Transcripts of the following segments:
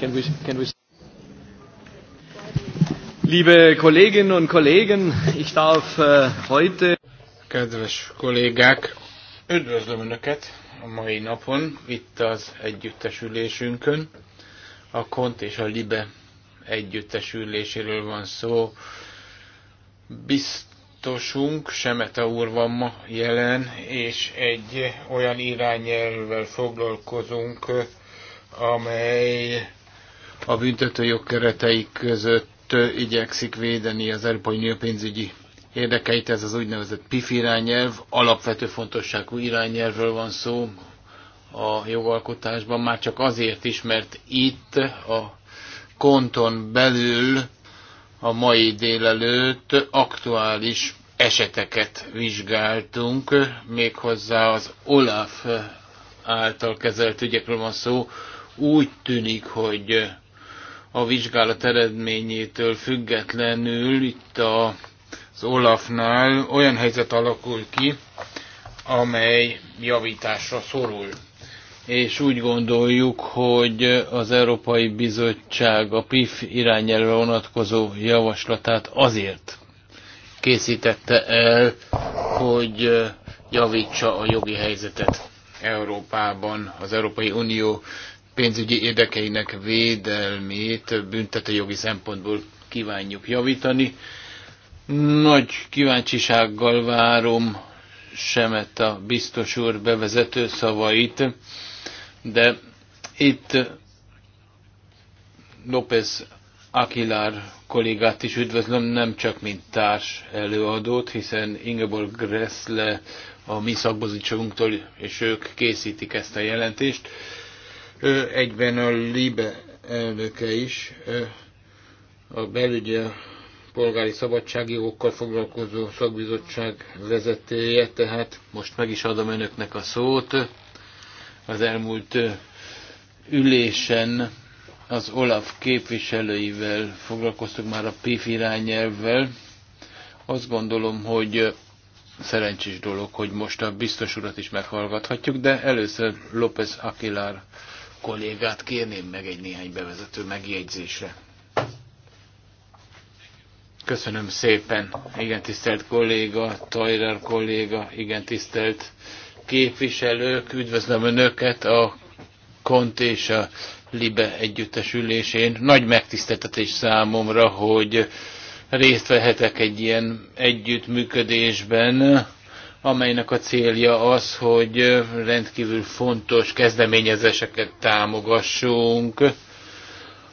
Can we, can we... Liebe Kolleginnen und Kollegen, ich darf äh, heute... Kedves kollégák, üdvözlöm Önöket a mai napon, itt az együttesülésünkön. A Kont és a Libe együttesüléséről van szó. Biztosunk, Semeta úr van ma jelen, és egy olyan irányelvvel foglalkozunk, amely a büntetőjog keretei között igyekszik védeni az Európai Unió pénzügyi érdekeit. Ez az úgynevezett PIF irányelv, alapvető fontosságú irányelvről van szó a jogalkotásban, már csak azért is, mert itt a konton belül a mai délelőtt aktuális eseteket vizsgáltunk, méghozzá az Olaf által kezelt ügyekről van szó. Úgy tűnik, hogy a vizsgálat eredményétől függetlenül itt a, az Olafnál olyan helyzet alakul ki, amely javításra szorul. És úgy gondoljuk, hogy az Európai Bizottság a PIF irányelve vonatkozó javaslatát azért készítette el, hogy javítsa a jogi helyzetet Európában, az Európai Unió pénzügyi érdekeinek védelmét büntető jogi szempontból kívánjuk javítani. Nagy kíváncsisággal várom Semet a biztos úr bevezető szavait, de itt López Akilár kollégát is üdvözlöm, nem csak mint társ előadót, hiszen Ingeborg Gressle a mi szakbozítságunktól, és ők készítik ezt a jelentést egyben a LIBE elnöke is, a belügyi polgári szabadságjogokkal foglalkozó szakbizottság vezetője, tehát most meg is adom önöknek a szót. Az elmúlt ülésen az OLAF képviselőivel foglalkoztuk már a PIF irányelvvel. Azt gondolom, hogy szerencsés dolog, hogy most a biztos urat is meghallgathatjuk, de először López Aquilar kollégát kérném meg egy néhány bevezető megjegyzésre. Köszönöm szépen. Igen, tisztelt kolléga, Tajrer kolléga, igen, tisztelt képviselők, üdvözlöm Önöket a Kont és a Libe együttesülésén. Nagy megtiszteltetés számomra, hogy részt vehetek egy ilyen együttműködésben amelynek a célja az, hogy rendkívül fontos kezdeményezéseket támogassunk,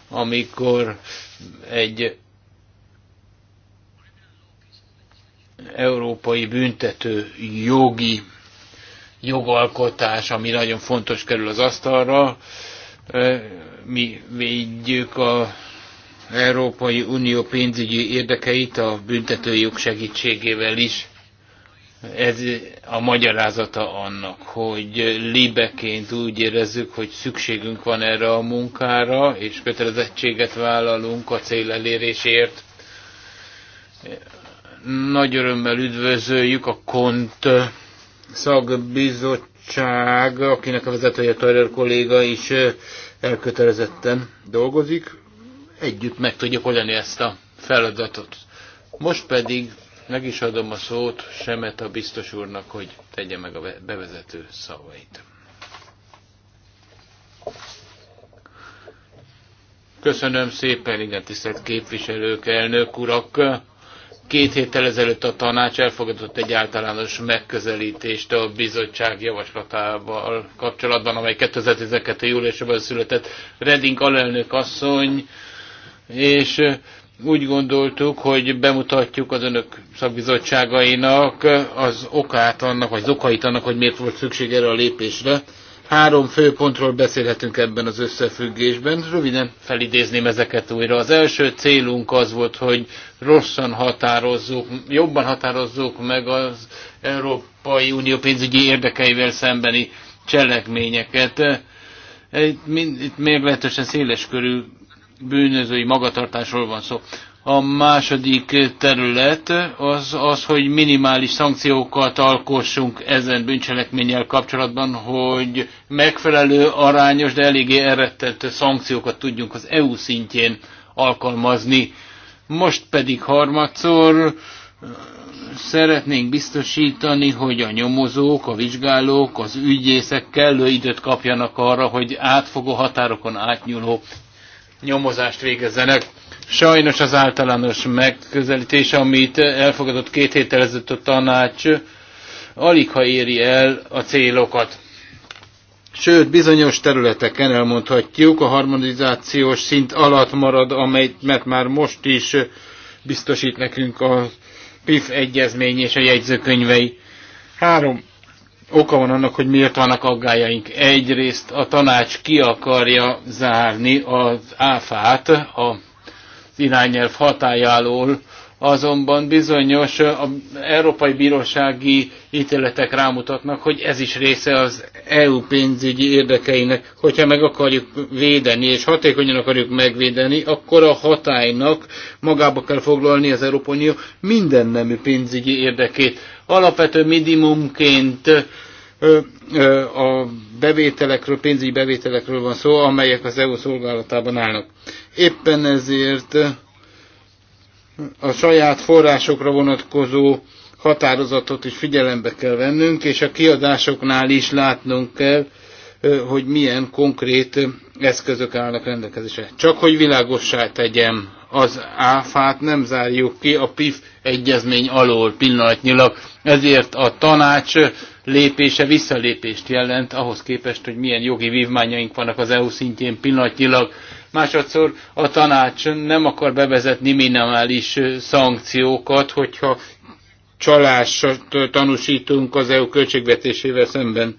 amikor egy európai büntető jogi jogalkotás, ami nagyon fontos kerül az asztalra. Mi védjük a Európai Unió pénzügyi érdekeit a büntetőjog segítségével is ez a magyarázata annak, hogy libeként úgy érezzük, hogy szükségünk van erre a munkára, és kötelezettséget vállalunk a cél elérésért. Nagy örömmel üdvözöljük a KONT szakbizottság, akinek a vezetője Tarjer kolléga is elkötelezetten dolgozik. Együtt meg tudjuk oldani ezt a feladatot. Most pedig meg is adom a szót Semet a biztos úrnak, hogy tegye meg a bevezető szavait. Köszönöm szépen, igen, tisztelt képviselők, elnök urak! Két héttel ezelőtt a tanács elfogadott egy általános megközelítést a bizottság javaslatával kapcsolatban, amely 2012. júliusban született. Reding alelnök asszony és úgy gondoltuk, hogy bemutatjuk az önök szakbizottságainak az okát annak, vagy az okait annak, hogy miért volt szükség erre a lépésre. Három fő pontról beszélhetünk ebben az összefüggésben. Röviden felidézném ezeket újra. Az első célunk az volt, hogy rosszan határozzuk, jobban határozzuk meg az Európai Unió pénzügyi érdekeivel szembeni cselekményeket. Itt, itt meglehetősen széles körű bűnözői magatartásról van szó. A második terület az az, hogy minimális szankciókat alkossunk ezen bűncselekménnyel kapcsolatban, hogy megfelelő, arányos, de eléggé eredtett szankciókat tudjunk az EU szintjén alkalmazni. Most pedig harmadszor szeretnénk biztosítani, hogy a nyomozók, a vizsgálók, az ügyészek kellő időt kapjanak arra, hogy átfogó határokon átnyúló nyomozást végezzenek. Sajnos az általános megközelítés, amit elfogadott két héttel ezelőtt a tanács, alig ha éri el a célokat. Sőt, bizonyos területeken elmondhatjuk, a harmonizációs szint alatt marad, amelyet már most is biztosít nekünk a PIF egyezmény és a jegyzőkönyvei. Három oka van annak, hogy miért vannak aggájaink. Egyrészt a tanács ki akarja zárni az áfát az irányelv hatájáról, azonban bizonyos a európai bírósági ítéletek rámutatnak, hogy ez is része az EU pénzügyi érdekeinek. Hogyha meg akarjuk védeni, és hatékonyan akarjuk megvédeni, akkor a hatálynak magába kell foglalni az Európai Unió minden nemű pénzügyi érdekét. Alapvető minimumként a bevételekről, pénzügyi bevételekről van szó, amelyek az EU szolgálatában állnak. Éppen ezért a saját forrásokra vonatkozó határozatot is figyelembe kell vennünk, és a kiadásoknál is látnunk kell, hogy milyen konkrét eszközök állnak rendelkezésre. Csak hogy világossá tegyem, az áfát nem zárjuk ki a PIF egyezmény alól pillanatnyilag, ezért a tanács lépése visszalépést jelent ahhoz képest, hogy milyen jogi vívmányaink vannak az EU szintjén pillanatnyilag, Másodszor a tanács nem akar bevezetni minimális szankciókat, hogyha csalást tanúsítunk az EU költségvetésével szemben.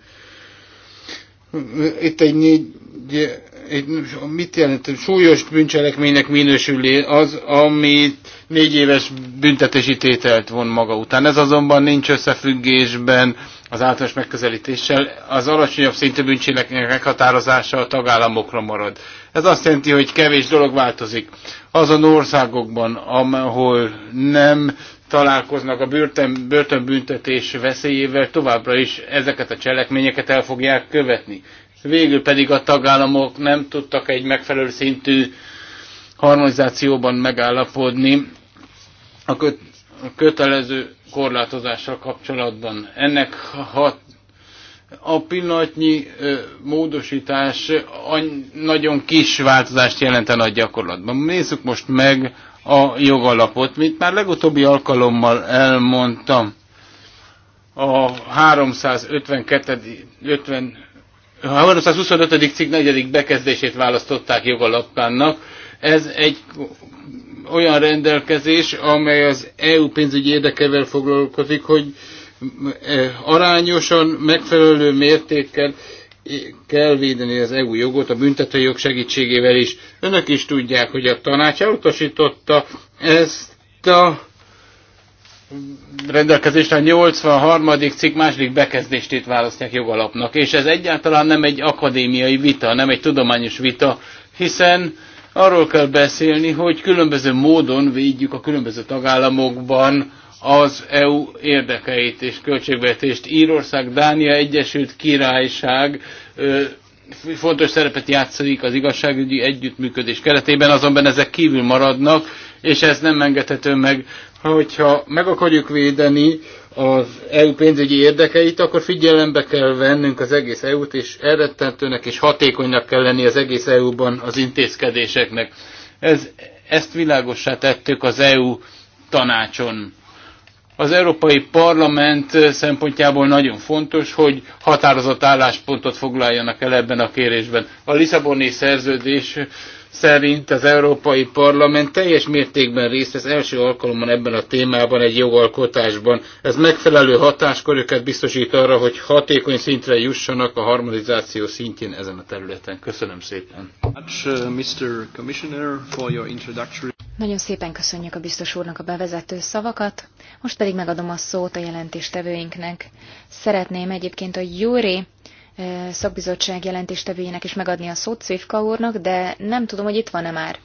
Itt egy, egy, egy mit jelent? Súlyos bűncselekménynek minősül az, ami négy éves büntetési tételt von maga után. Ez azonban nincs összefüggésben az általános megközelítéssel. Az alacsonyabb szintű bűncselekmények meghatározása a tagállamokra marad. Ez azt jelenti, hogy kevés dolog változik. Azon országokban, ahol nem találkoznak a börtön, börtönbüntetés veszélyével, továbbra is ezeket a cselekményeket el fogják követni. Végül pedig a tagállamok nem tudtak egy megfelelő szintű harmonizációban megállapodni a, köt, a kötelező korlátozással kapcsolatban. Ennek hat, a pillanatnyi módosítás nagyon kis változást jelenten a gyakorlatban. Nézzük most meg a jogalapot, mint már legutóbbi alkalommal elmondtam. A 352. 50, a 325. cikk 4. bekezdését választották jogalapának. Ez egy olyan rendelkezés, amely az EU pénzügyi érdekevel foglalkozik, hogy E, arányosan, megfelelő mértékkel kell védeni az EU jogot a büntetőjog segítségével is. Önök is tudják, hogy a tanács elutasította ezt a rendelkezést a 83. cikk második bekezdéstét választják jogalapnak, és ez egyáltalán nem egy akadémiai vita, nem egy tudományos vita, hiszen arról kell beszélni, hogy különböző módon védjük a különböző tagállamokban az EU érdekeit és költségvetést. Írország, Dánia, Egyesült Királyság fontos szerepet játszik az igazságügyi együttműködés keretében, azonban ezek kívül maradnak, és ez nem engedhető meg. Hogyha meg akarjuk védeni az EU pénzügyi érdekeit, akkor figyelembe kell vennünk az egész EU-t, és elrettentőnek és hatékonynak kell lenni az egész EU-ban az intézkedéseknek. Ez, ezt világossá tettük az EU tanácson az Európai Parlament eh, szempontjából nagyon fontos, hogy határozott álláspontot foglaljanak el ebben a kérésben. A Lisszaboni szerződés eh, szerint az Európai Parlament teljes mértékben részt vesz első alkalommal ebben a témában egy jogalkotásban. Ez megfelelő hatásköröket biztosít arra, hogy hatékony szintre jussanak a harmonizáció szintjén ezen a területen. Köszönöm szépen. Much, uh, eh, Mr. Nagyon szépen köszönjük a biztos úrnak a bevezető szavakat, most pedig megadom a szót a jelentéstevőinknek. Szeretném egyébként a Júri eh, szakbizottság jelentéstevőjének is megadni a szót Szvifka úrnak, de nem tudom, hogy itt van-e már.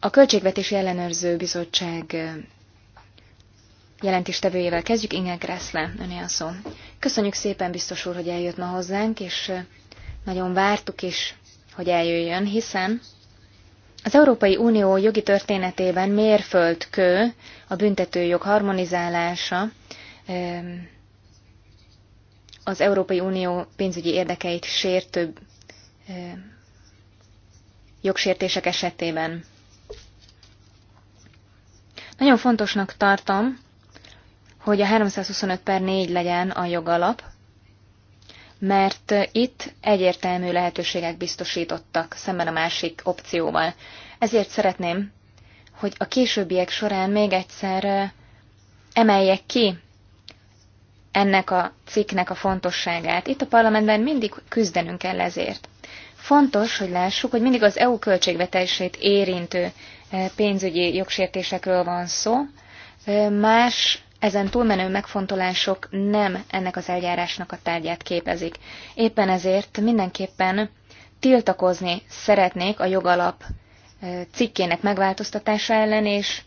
A Költségvetési Ellenőrző Bizottság eh, jelentéstevőjével kezdjük, Inge Gressle, öné a szó. Köszönjük szépen, biztos úr, hogy eljött ma hozzánk, és eh, nagyon vártuk és hogy eljöjjön, hiszen az Európai Unió jogi történetében mérföldkő a büntetőjog harmonizálása az Európai Unió pénzügyi érdekeit sértő jogsértések esetében. Nagyon fontosnak tartom, hogy a 325 per 4 legyen a jogalap, mert itt egyértelmű lehetőségek biztosítottak szemben a másik opcióval. Ezért szeretném, hogy a későbbiek során még egyszer emeljek ki ennek a cikknek a fontosságát. Itt a parlamentben mindig küzdenünk kell ezért. Fontos, hogy lássuk, hogy mindig az EU költségvetését érintő pénzügyi jogsértésekről van szó, más ezen túlmenő megfontolások nem ennek az eljárásnak a tárgyát képezik. Éppen ezért mindenképpen tiltakozni szeretnék a jogalap cikkének megváltoztatása ellen, és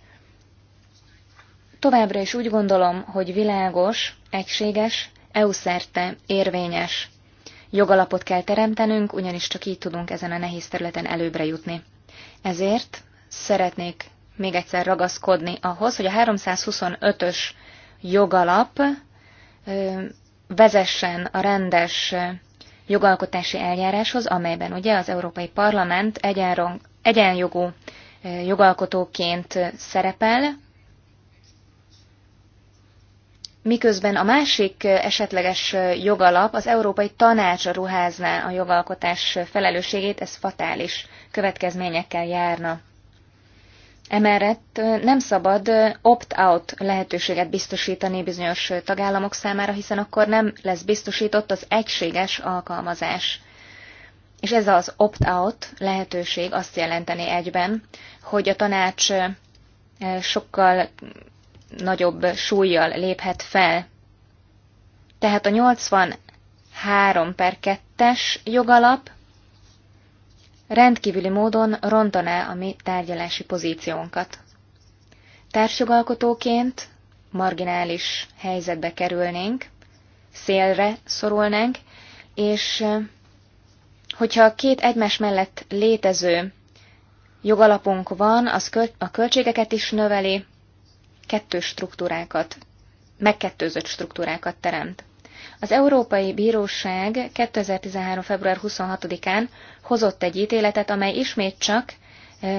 továbbra is úgy gondolom, hogy világos, egységes, EU-szerte érvényes jogalapot kell teremtenünk, ugyanis csak így tudunk ezen a nehéz területen előbbre jutni. Ezért szeretnék még egyszer ragaszkodni ahhoz, hogy a 325-ös jogalap vezessen a rendes jogalkotási eljáráshoz, amelyben ugye az Európai Parlament egyenjogú jogalkotóként szerepel, miközben a másik esetleges jogalap az Európai Tanács ruházná a jogalkotás felelősségét, ez fatális következményekkel járna. Emellett nem szabad opt-out lehetőséget biztosítani bizonyos tagállamok számára, hiszen akkor nem lesz biztosított az egységes alkalmazás. És ez az opt-out lehetőség azt jelenteni egyben, hogy a tanács sokkal nagyobb súlyjal léphet fel. Tehát a 83 per 2-es jogalap rendkívüli módon rontaná a mi tárgyalási pozíciónkat. Társjogalkotóként marginális helyzetbe kerülnénk, szélre szorulnánk, és hogyha a két egymás mellett létező jogalapunk van, az a költségeket is növeli, kettős struktúrákat, megkettőzött struktúrákat teremt. Az Európai Bíróság 2013. február 26-án hozott egy ítéletet, amely ismét csak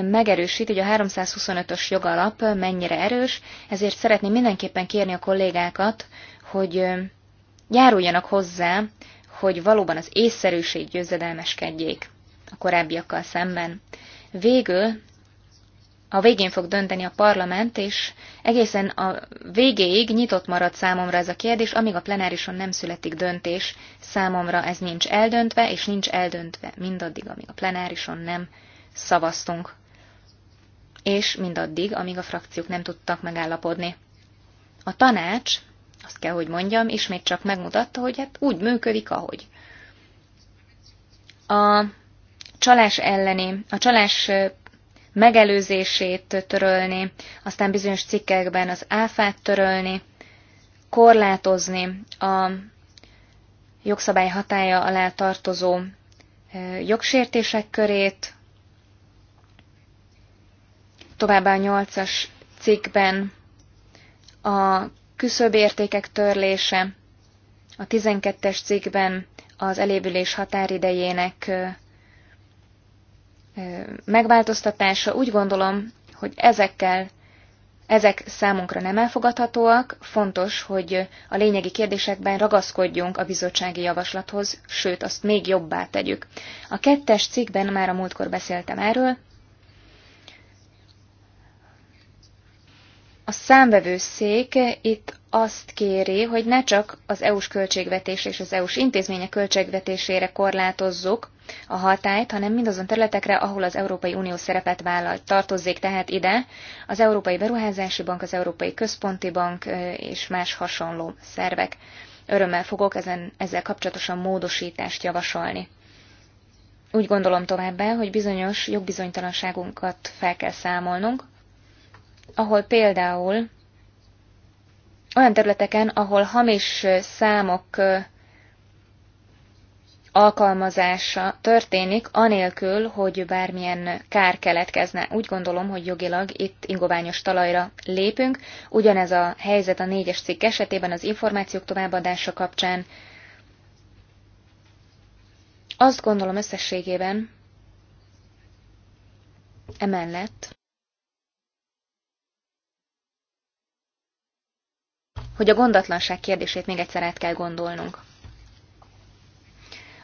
megerősít, hogy a 325-ös jogalap mennyire erős, ezért szeretném mindenképpen kérni a kollégákat, hogy járuljanak hozzá, hogy valóban az észszerűség győzedelmeskedjék a korábbiakkal szemben. Végül a végén fog dönteni a parlament, és egészen a végéig nyitott marad számomra ez a kérdés, amíg a plenárison nem születik döntés, számomra ez nincs eldöntve, és nincs eldöntve mindaddig, amíg a plenárison nem szavaztunk, és mindaddig, amíg a frakciók nem tudtak megállapodni. A tanács, azt kell, hogy mondjam, ismét csak megmutatta, hogy hát úgy működik, ahogy. A csalás elleni, a csalás megelőzését törölni, aztán bizonyos cikkekben az áfát törölni, korlátozni a jogszabály hatája alá tartozó jogsértések körét, továbbá a nyolcas cikkben a küszöbértékek törlése, a 12-es cikkben az elévülés határidejének megváltoztatása. Úgy gondolom, hogy ezekkel ezek számunkra nem elfogadhatóak, fontos, hogy a lényegi kérdésekben ragaszkodjunk a bizottsági javaslathoz, sőt, azt még jobbá tegyük. A kettes cikkben már a múltkor beszéltem erről, A számvevőszék itt azt kéri, hogy ne csak az EU-s költségvetés és az EU-s intézmények költségvetésére korlátozzuk a hatályt, hanem mindazon területekre, ahol az Európai Unió szerepet vállal. Tartozzék tehát ide az Európai Beruházási Bank, az Európai Központi Bank és más hasonló szervek. Örömmel fogok ezen, ezzel kapcsolatosan módosítást javasolni. Úgy gondolom továbbá, hogy bizonyos jogbizonytalanságunkat fel kell számolnunk, ahol például olyan területeken, ahol hamis számok alkalmazása történik, anélkül, hogy bármilyen kár keletkezne. Úgy gondolom, hogy jogilag itt ingoványos talajra lépünk. Ugyanez a helyzet a négyes cikk esetében az információk továbbadása kapcsán. Azt gondolom összességében, emellett hogy a gondatlanság kérdését még egyszer át kell gondolnunk.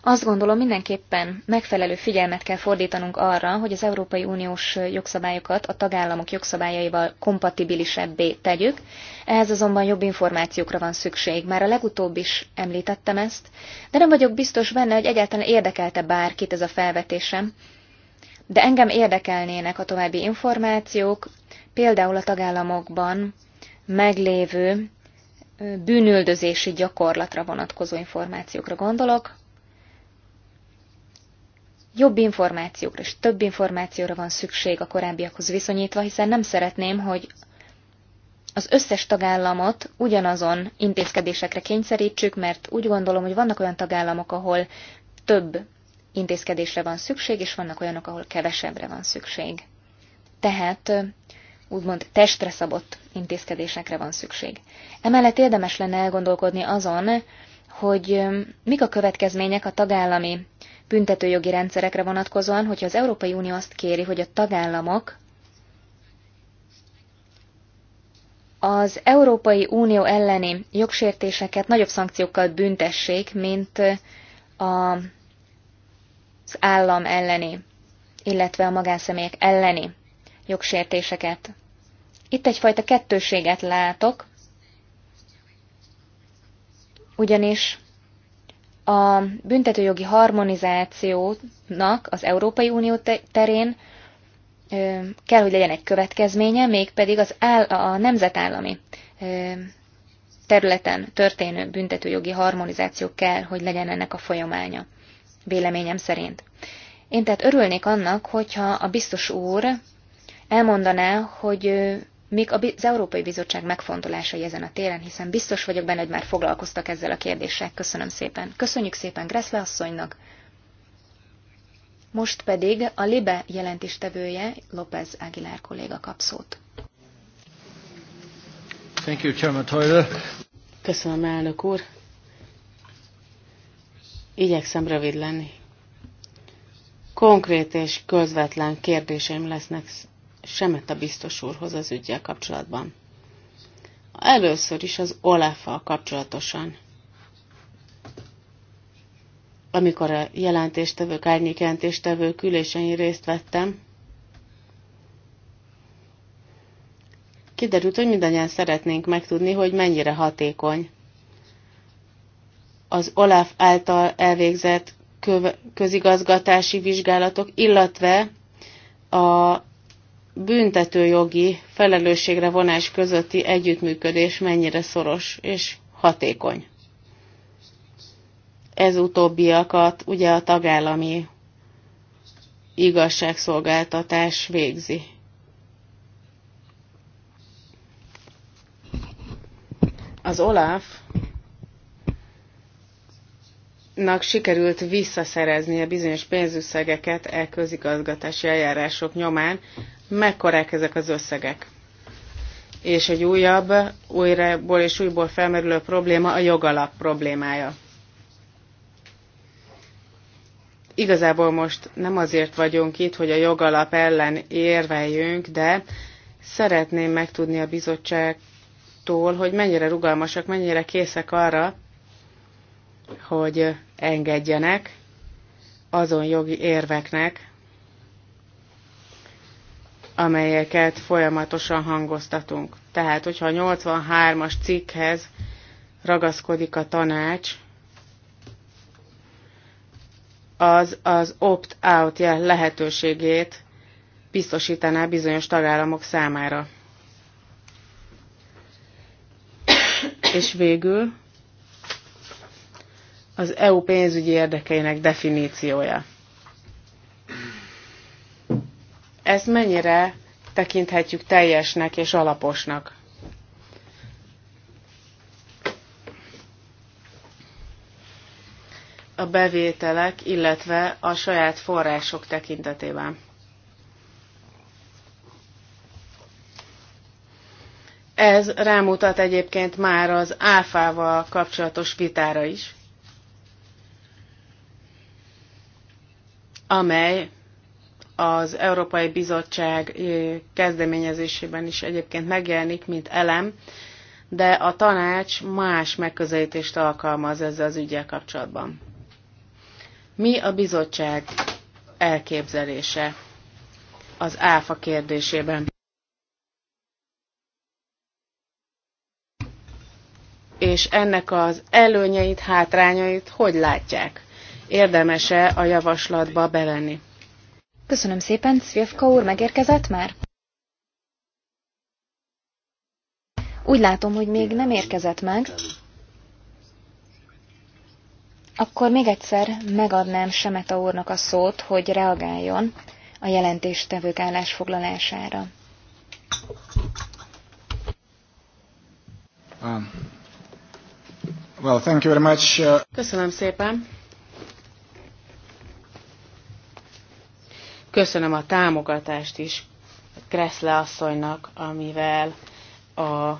Azt gondolom, mindenképpen megfelelő figyelmet kell fordítanunk arra, hogy az Európai Uniós jogszabályokat a tagállamok jogszabályaival kompatibilisebbé tegyük. Ehhez azonban jobb információkra van szükség. Már a legutóbb is említettem ezt, de nem vagyok biztos benne, hogy egyáltalán érdekelte bárkit ez a felvetésem. De engem érdekelnének a további információk, például a tagállamokban meglévő bűnöldözési gyakorlatra vonatkozó információkra gondolok. Jobb információkra és több információra van szükség a korábbiakhoz viszonyítva, hiszen nem szeretném, hogy az összes tagállamot ugyanazon intézkedésekre kényszerítsük, mert úgy gondolom, hogy vannak olyan tagállamok, ahol több intézkedésre van szükség, és vannak olyanok, ahol kevesebbre van szükség. Tehát úgymond testre szabott intézkedésekre van szükség. Emellett érdemes lenne elgondolkodni azon, hogy mik a következmények a tagállami büntetőjogi rendszerekre vonatkozóan, hogyha az Európai Unió azt kéri, hogy a tagállamok az Európai Unió elleni jogsértéseket nagyobb szankciókkal büntessék, mint a az állam elleni, illetve a magánszemélyek elleni jogsértéseket. Itt egyfajta kettőséget látok, ugyanis a büntetőjogi harmonizációnak az Európai Unió terén kell, hogy legyen egy következménye, mégpedig az áll, a nemzetállami területen történő büntetőjogi harmonizáció kell, hogy legyen ennek a folyamánya, véleményem szerint. Én tehát örülnék annak, hogyha a biztos úr elmondaná, hogy még az Európai Bizottság megfontolásai ezen a téren, hiszen biztos vagyok benne, hogy már foglalkoztak ezzel a kérdéssel. Köszönöm szépen. Köszönjük szépen Greszle asszonynak. Most pedig a LIBE jelentéstevője López Aguilar kolléga kap szót. Thank you, Chairman Köszönöm, elnök úr. Igyekszem rövid lenni. Konkrét és közvetlen kérdéseim lesznek a biztos úrhoz az ügyel kapcsolatban. Először is az olaf kapcsolatosan. Amikor a jelentéstevők, árnyék jelentéstevők ülésein részt vettem, kiderült, hogy mindannyian szeretnénk megtudni, hogy mennyire hatékony az OLAF által elvégzett közigazgatási vizsgálatok, illetve a büntetőjogi felelősségre vonás közötti együttműködés mennyire szoros és hatékony. Ez utóbbiakat ugye a tagállami igazságszolgáltatás végzi. Az Olaf nak sikerült a bizonyos pénzösszegeket e közigazgatási eljárások nyomán, mekkorák ezek az összegek. És egy újabb, újraból és újból felmerülő probléma a jogalap problémája. Igazából most nem azért vagyunk itt, hogy a jogalap ellen érveljünk, de szeretném megtudni a bizottságtól, hogy mennyire rugalmasak, mennyire készek arra, hogy engedjenek azon jogi érveknek, amelyeket folyamatosan hangoztatunk. Tehát, hogyha a 83-as cikkhez ragaszkodik a tanács, az az opt-out lehetőségét biztosítaná bizonyos tagállamok számára. És végül az EU pénzügyi érdekeinek definíciója. Ezt mennyire tekinthetjük teljesnek és alaposnak? a bevételek, illetve a saját források tekintetében. Ez rámutat egyébként már az áfával kapcsolatos vitára is, amely az Európai Bizottság kezdeményezésében is egyébként megjelenik, mint elem, de a tanács más megközelítést alkalmaz ezzel az ügyel kapcsolatban. Mi a bizottság elképzelése az áfa kérdésében? És ennek az előnyeit, hátrányait hogy látják? Érdemese a javaslatba bevenni? Köszönöm szépen, Szvjövka úr, megérkezett már? Úgy látom, hogy még nem érkezett meg. Akkor még egyszer megadnám Semeta úrnak a szót, hogy reagáljon a jelentéstevők állásfoglalására. Um. Well, thank you very much. Uh, Köszönöm szépen. Köszönöm a támogatást is Kreszle asszonynak, amivel a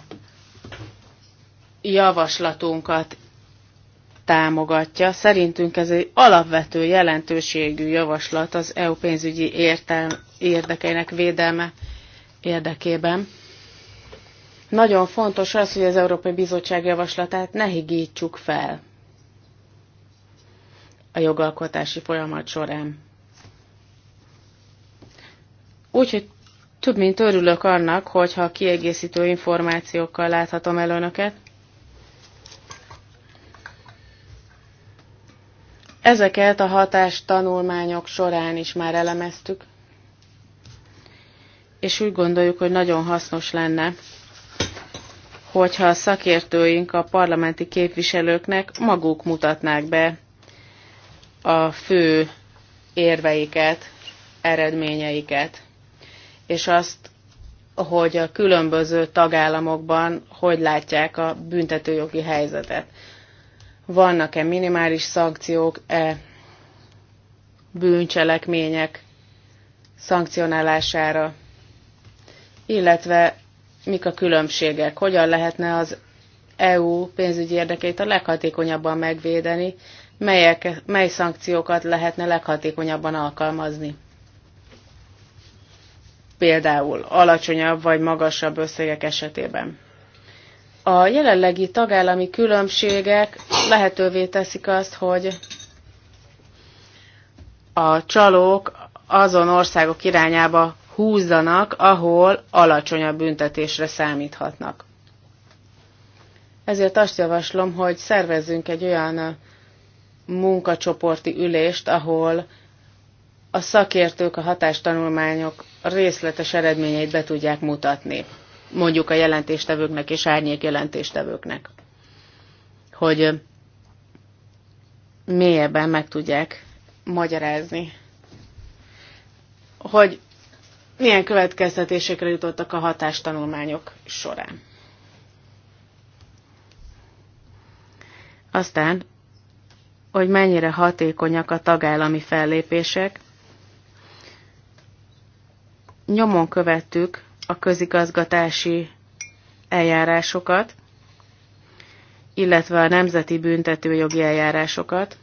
javaslatunkat támogatja. Szerintünk ez egy alapvető jelentőségű javaslat az EU pénzügyi értel- érdekeinek védelme érdekében. Nagyon fontos az, hogy az Európai Bizottság javaslatát ne higítsuk fel a jogalkotási folyamat során. Úgyhogy több mint örülök annak, hogyha kiegészítő információkkal láthatom el önöket. Ezeket a hatás tanulmányok során is már elemeztük, és úgy gondoljuk, hogy nagyon hasznos lenne, hogyha a szakértőink a parlamenti képviselőknek maguk mutatnák be a fő érveiket, eredményeiket és azt, hogy a különböző tagállamokban hogy látják a büntetőjogi helyzetet. Vannak-e minimális szankciók, e bűncselekmények szankcionálására, illetve mik a különbségek, hogyan lehetne az EU pénzügyi érdekeit a leghatékonyabban megvédeni, melyek, mely szankciókat lehetne leghatékonyabban alkalmazni például alacsonyabb vagy magasabb összegek esetében. A jelenlegi tagállami különbségek lehetővé teszik azt, hogy a csalók azon országok irányába húzzanak, ahol alacsonyabb büntetésre számíthatnak. Ezért azt javaslom, hogy szervezzünk egy olyan munkacsoporti ülést, ahol a szakértők a hatástanulmányok részletes eredményeit be tudják mutatni, mondjuk a jelentéstevőknek és árnyék jelentéstevőknek, hogy mélyebben meg tudják magyarázni, hogy milyen következtetésekre jutottak a hatástanulmányok során. Aztán, hogy mennyire hatékonyak a tagállami fellépések, nyomon követtük a közigazgatási eljárásokat, illetve a nemzeti büntetőjogi eljárásokat.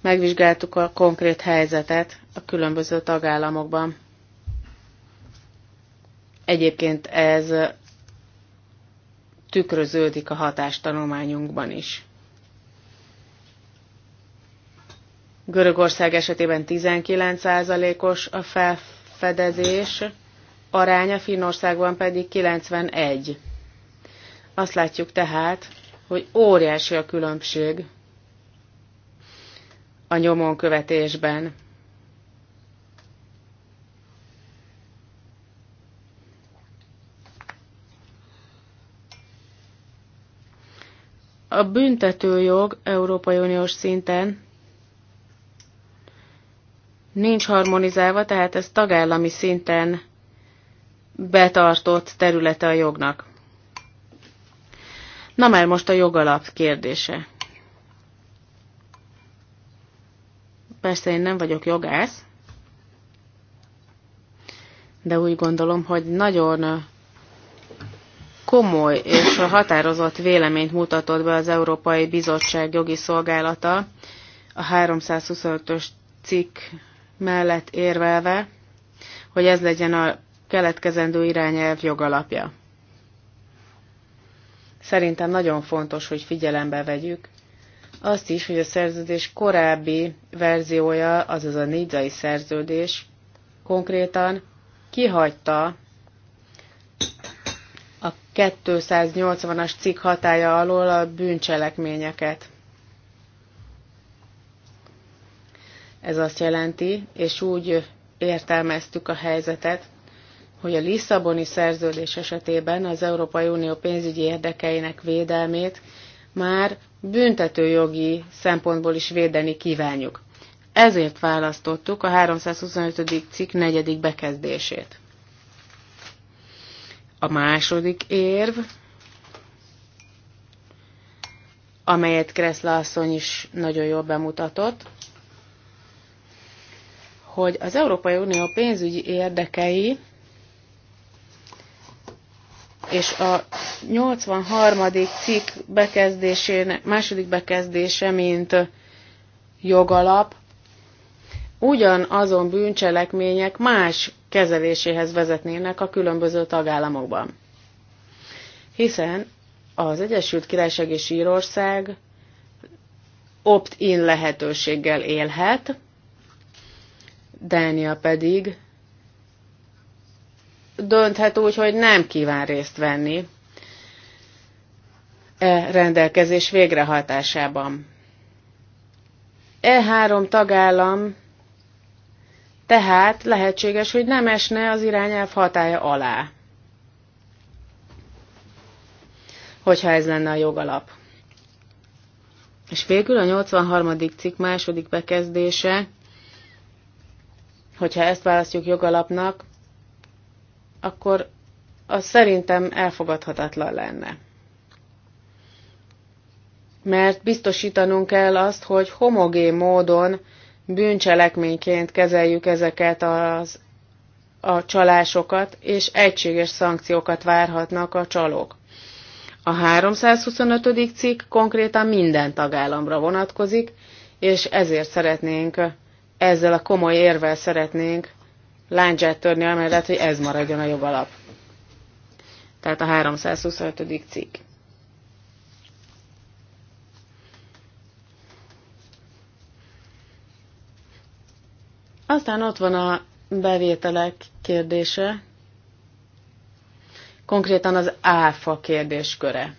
Megvizsgáltuk a konkrét helyzetet a különböző tagállamokban. Egyébként ez tükröződik a hatástanulmányunkban is. Görögország esetében 19%-os a felf felfedezés aránya Finnországban pedig 91. Azt látjuk tehát, hogy óriási a különbség a nyomon követésben. A büntetőjog Európai Uniós szinten nincs harmonizálva, tehát ez tagállami szinten betartott területe a jognak. Na már most a jogalap kérdése. Persze én nem vagyok jogász, de úgy gondolom, hogy nagyon komoly és határozott véleményt mutatott be az Európai Bizottság jogi szolgálata a 325-ös cikk mellett érvelve, hogy ez legyen a keletkezendő irányelv jogalapja. Szerintem nagyon fontos, hogy figyelembe vegyük azt is, hogy a szerződés korábbi verziója, azaz a nidzai szerződés konkrétan kihagyta a 280-as cikk hatája alól a bűncselekményeket. Ez azt jelenti, és úgy értelmeztük a helyzetet, hogy a Lisszaboni szerződés esetében az Európai Unió pénzügyi érdekeinek védelmét már büntetőjogi szempontból is védeni kívánjuk. Ezért választottuk a 325. cikk negyedik bekezdését. A második érv, amelyet Kreszla asszony is nagyon jól bemutatott, hogy az Európai Unió pénzügyi érdekei és a 83. cikk bekezdésének, második bekezdése, mint jogalap, ugyanazon bűncselekmények más kezeléséhez vezetnének a különböző tagállamokban. Hiszen az Egyesült Királyság és Írország opt-in lehetőséggel élhet, Dánia pedig dönthet úgy, hogy nem kíván részt venni e rendelkezés végrehajtásában. E három tagállam tehát lehetséges, hogy nem esne az irányelv hatája alá, hogyha ez lenne a jogalap. És végül a 83. cikk második bekezdése hogyha ezt választjuk jogalapnak, akkor az szerintem elfogadhatatlan lenne. Mert biztosítanunk kell azt, hogy homogén módon bűncselekményként kezeljük ezeket az, a csalásokat, és egységes szankciókat várhatnak a csalók. A 325. cikk konkrétan minden tagállamra vonatkozik, és ezért szeretnénk ezzel a komoly érvel szeretnénk láncsát törni amellett, hogy ez maradjon a jobb alap. Tehát a 325. cikk. Aztán ott van a bevételek kérdése, konkrétan az áfa kérdésköre.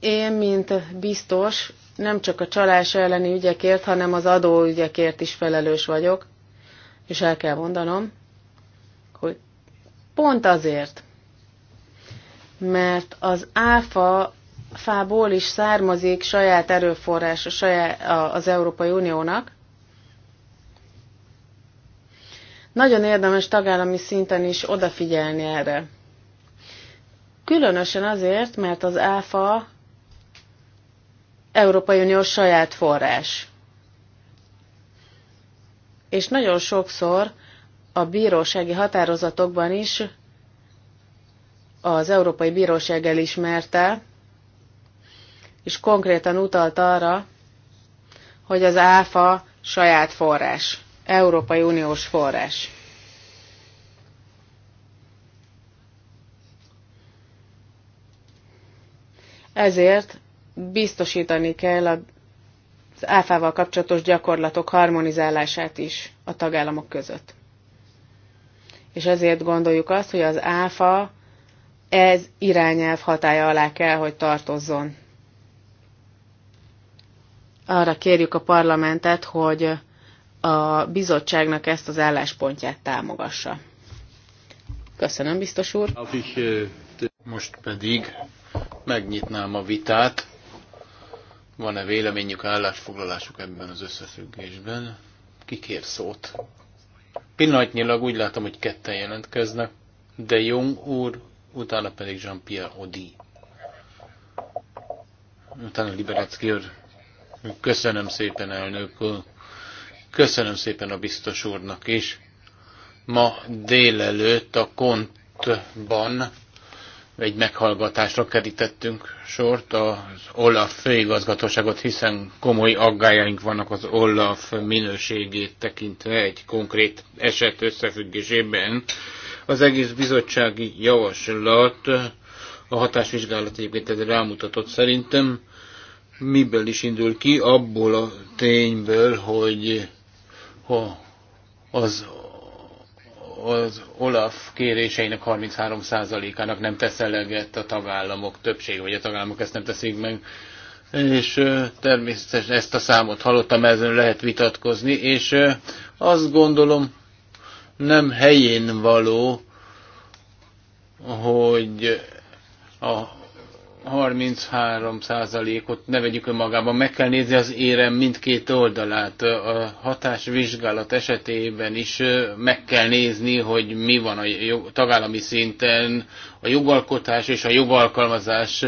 Én, mint biztos, nem csak a csalás elleni ügyekért, hanem az adó ügyekért is felelős vagyok, és el kell mondanom, hogy pont azért, mert az áfa fából is származik saját erőforrás a saját, az Európai Uniónak. Nagyon érdemes tagállami szinten is odafigyelni erre. Különösen azért, mert az áfa Európai Unió saját forrás. És nagyon sokszor a bírósági határozatokban is az Európai Bíróság elismerte, és konkrétan utalt arra, hogy az ÁFA saját forrás, Európai Uniós forrás. Ezért biztosítani kell az áfával kapcsolatos gyakorlatok harmonizálását is a tagállamok között. És ezért gondoljuk azt, hogy az áfa ez irányelv hatája alá kell, hogy tartozzon. Arra kérjük a parlamentet, hogy a bizottságnak ezt az álláspontját támogassa. Köszönöm, biztos úr. Most pedig megnyitnám a vitát. Van-e véleményük, állásfoglalásuk ebben az összefüggésben? Ki kér szót? Pillanatnyilag úgy látom, hogy ketten jelentkeznek, de Jung úr, utána pedig Jean-Pierre Odi. Utána Liberecki úr. Köszönöm szépen, elnök úr. Köszönöm szépen a biztos úrnak is. Ma délelőtt a kontban egy meghallgatásra kerítettünk sort az Olaf főigazgatóságot, hiszen komoly aggájaink vannak az Olaf minőségét tekintve egy konkrét eset összefüggésében. Az egész bizottsági javaslat, a hatásvizsgálat egyébként ez rámutatott szerintem, miből is indul ki, abból a tényből, hogy ha az az Olaf kéréseinek 33%-ának nem tesz eleget a tagállamok többsége, vagy a tagállamok ezt nem teszik meg. És természetesen ezt a számot hallottam, ezen lehet vitatkozni, és azt gondolom nem helyén való, hogy a 33 ot ne vegyük önmagában, meg kell nézni az érem mindkét oldalát. A hatásvizsgálat esetében is meg kell nézni, hogy mi van a jog, tagállami szinten, a jogalkotás és a jogalkalmazás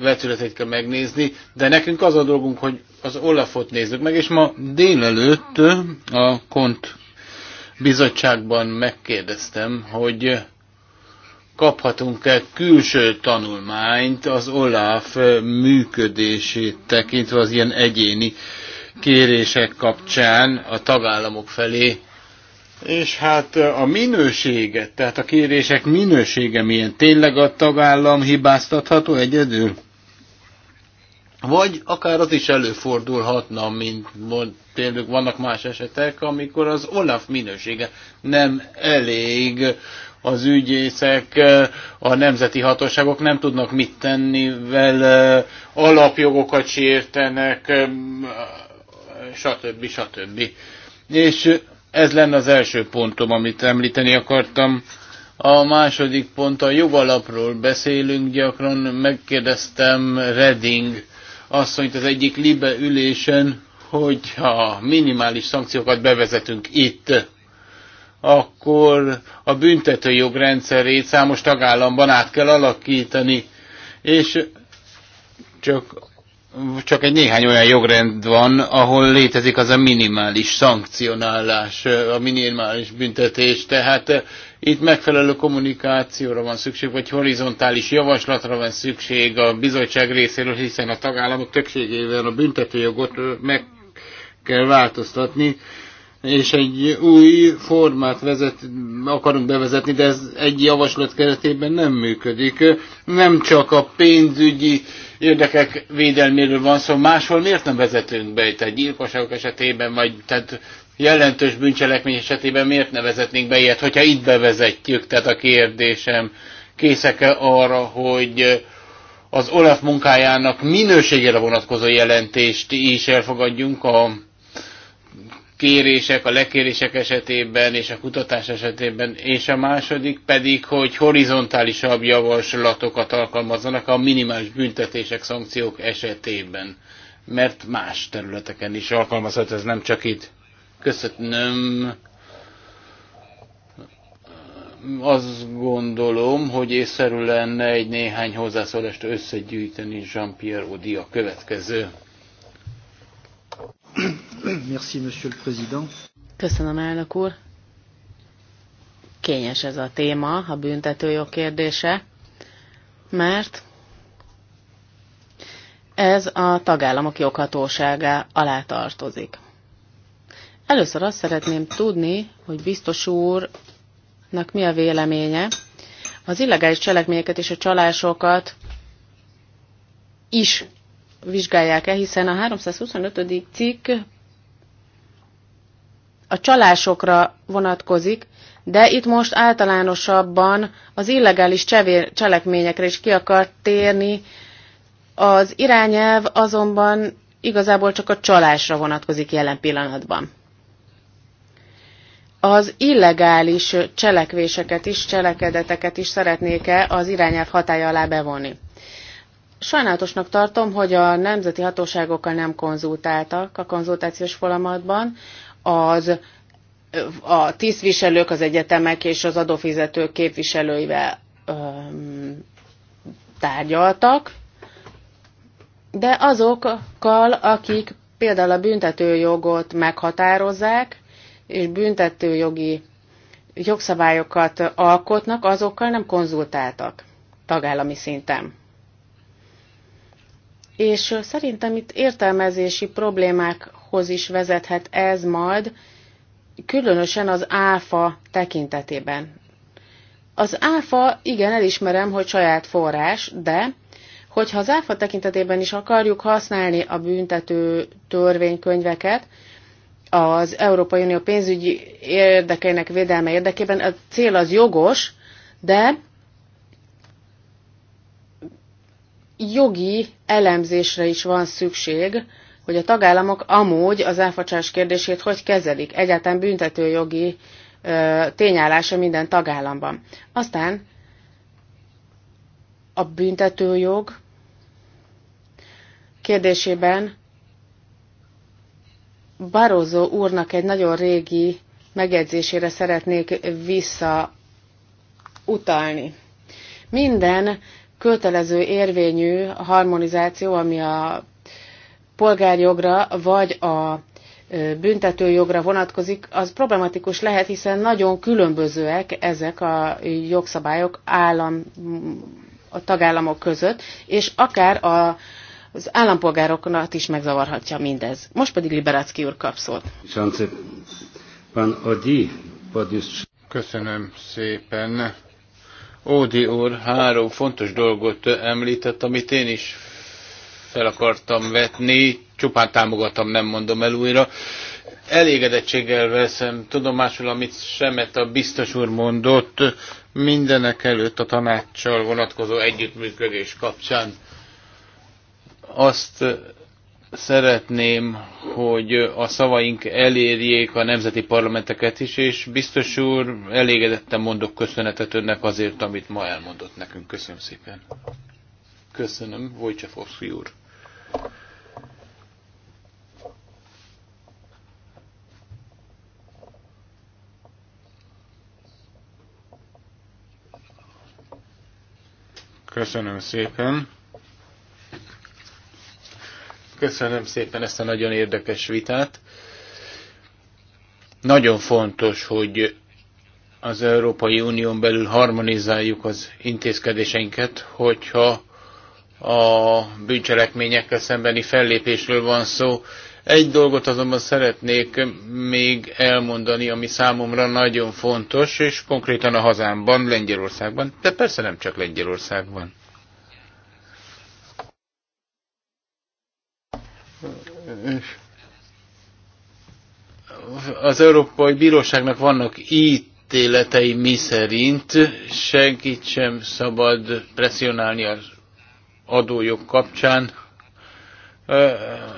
vetületét kell megnézni, de nekünk az a dolgunk, hogy az Olafot nézzük meg, és ma délelőtt a Kont bizottságban megkérdeztem, hogy kaphatunk-e külső tanulmányt az OLAF működését tekintve az ilyen egyéni kérések kapcsán a tagállamok felé. És hát eh, a minőséget, tehát a kérések minősége milyen? Tényleg a tagállam hibáztatható egyedül? Vagy akár az is előfordulhatna, mint mond, tényleg vannak más esetek, amikor az Olaf minősége nem elég az ügyészek, a nemzeti hatóságok nem tudnak mit tenni vele, alapjogokat sértenek, stb. stb. És ez lenne az első pontom, amit említeni akartam. A második pont a jogalapról beszélünk gyakran. Megkérdeztem Redding asszonyt az egyik libe ülésen, hogyha minimális szankciókat bevezetünk itt, akkor a büntető jogrendszerét számos tagállamban át kell alakítani, és csak, csak egy néhány olyan jogrend van, ahol létezik az a minimális szankcionálás, a minimális büntetés, tehát eh, itt megfelelő kommunikációra van szükség, vagy horizontális javaslatra van szükség a bizottság részéről, hiszen a tagállamok többségével a büntetőjogot eh, meg kell változtatni, és egy új formát vezet, akarunk bevezetni, de ez egy javaslat keretében nem működik. Nem csak a pénzügyi érdekek védelméről van szó, máshol miért nem vezetünk be itt egy gyilkosságok esetében, vagy tehát jelentős bűncselekmény esetében miért ne vezetnénk be ilyet, hogyha itt bevezetjük, tehát a kérdésem készek-e arra, hogy az OLAF munkájának minőségére vonatkozó jelentést is elfogadjunk a kérések, a lekérések esetében és a kutatás esetében, és a második pedig, hogy horizontálisabb javaslatokat alkalmazzanak a minimális büntetések, szankciók esetében, mert más területeken is alkalmazhat, ez nem csak itt. Köszönöm. Azt gondolom, hogy észszerű lenne egy néhány hozzászólást összegyűjteni Jean-Pierre Odi a következő. Monsieur le Président. Köszönöm, elnök úr. Kényes ez a téma, a büntetőjog kérdése, mert ez a tagállamok joghatóságá alá tartozik. Először azt szeretném tudni, hogy biztos úrnak mi a véleménye. Az illegális cselekményeket és a csalásokat is vizsgálják-e, hiszen a 325. cikk a csalásokra vonatkozik, de itt most általánosabban az illegális csevér, cselekményekre is ki akar térni. Az irányelv azonban igazából csak a csalásra vonatkozik jelen pillanatban. Az illegális cselekvéseket is, cselekedeteket is szeretnék-e az irányelv hatája alá bevonni? Sajnálatosnak tartom, hogy a nemzeti hatóságokkal nem konzultáltak a konzultációs folyamatban. Az a tisztviselők, az egyetemek és az adófizetők képviselőivel öm, tárgyaltak, de azokkal, akik például a büntetőjogot meghatározzák, és büntetőjogi jogszabályokat alkotnak, azokkal nem konzultáltak tagállami szinten és szerintem itt értelmezési problémákhoz is vezethet ez majd, különösen az áfa tekintetében. Az áfa, igen, elismerem, hogy saját forrás, de hogyha az áfa tekintetében is akarjuk használni a büntető törvénykönyveket, az Európai Unió pénzügyi érdekeinek védelme érdekében a cél az jogos, de jogi elemzésre is van szükség, hogy a tagállamok amúgy az elfacsás kérdését hogy kezelik. Egyáltalán büntetőjogi ö, tényállása minden tagállamban. Aztán a büntetőjog kérdésében Barozó úrnak egy nagyon régi megjegyzésére szeretnék visszautalni. Minden kötelező érvényű harmonizáció, ami a polgárjogra vagy a büntetőjogra vonatkozik, az problematikus lehet, hiszen nagyon különbözőek ezek a jogszabályok állam, a tagállamok között, és akár a, az állampolgároknak is megzavarhatja mindez. Most pedig Liberácki úr kap szót. Köszönöm szépen. Ódi úr három fontos dolgot említett, amit én is fel akartam vetni, csupán támogatom, nem mondom el újra. Elégedettséggel veszem tudomásul, amit Semet a biztos úr mondott, mindenek előtt a tanácssal vonatkozó együttműködés kapcsán. Azt szeretném, hogy a szavaink elérjék a nemzeti parlamenteket is, és biztos úr, elégedetten mondok köszönetet önnek azért, amit ma elmondott nekünk. Köszönöm szépen. Köszönöm, Wojciechowski úr. Köszönöm szépen. Köszönöm szépen ezt a nagyon érdekes vitát. Nagyon fontos, hogy az Európai Unión belül harmonizáljuk az intézkedéseinket, hogyha a bűncselekményekkel szembeni fellépésről van szó. Egy dolgot azonban szeretnék még elmondani, ami számomra nagyon fontos, és konkrétan a hazámban, Lengyelországban, de persze nem csak Lengyelországban. az Európai Bíróságnak vannak ítéletei mi szerint senkit sem szabad presszionálni az adójog kapcsán.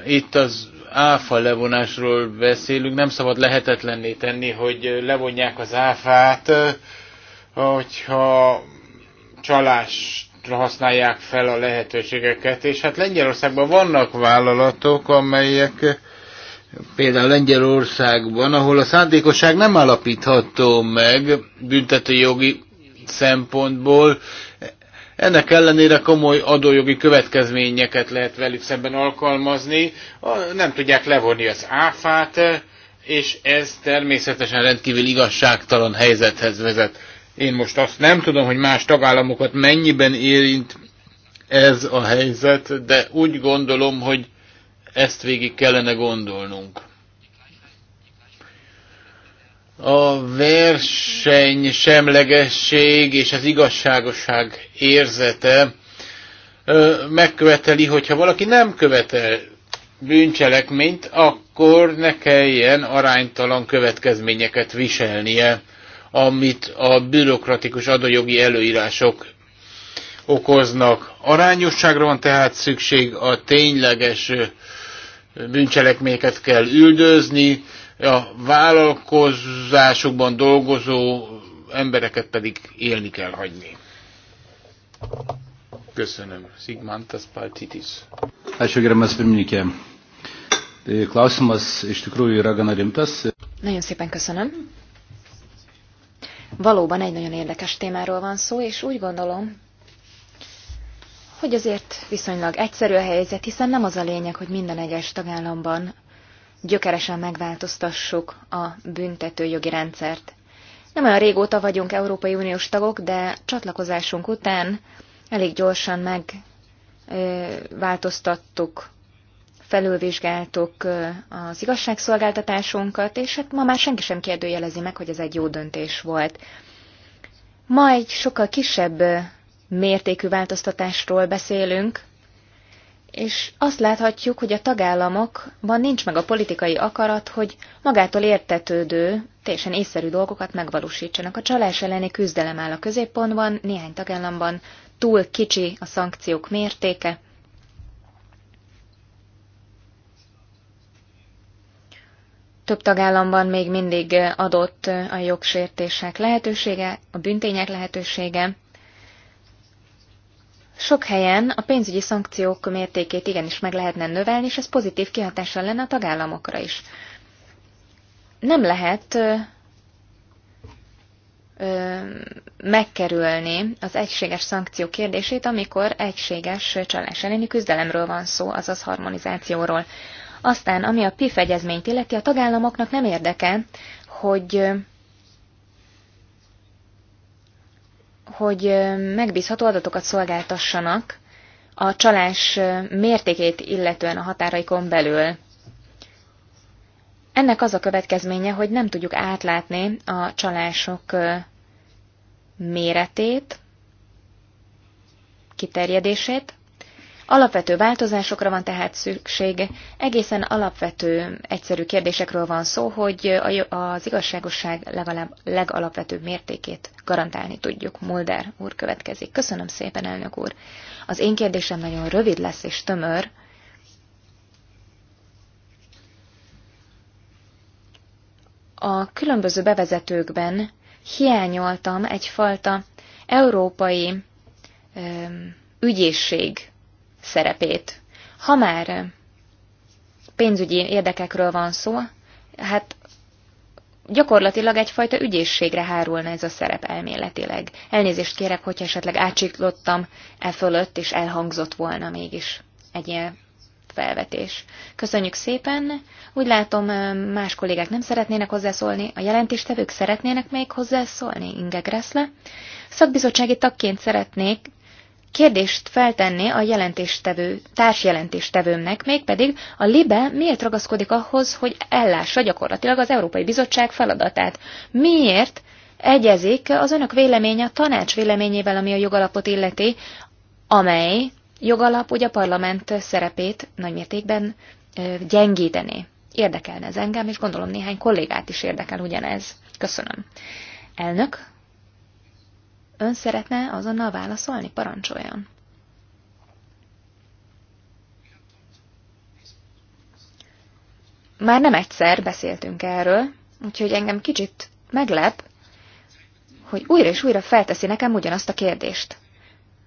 Itt az áfa levonásról beszélünk, nem szabad lehetetlenné tenni, hogy levonják az áfát, hogyha csalás használják fel a lehetőségeket, és hát Lengyelországban vannak vállalatok, amelyek például Lengyelországban, ahol a szándékosság nem alapítható meg büntetőjogi szempontból, ennek ellenére komoly adójogi következményeket lehet velük szemben alkalmazni, nem tudják levonni az áfát, és ez természetesen rendkívül igazságtalan helyzethez vezet. Én most azt nem tudom, hogy más tagállamokat mennyiben érint ez a helyzet, de úgy gondolom, hogy ezt végig kellene gondolnunk. A verseny semlegesség és az igazságosság érzete megköveteli, hogyha valaki nem követel bűncselekményt, akkor ne kelljen aránytalan következményeket viselnie amit a bürokratikus adójogi előírások okoznak. Arányosságra van tehát szükség, a tényleges bűncselekményeket kell üldözni, a vállalkozásokban dolgozó embereket pedig élni kell hagyni. Köszönöm. Sigmantas Paltitis. Ačiū, gerbiamas Klausimas iš tikrųjų yra Nagyon szépen köszönöm. Valóban egy nagyon érdekes témáról van szó, és úgy gondolom, hogy azért viszonylag egyszerű a helyzet, hiszen nem az a lényeg, hogy minden egyes tagállamban gyökeresen megváltoztassuk a jogi rendszert. Nem olyan régóta vagyunk Európai Uniós tagok, de csatlakozásunk után elég gyorsan megváltoztattuk felülvizsgáltuk az igazságszolgáltatásunkat, és hát ma már senki sem kérdőjelezi meg, hogy ez egy jó döntés volt. Ma egy sokkal kisebb mértékű változtatásról beszélünk, és azt láthatjuk, hogy a tagállamokban nincs meg a politikai akarat, hogy magától értetődő, teljesen észszerű dolgokat megvalósítsanak. A csalás elleni küzdelem áll a középpontban, néhány tagállamban túl kicsi a szankciók mértéke, Több tagállamban még mindig adott a jogsértések lehetősége, a büntények lehetősége. Sok helyen a pénzügyi szankciók mértékét igenis meg lehetne növelni, és ez pozitív kihatással lenne a tagállamokra is. Nem lehet ö, ö, megkerülni az egységes szankció kérdését, amikor egységes csalás elleni küzdelemről van szó, azaz harmonizációról. Aztán, ami a PIF egyezményt illeti, a tagállamoknak nem érdeke, hogy hogy megbízható adatokat szolgáltassanak a csalás mértékét illetően a határaikon belül. Ennek az a következménye, hogy nem tudjuk átlátni a csalások méretét, kiterjedését, Alapvető változásokra van tehát szükség, egészen alapvető, egyszerű kérdésekről van szó, hogy az igazságosság legalább legalapvetőbb mértékét garantálni tudjuk. Mulder úr következik. Köszönöm szépen, elnök úr. Az én kérdésem nagyon rövid lesz és tömör. A különböző bevezetőkben hiányoltam egyfajta európai öm, ügyészség szerepét. Ha már pénzügyi érdekekről van szó, hát gyakorlatilag egyfajta ügyészségre hárulna ez a szerep elméletileg. Elnézést kérek, hogyha esetleg átsiklottam e fölött, és elhangzott volna mégis egy ilyen felvetés. Köszönjük szépen! Úgy látom, más kollégák nem szeretnének hozzászólni, a jelentéstevők szeretnének még hozzászólni, Inge Gressle. Szakbizottsági tagként szeretnék kérdést feltenni a jelentéstevő, társjelentéstevőmnek, mégpedig a LIBE miért ragaszkodik ahhoz, hogy ellássa gyakorlatilag az Európai Bizottság feladatát. Miért egyezik az önök véleménye a tanács véleményével, ami a jogalapot illeti, amely jogalap ugye a parlament szerepét nagymértékben gyengítené. Érdekelne ez engem, és gondolom néhány kollégát is érdekel ugyanez. Köszönöm. Elnök, Ön szeretne azonnal válaszolni? Parancsoljon! Már nem egyszer beszéltünk erről, úgyhogy engem kicsit meglep, hogy újra és újra felteszi nekem ugyanazt a kérdést.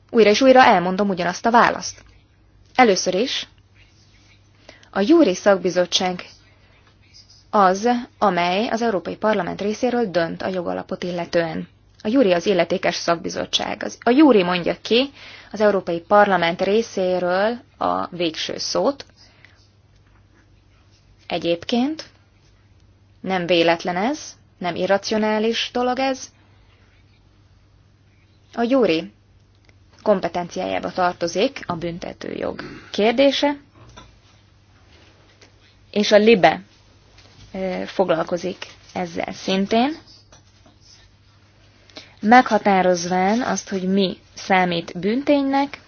Újra és újra elmondom ugyanazt a választ. Először is, a Júri Szakbizottság az, amely az Európai Parlament részéről dönt a jogalapot illetően. A Júri az illetékes szakbizottság. a Júri mondja ki az Európai Parlament részéről a végső szót. Egyébként nem véletlen ez, nem irracionális dolog ez. A Júri kompetenciájába tartozik a büntetőjog kérdése, és a LIBE foglalkozik ezzel szintén meghatározván azt, hogy mi számít bűnténynek,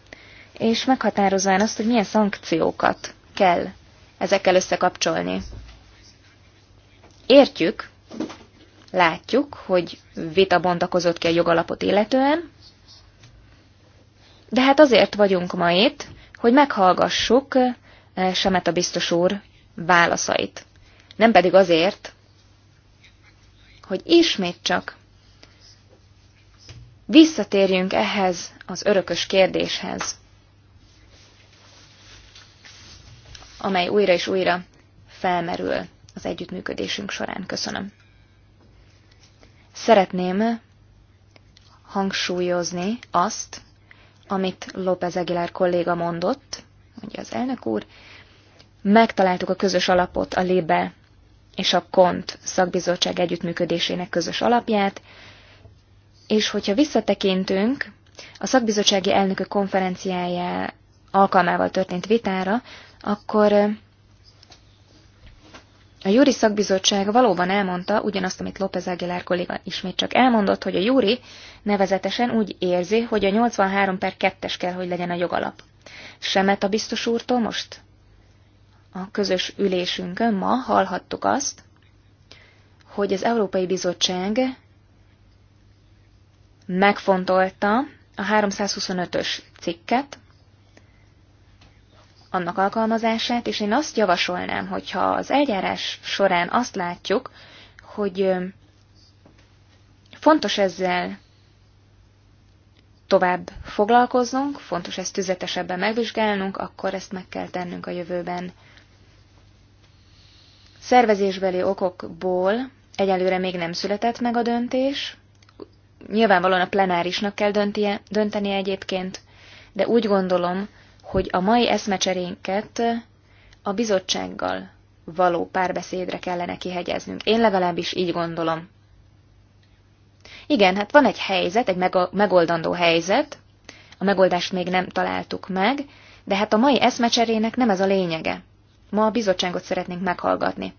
és meghatározván azt, hogy milyen szankciókat kell ezekkel összekapcsolni. Értjük, látjuk, hogy vita bontakozott ki a jogalapot illetően, de hát azért vagyunk ma itt, hogy meghallgassuk eh, a biztos úr válaszait. Nem pedig azért, hogy ismét csak Visszatérjünk ehhez az örökös kérdéshez, amely újra és újra felmerül az együttműködésünk során. Köszönöm. Szeretném hangsúlyozni azt, amit López Aguilar kolléga mondott, mondja az elnök úr, megtaláltuk a közös alapot a LIBE és a KONT szakbizottság együttműködésének közös alapját, és hogyha visszatekintünk a szakbizottsági elnökök konferenciájá alkalmával történt vitára, akkor a Júri szakbizottság valóban elmondta ugyanazt, amit López Aguilar kolléga ismét csak elmondott, hogy a Júri nevezetesen úgy érzi, hogy a 83 per 2-es kell, hogy legyen a jogalap. Semet a biztos úrtól most? A közös ülésünkön ma hallhattuk azt, hogy az Európai Bizottság megfontolta a 325-ös cikket, annak alkalmazását, és én azt javasolnám, hogyha az eljárás során azt látjuk, hogy fontos ezzel tovább foglalkoznunk, fontos ezt tüzetesebben megvizsgálnunk, akkor ezt meg kell tennünk a jövőben. Szervezésbeli okokból egyelőre még nem született meg a döntés, Nyilvánvalóan a plenárisnak kell döntie, dönteni egyébként, de úgy gondolom, hogy a mai eszmecserénket a bizottsággal való párbeszédre kellene kihegyeznünk. Én legalábbis így gondolom. Igen, hát van egy helyzet, egy megoldandó helyzet, a megoldást még nem találtuk meg, de hát a mai eszmecserének nem ez a lényege. Ma a bizottságot szeretnénk meghallgatni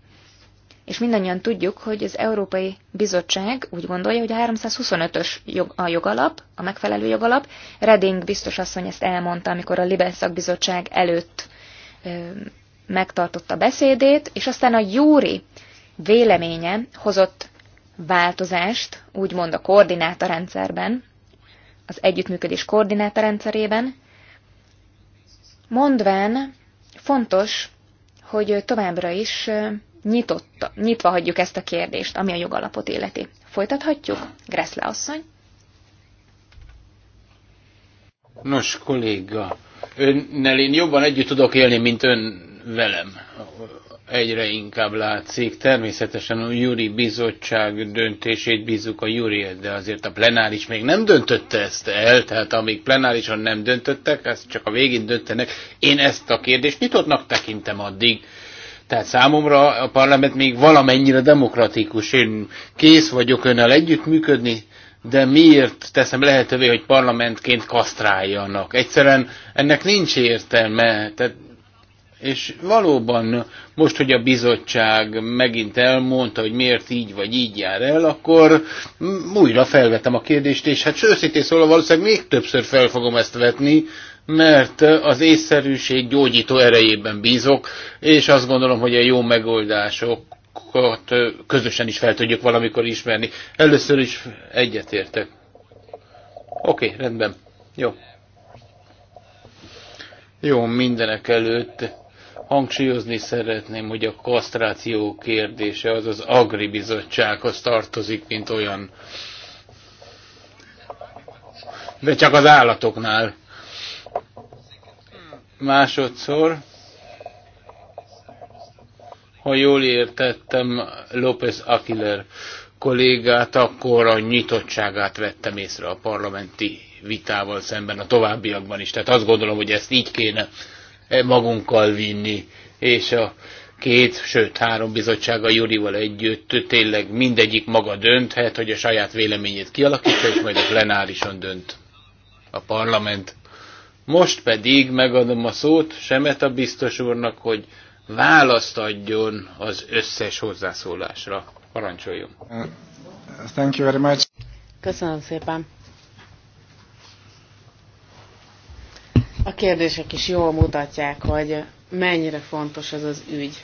és mindannyian tudjuk, hogy az Európai Bizottság úgy gondolja, hogy a 325-ös jog, a jogalap, a megfelelő jogalap. Reding biztos asszony ezt elmondta, amikor a Libel szakbizottság előtt ö, megtartotta beszédét, és aztán a Júri véleménye hozott változást, úgymond a koordinátorrendszerben, az együttműködés koordinátorrendszerében, mondván fontos, hogy továbbra is nyitott, nyitva hagyjuk ezt a kérdést, ami a jogalapot illeti. Folytathatjuk? Greszle asszony. Nos, kolléga, önnel én jobban együtt tudok élni, mint ön velem. Egyre inkább látszik. Természetesen a Júri Bizottság döntését bízunk a Júri, de azért a plenáris még nem döntötte ezt el, tehát amíg plenárison nem döntöttek, ezt csak a végén döntenek. Én ezt a kérdést nyitottnak tekintem addig tehát számomra a parlament még valamennyire demokratikus. Én kész vagyok önnel együttműködni, de miért teszem lehetővé, hogy parlamentként kasztráljanak? Egyszerűen ennek nincs értelme. Tehát, és valóban most, hogy a bizottság megint elmondta, hogy miért így vagy így jár el, akkor újra felvetem a kérdést, és hát őszintén szólva valószínűleg még többször fel fogom ezt vetni, mert az észszerűség gyógyító erejében bízok, és azt gondolom, hogy a jó megoldásokat közösen is fel tudjuk valamikor ismerni. Először is egyetértek. Oké, okay, rendben. Jó. Jó, mindenek előtt hangsúlyozni szeretném, hogy a kasztráció kérdése az az Agri Bizottsághoz tartozik, mint olyan. De csak az állatoknál Másodszor, ha jól értettem López Akiler kollégát, akkor a nyitottságát vettem észre a parlamenti vitával szemben a továbbiakban is. Tehát azt gondolom, hogy ezt így kéne magunkkal vinni, és a két, sőt három bizottság a Jurival együtt tényleg mindegyik maga dönthet, hogy a saját véleményét kialakítsa, és majd a plenárison dönt a parlament. Most pedig megadom a szót Semet a biztos úrnak, hogy választ adjon az összes hozzászólásra. Parancsoljon. Uh, thank you very much. Köszönöm szépen. A kérdések is jól mutatják, hogy mennyire fontos ez az ügy.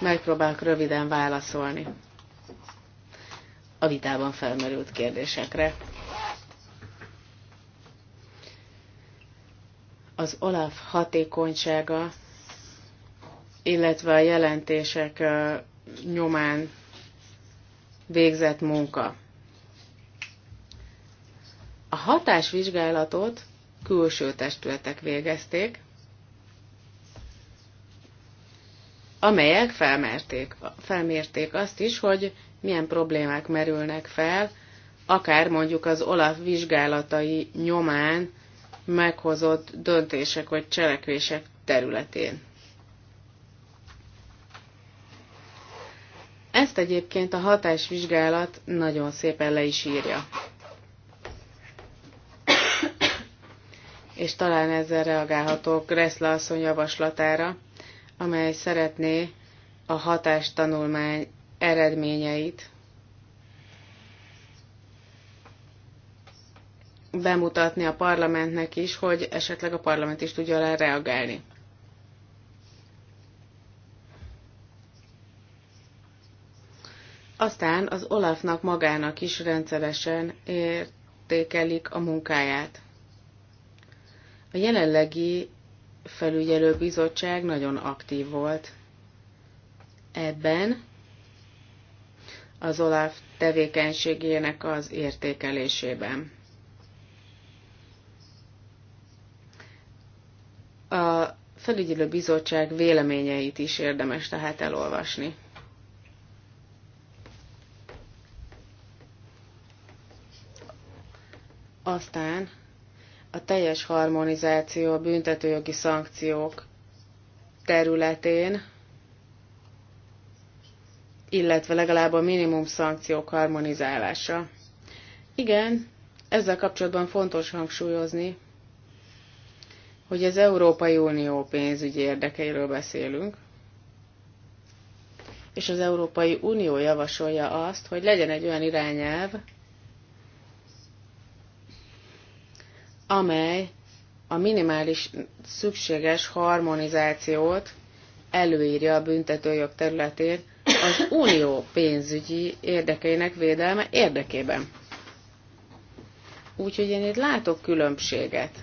Megpróbálok röviden válaszolni a vitában felmerült kérdésekre, az OLAF hatékonysága, illetve a jelentések nyomán végzett munka. A hatásvizsgálatot külső testületek végezték, amelyek felmérték, felmérték azt is, hogy milyen problémák merülnek fel, akár mondjuk az OLAF vizsgálatai nyomán meghozott döntések vagy cselekvések területén. Ezt egyébként a hatásvizsgálat nagyon szépen le is írja. És talán ezzel reagálhatok Reszla asszony javaslatára, amely szeretné a hatástanulmány eredményeit bemutatni a parlamentnek is, hogy esetleg a parlament is tudja rá reagálni. Aztán az Olafnak magának is rendszeresen értékelik a munkáját. A jelenlegi felügyelőbizottság nagyon aktív volt. Ebben az Olaf tevékenységének az értékelésében. A felügyelő bizottság véleményeit is érdemes tehát elolvasni. Aztán a teljes harmonizáció a büntetőjogi szankciók területén, illetve legalább a minimum szankciók harmonizálása. Igen, ezzel kapcsolatban fontos hangsúlyozni, hogy az Európai Unió pénzügyi érdekeiről beszélünk, és az Európai Unió javasolja azt, hogy legyen egy olyan irányelv, amely a minimális szükséges harmonizációt előírja a büntetőjog területén az unió pénzügyi érdekeinek védelme érdekében. Úgyhogy én itt látok különbséget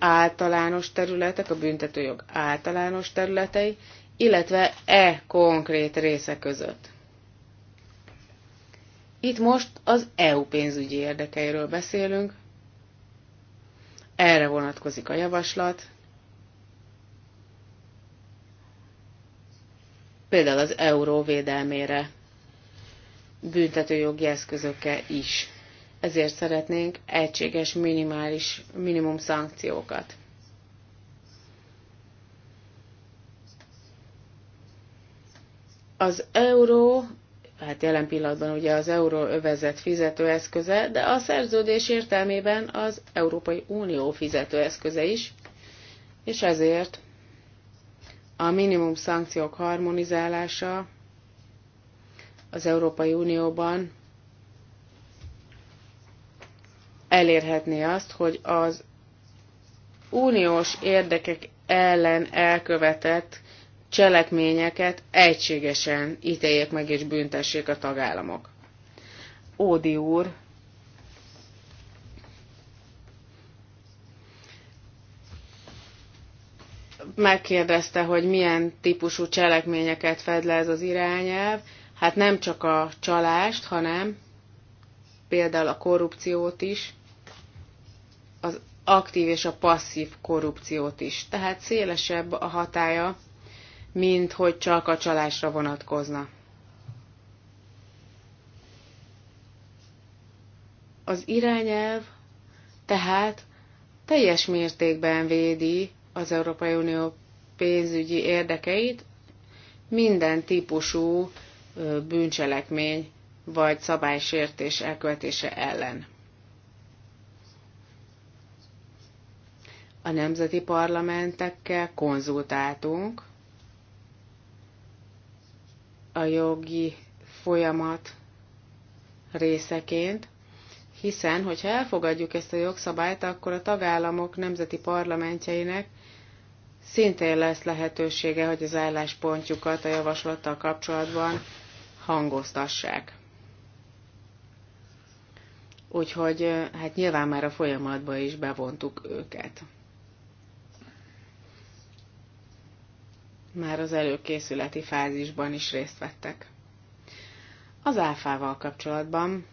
általános területek, a büntetőjog általános területei, illetve e konkrét része között. Itt most az EU pénzügyi érdekeiről beszélünk, erre vonatkozik a javaslat. Például az euró védelmére büntetőjogi eszközökkel is ezért szeretnénk egységes minimális minimum szankciókat. Az euró, hát jelen pillanatban ugye az euró övezet fizetőeszköze, de a szerződés értelmében az Európai Unió fizetőeszköze is, és ezért a minimum szankciók harmonizálása az Európai Unióban elérhetné azt, hogy az uniós érdekek ellen elkövetett cselekményeket egységesen ítéljék meg és büntessék a tagállamok. Ódi úr megkérdezte, hogy milyen típusú cselekményeket fed le ez az irányelv. Hát nem csak a csalást, hanem például a korrupciót is, az aktív és a passzív korrupciót is. Tehát szélesebb a hatája, mint hogy csak a csalásra vonatkozna. Az irányelv tehát teljes mértékben védi az Európai Unió pénzügyi érdekeit minden típusú bűncselekmény vagy szabálysértés elkövetése ellen. a nemzeti parlamentekkel konzultáltunk, a jogi folyamat részeként, hiszen, hogyha elfogadjuk ezt a jogszabályt, akkor a tagállamok nemzeti parlamentjeinek szintén lesz lehetősége, hogy az álláspontjukat a javaslattal kapcsolatban hangoztassák. Úgyhogy hát nyilván már a folyamatba is bevontuk őket. már az előkészületi fázisban is részt vettek. Az áfával kapcsolatban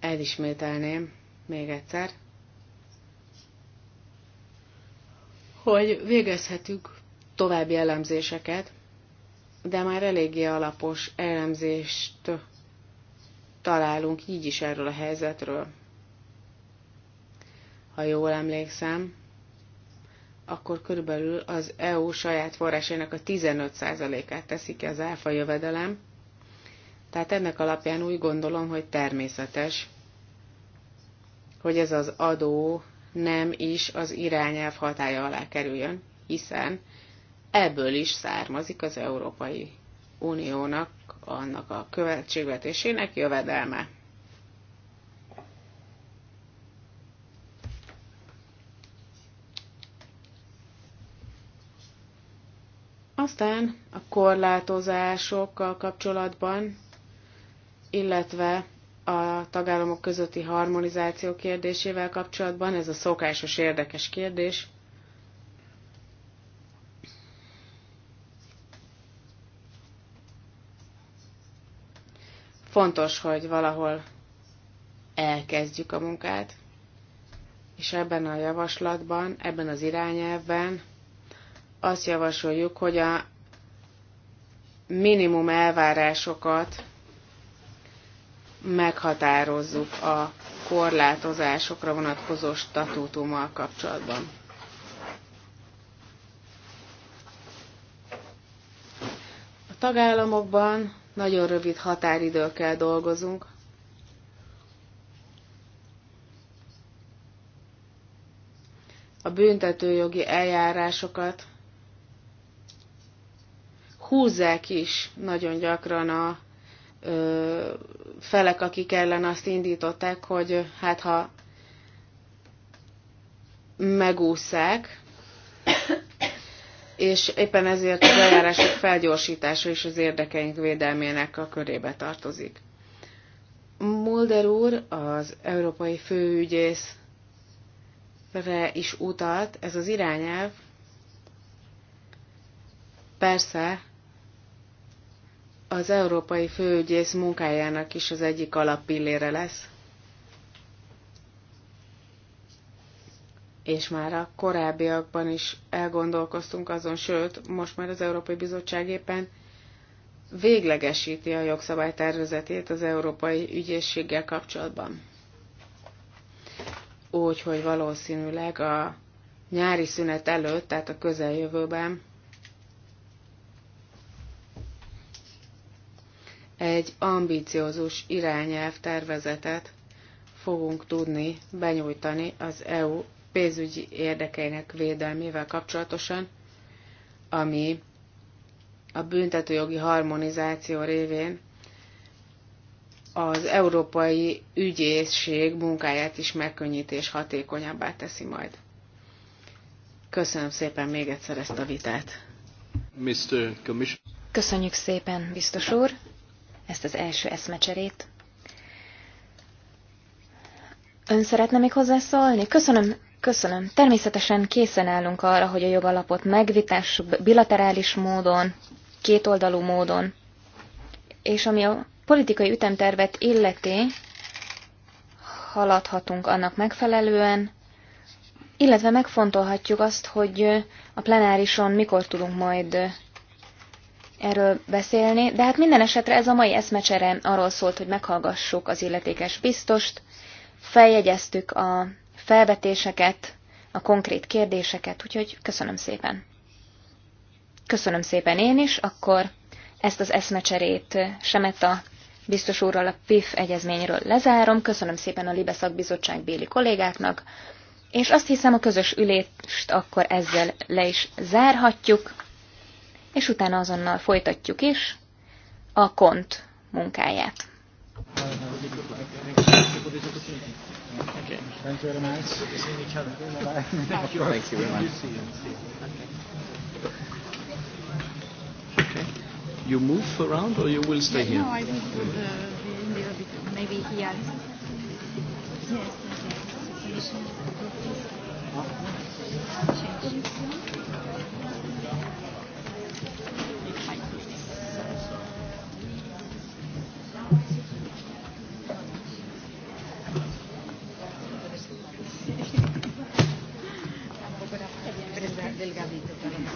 elismételném még egyszer, hogy végezhetünk további elemzéseket, de már eléggé alapos elemzést találunk így is erről a helyzetről. Ha jól emlékszem, akkor körülbelül az EU saját forrásainak a 15%-át teszi ki az áfa jövedelem. Tehát ennek alapján úgy gondolom, hogy természetes, hogy ez az adó nem is az irányelv hatája alá kerüljön, hiszen ebből is származik az Európai Uniónak, annak a követségvetésének jövedelme. Aztán a korlátozásokkal kapcsolatban, illetve a tagállamok közötti harmonizáció kérdésével kapcsolatban, ez a szokásos érdekes kérdés, fontos, hogy valahol elkezdjük a munkát, és ebben a javaslatban, ebben az irányelvben azt javasoljuk, hogy a minimum elvárásokat meghatározzuk a korlátozásokra vonatkozó statútummal kapcsolatban. A tagállamokban nagyon rövid határidőkkel dolgozunk, a büntetőjogi eljárásokat húzzák is nagyon gyakran a ö, felek, akik ellen azt indították, hogy hát ha megúszszák, és éppen ezért az eljárások felgyorsítása is az érdekeink védelmének a körébe tartozik. Mulder úr, az európai főügyészre is utalt, ez az irányelv persze az európai főügyész munkájának is az egyik alappillére lesz. És már a korábbiakban is elgondolkoztunk azon, sőt, most már az Európai Bizottság éppen véglegesíti a jogszabálytervezetét az Európai Ügyészséggel kapcsolatban. Úgyhogy valószínűleg a nyári szünet előtt, tehát a közeljövőben egy ambíciózus irányelv tervezetet fogunk tudni benyújtani az EU pénzügyi érdekeinek védelmével kapcsolatosan, ami a büntetőjogi harmonizáció révén az európai ügyészség munkáját is megkönnyíti és hatékonyabbá teszi majd. Köszönöm szépen még egyszer ezt a vitát. Mr. Köszönjük szépen, biztos úr ezt az első eszmecserét. Ön szeretne még hozzászólni? Köszönöm, köszönöm. Természetesen készen állunk arra, hogy a jogalapot megvitassuk bilaterális módon, kétoldalú módon. És ami a politikai ütemtervet illeti, haladhatunk annak megfelelően, illetve megfontolhatjuk azt, hogy a plenárison mikor tudunk majd erről beszélni, de hát minden esetre ez a mai eszmecsere arról szólt, hogy meghallgassuk az illetékes biztost, feljegyeztük a felvetéseket, a konkrét kérdéseket, úgyhogy köszönöm szépen. Köszönöm szépen én is, akkor ezt az eszmecserét Semeta biztos úrral a PIF egyezményről lezárom. Köszönöm szépen a Libe szakbizottság béli kollégáknak, és azt hiszem a közös ülést akkor ezzel le is zárhatjuk és utána azonnal folytatjuk is a kont munkáját. you move around or you will stay yeah, here? No, I will go the, the India bit. Maybe here. Yes. yes.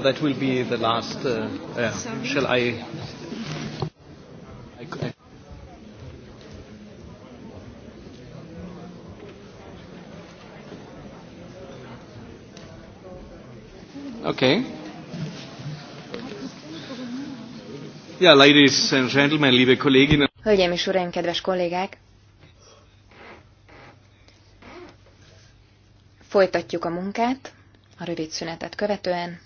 that will be the last. Uh, uh, shall I Okay. Yeah, ladies and gentlemen, liebe Kolleginnen. Hölgyeim és uraim, kedves kollégák! Folytatjuk a munkát a rövid szünetet követően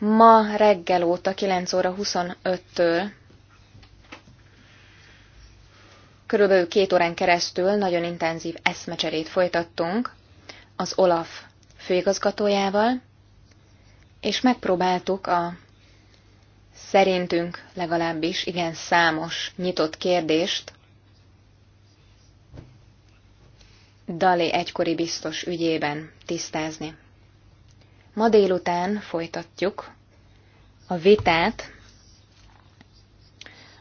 ma reggel óta 9 óra 25-től körülbelül két órán keresztül nagyon intenzív eszmecserét folytattunk az OLAF főigazgatójával, és megpróbáltuk a szerintünk legalábbis igen számos nyitott kérdést Dali egykori biztos ügyében tisztázni. Ma délután folytatjuk a vitát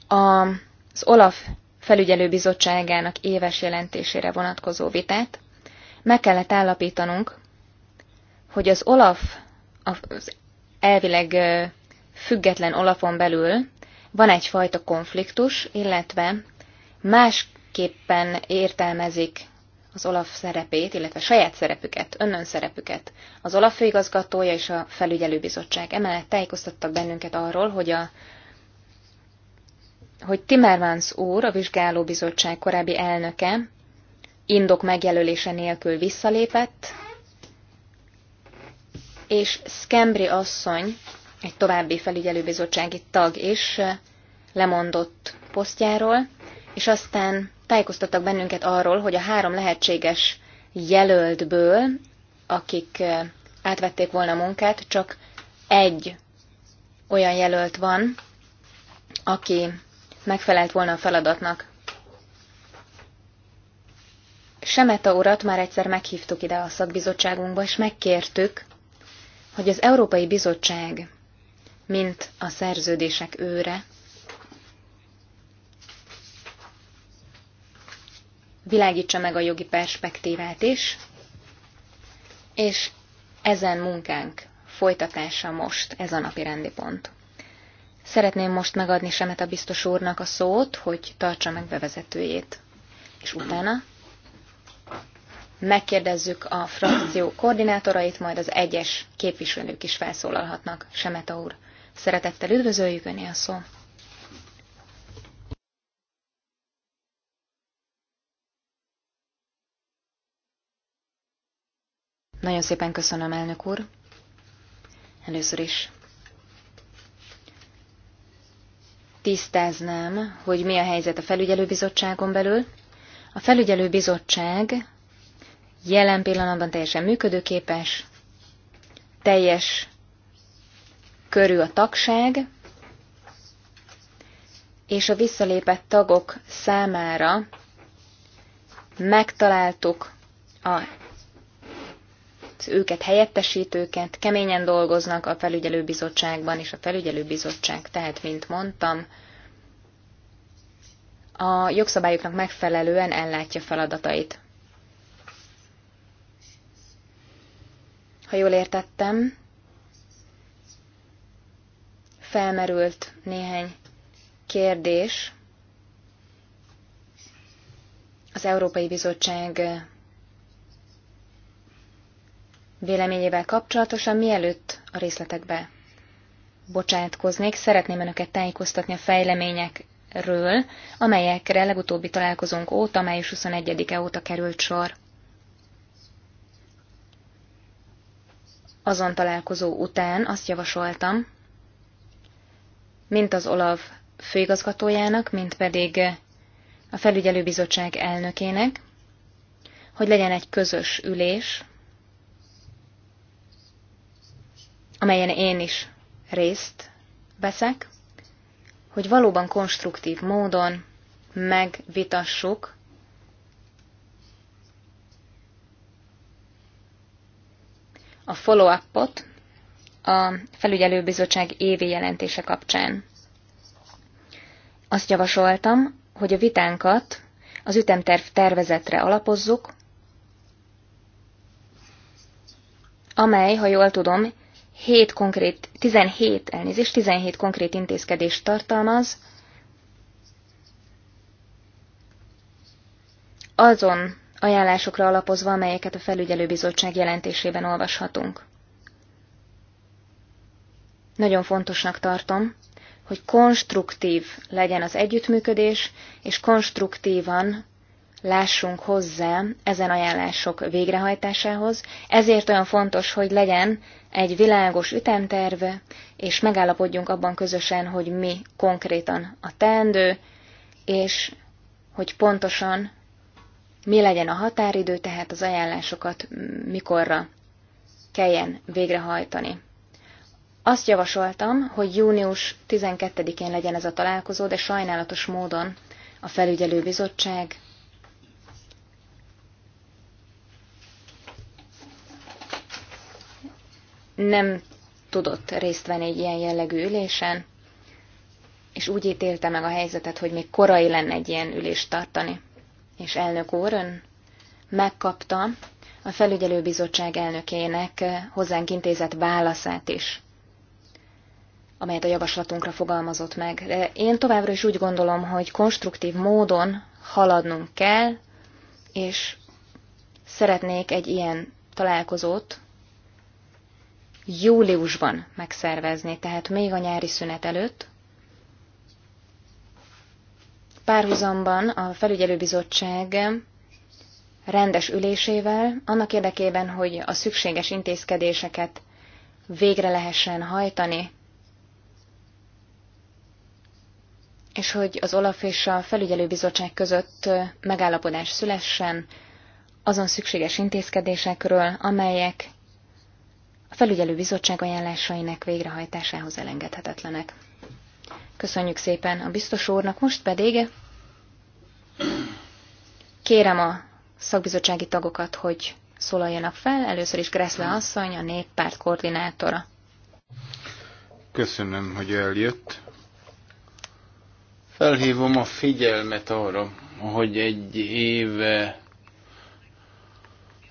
az OLAF felügyelőbizottságának éves jelentésére vonatkozó vitát. Meg kellett állapítanunk, hogy az OLAF, az elvileg független olafon belül van egyfajta konfliktus, illetve másképpen értelmezik az Olaf szerepét, illetve saját szerepüket, önnön szerepüket. Az Olaf főigazgatója és a felügyelőbizottság emellett tájékoztattak bennünket arról, hogy a hogy Timmermans úr, a vizsgálóbizottság korábbi elnöke, indok megjelölése nélkül visszalépett, és Skembri asszony, egy további felügyelőbizottsági tag is lemondott posztjáról, és aztán tájékoztattak bennünket arról, hogy a három lehetséges jelöltből, akik eh, átvették volna a munkát, csak egy olyan jelölt van, aki megfelelt volna a feladatnak. Semeta urat már egyszer meghívtuk ide a szakbizottságunkba, és megkértük, hogy az Európai Bizottság, mint a szerződések őre, világítsa meg a jogi perspektívát is, és ezen munkánk folytatása most, ez a napi rendi pont. Szeretném most megadni Semet a biztos úrnak a szót, hogy tartsa meg bevezetőjét. És utána megkérdezzük a frakció koordinátorait, majd az egyes képviselők is felszólalhatnak. Semeta úr, szeretettel üdvözöljük Öné a szó. Nagyon szépen köszönöm, elnök úr. Először is tisztáznám, hogy mi a helyzet a felügyelőbizottságon belül. A felügyelőbizottság jelen pillanatban teljesen működőképes, teljes körű a tagság, és a visszalépett tagok számára megtaláltuk a őket helyettesítőket, keményen dolgoznak a felügyelőbizottságban, és a felügyelőbizottság, tehát, mint mondtam, a jogszabályoknak megfelelően ellátja feladatait. Ha jól értettem, felmerült néhány kérdés az Európai Bizottság véleményével kapcsolatosan, mielőtt a részletekbe bocsátkoznék, szeretném önöket tájékoztatni a fejleményekről, amelyekre legutóbbi találkozónk óta, május 21-e óta került sor. Azon találkozó után azt javasoltam, mint az OLAV főigazgatójának, mint pedig a felügyelőbizottság elnökének, hogy legyen egy közös ülés, amelyen én is részt veszek, hogy valóban konstruktív módon megvitassuk a follow-upot a felügyelőbizottság évi jelentése kapcsán. Azt javasoltam, hogy a vitánkat az ütemterv tervezetre alapozzuk, amely, ha jól tudom, 7 konkrét, 17 elnézést, 17 konkrét intézkedést tartalmaz, azon ajánlásokra alapozva, amelyeket a felügyelőbizottság jelentésében olvashatunk. Nagyon fontosnak tartom, hogy konstruktív legyen az együttműködés, és konstruktívan lássunk hozzá ezen ajánlások végrehajtásához, ezért olyan fontos, hogy legyen egy világos ütemterve, és megállapodjunk abban közösen, hogy mi konkrétan a teendő, és hogy pontosan mi legyen a határidő, tehát az ajánlásokat mikorra kelljen végrehajtani. Azt javasoltam, hogy június 12-én legyen ez a találkozó, de sajnálatos módon a felügyelőbizottság nem tudott részt venni egy ilyen jellegű ülésen, és úgy ítélte meg a helyzetet, hogy még korai lenne egy ilyen ülést tartani. És elnök úr, ön megkapta a felügyelőbizottság elnökének hozzánk intézett válaszát is, amelyet a javaslatunkra fogalmazott meg. De én továbbra is úgy gondolom, hogy konstruktív módon haladnunk kell, és szeretnék egy ilyen találkozót júliusban megszervezni, tehát még a nyári szünet előtt. Párhuzamban a felügyelőbizottság rendes ülésével, annak érdekében, hogy a szükséges intézkedéseket végre lehessen hajtani, és hogy az Olaf és a felügyelőbizottság között megállapodás szülessen azon szükséges intézkedésekről, amelyek a felügyelő bizottság ajánlásainak végrehajtásához elengedhetetlenek. Köszönjük szépen a biztos úrnak, most pedig kérem a szakbizottsági tagokat, hogy szólaljanak fel. Először is Greszle asszony, a néppárt koordinátora. Köszönöm, hogy eljött. Felhívom a figyelmet arra, hogy egy éve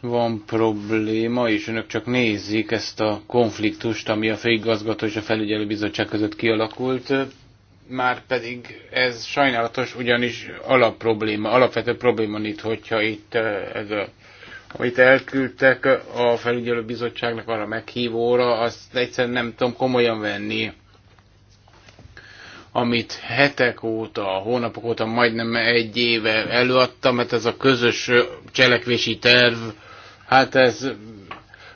van probléma, és önök csak nézik ezt a konfliktust, ami a főigazgató és a felügyelőbizottság között kialakult, már pedig ez sajnálatos, ugyanis alapprobléma, alapvető probléma itt, hogyha itt eh, ez a amit elküldtek a felügyelőbizottságnak arra meghívóra, azt egyszerűen nem tudom komolyan venni. Amit hetek óta, hónapok óta, majdnem egy éve előadtam, mert hát ez a közös cselekvési terv, Hát ez,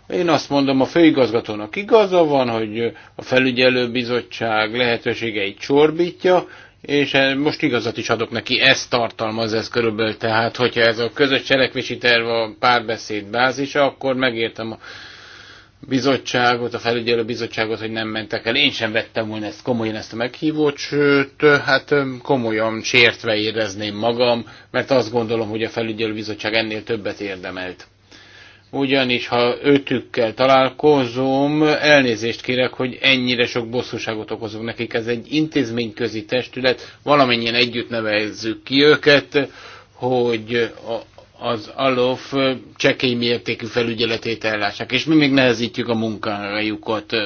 én azt mondom, a főigazgatónak igaza van, hogy a felügyelőbizottság lehetőségeit csorbítja, és e, most igazat is adok neki, ezt tartalmaz ez körülbelül, tehát hogyha ez a közös cselekvési terv a párbeszéd bázisa, akkor megértem a bizottságot, a felügyelő bizottságot, hogy nem mentek el. Én sem vettem volna ezt komolyan ezt a meghívót, sőt, hát komolyan sértve érezném magam, mert azt gondolom, hogy a felügyelő bizottság ennél többet érdemelt ugyanis ha ötükkel találkozom, elnézést kérek, hogy ennyire sok bosszúságot okozok nekik. Ez egy intézményközi testület, valamennyien együtt nevezzük ki őket, hogy az ALOF csekély mértékű felügyeletét ellássák, és mi még nehezítjük a munkájukat.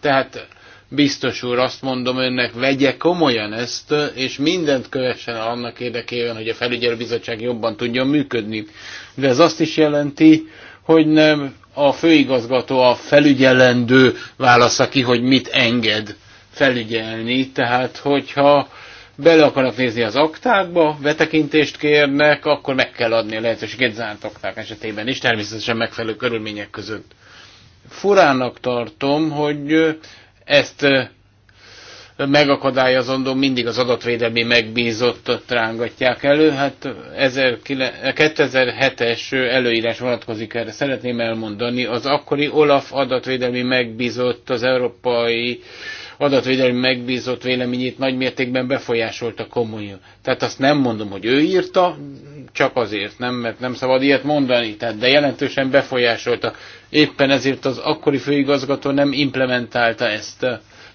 Tehát Biztos úr, azt mondom önnek, vegye komolyan ezt, és mindent kövessen annak érdekében, hogy a felügyelőbizottság jobban tudjon működni. De ez azt is jelenti, hogy nem a főigazgató a felügyelendő válasza ki, hogy mit enged felügyelni. Tehát, hogyha bele akarnak nézni az aktákba, vetekintést kérnek, akkor meg kell adni a lehetőséget zárt akták esetében is, természetesen megfelelő körülmények között. Furának tartom, hogy ezt megakadályozandó mindig az adatvédelmi megbízottat rángatják elő. Hát 2007-es eh, előírás vonatkozik erre. Szeretném elmondani, az akkori Olaf adatvédelmi megbízott az európai adatvédelmi megbízott véleményét nagymértékben befolyásolta komolyan. Tehát azt nem mondom, hogy ő írta, csak azért nem, mert nem szabad ilyet mondani, tehát de jelentősen befolyásolta. Éppen ezért az akkori főigazgató nem implementálta ezt,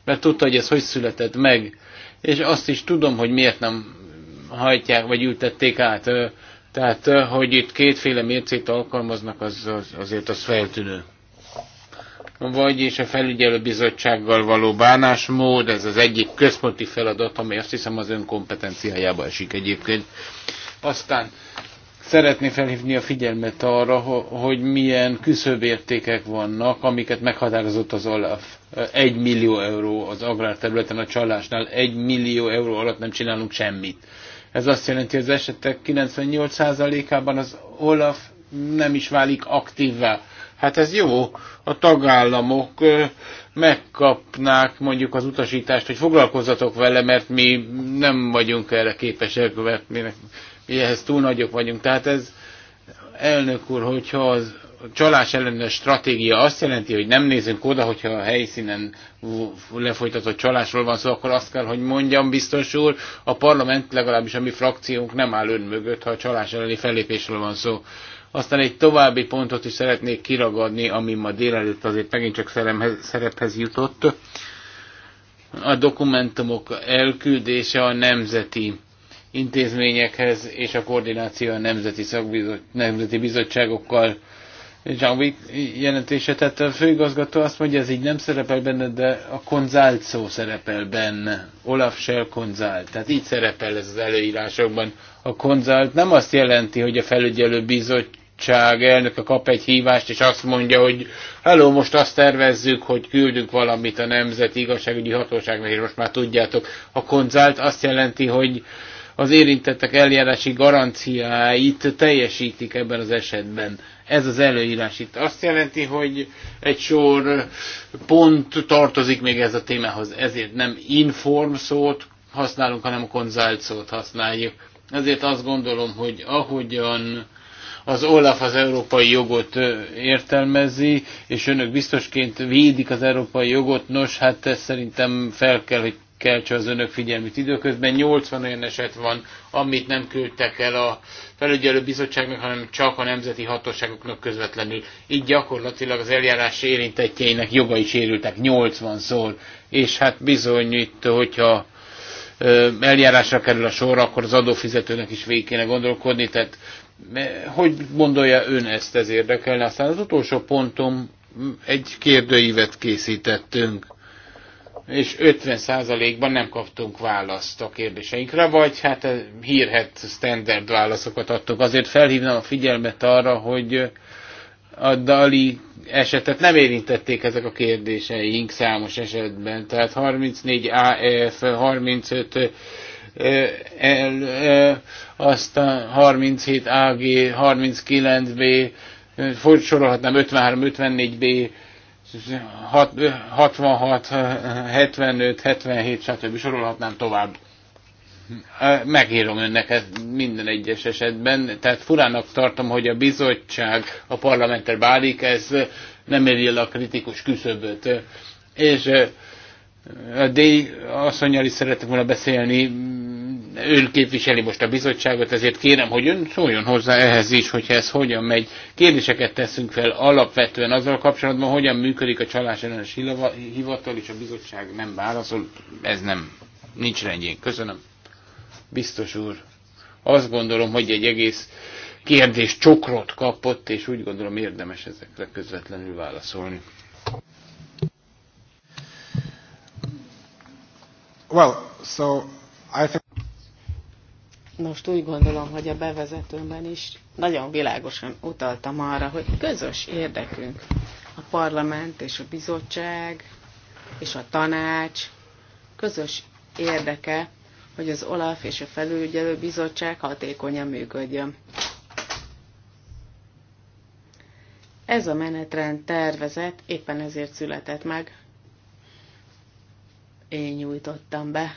mert tudta, hogy ez hogy született meg. És azt is tudom, hogy miért nem hajtják, vagy ültették át. Tehát, hogy itt kétféle mércét alkalmaznak, az, az azért az feltűnő. Vagyis a felügyelőbizottsággal való bánásmód, ez az egyik központi feladat, ami azt hiszem az önkompetenciájába esik egyébként. Aztán szeretné felhívni a figyelmet arra, hogy milyen küszöbértékek vannak, amiket meghatározott az Olaf. Egy millió euró az agrárterületen a csalásnál, egy millió euró alatt nem csinálunk semmit. Ez azt jelenti, hogy az esetek 98%-ában az Olaf nem is válik aktívvá. Hát ez jó, a tagállamok megkapnák mondjuk az utasítást, hogy foglalkozzatok vele, mert mi nem vagyunk erre képesek, mert mi ehhez túl nagyok vagyunk. Tehát ez, elnök úr, hogyha az csalás ellenes stratégia azt jelenti, hogy nem nézünk oda, hogyha a helyszínen lefolytatott csalásról van szó, akkor azt kell, hogy mondjam, biztos úr, a parlament, legalábbis a mi frakciónk nem áll ön mögött, ha a csalás elleni fellépésről van szó. Aztán egy további pontot is szeretnék kiragadni, ami ma délelőtt azért megint csak szerephez jutott. A dokumentumok elküldése a nemzeti intézményekhez és a koordináció a nemzeti, nemzeti bizottságokkal. Zsangvik jelentése, tehát a főigazgató azt mondja, ez így nem szerepel benne, de a konzált szó szerepel benne. Olaf Shell konzált. Tehát így szerepel ez az előírásokban. A konzált nem azt jelenti, hogy a felügyelő bizottság elnöke kap egy hívást, és azt mondja, hogy hello, most azt tervezzük, hogy küldünk valamit a Nemzeti Igazságügyi Hatóságnak, és most már tudjátok. A konzált azt jelenti, hogy az érintettek eljárási garanciáit teljesítik ebben az esetben. Ez az előírás itt azt jelenti, hogy egy sor pont tartozik még ez a témához, ezért nem inform szót használunk, hanem konzált szót használjuk. Ezért azt gondolom, hogy ahogyan az Olaf az európai jogot értelmezi, és önök biztosként védik az európai jogot, nos, hát ez szerintem fel kell, hogy keltse az önök figyelmét. Időközben 80 olyan eset van, amit nem küldtek el a felügyelő bizottságnak, hanem csak a nemzeti hatóságoknak közvetlenül. Így gyakorlatilag az eljárás érintettjeinek jogai érültek 80-szor, és hát bizony itt, hogyha eljárásra kerül a sor, akkor az adófizetőnek is végig kéne gondolkodni, tehát hogy gondolja ön ezt, ez érdekelne. Aztán az utolsó pontom, egy kérdőívet készítettünk és 50%-ban nem kaptunk választ a kérdéseinkre, vagy hát hírhet standard válaszokat adtunk. Azért felhívnám a figyelmet arra, hogy a Dali esetet nem érintették ezek a kérdéseink számos esetben. Tehát 34 AF, 35 L aztán 37 AG, 39 B, sorolhatnám 53-54B 66, 75, 77, stb. sorolhatnám tovább. Megírom önnek ezt minden egyes esetben, tehát furának tartom, hogy a bizottság a parlamenter bálik, ez nem éri el a kritikus küszöböt. És a D asszonyjal is szeretek volna beszélni, ön képviseli most a bizottságot, ezért kérem, hogy ön szóljon hozzá ehhez is, hogyha ez hogyan megy. Kérdéseket teszünk fel alapvetően azzal kapcsolatban, hogyan működik a csalás ellenes hivatal, és a bizottság nem válaszol. Ez nem, nincs rendjén. Köszönöm. Biztos úr. Azt gondolom, hogy egy egész kérdés csokrot kapott, és úgy gondolom érdemes ezekre közvetlenül válaszolni. Well, so I think most úgy gondolom, hogy a bevezetőmben is nagyon világosan utaltam arra, hogy közös érdekünk a parlament és a bizottság és a tanács közös érdeke, hogy az OLAF és a felügyelő bizottság hatékonyan működjön. Ez a menetrend tervezet éppen ezért született meg. Én nyújtottam be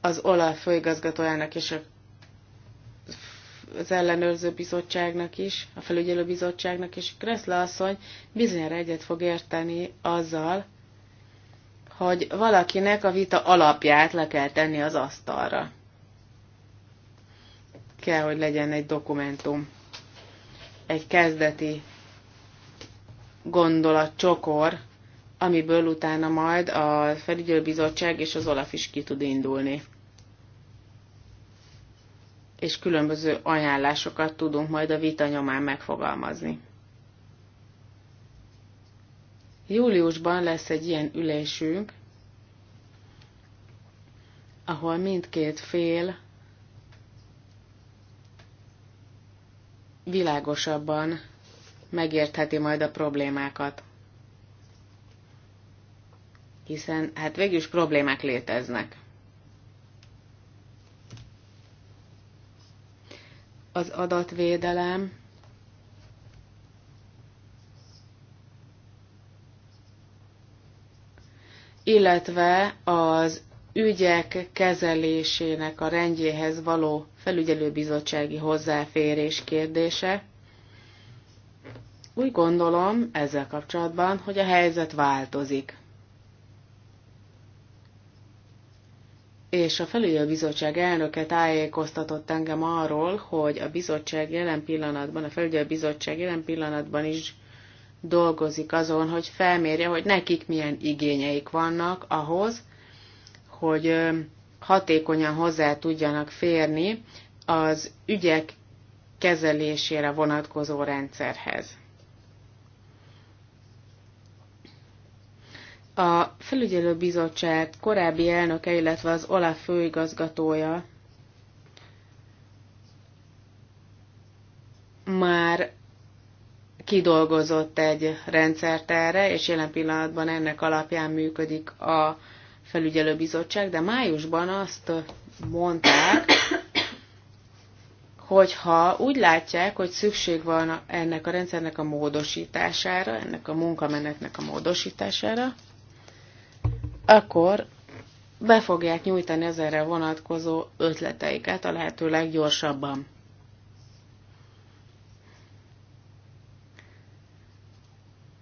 az olaj főigazgatójának és a, az ellenőrző bizottságnak is, a felügyelő bizottságnak is. Kreszle asszony bizonyára egyet fog érteni azzal, hogy valakinek a vita alapját le kell tenni az asztalra. Kell, hogy legyen egy dokumentum, egy kezdeti gondolatcsokor, amiből utána majd a felügyelőbizottság és az OLAF is ki tud indulni. És különböző ajánlásokat tudunk majd a vita nyomán megfogalmazni. Júliusban lesz egy ilyen ülésünk, ahol mindkét fél világosabban megértheti majd a problémákat hiszen hát végül is problémák léteznek. Az adatvédelem illetve az ügyek kezelésének a rendjéhez való felügyelőbizottsági hozzáférés kérdése. Úgy gondolom ezzel kapcsolatban, hogy a helyzet változik. és a felügyelőbizottság elnöke tájékoztatott engem arról, hogy a bizottság jelen pillanatban, a felügyelőbizottság jelen pillanatban is dolgozik azon, hogy felmérje, hogy nekik milyen igényeik vannak ahhoz, hogy hatékonyan hozzá tudjanak férni az ügyek kezelésére vonatkozó rendszerhez. A felügyelőbizottság korábbi elnöke, illetve az OLAF főigazgatója már kidolgozott egy rendszert erre, és jelen pillanatban ennek alapján működik a felügyelőbizottság, de májusban azt mondták, hogyha úgy látják, hogy szükség van ennek a rendszernek a módosítására, ennek a munkamenetnek a módosítására, akkor be fogják nyújtani az erre vonatkozó ötleteiket a lehető leggyorsabban.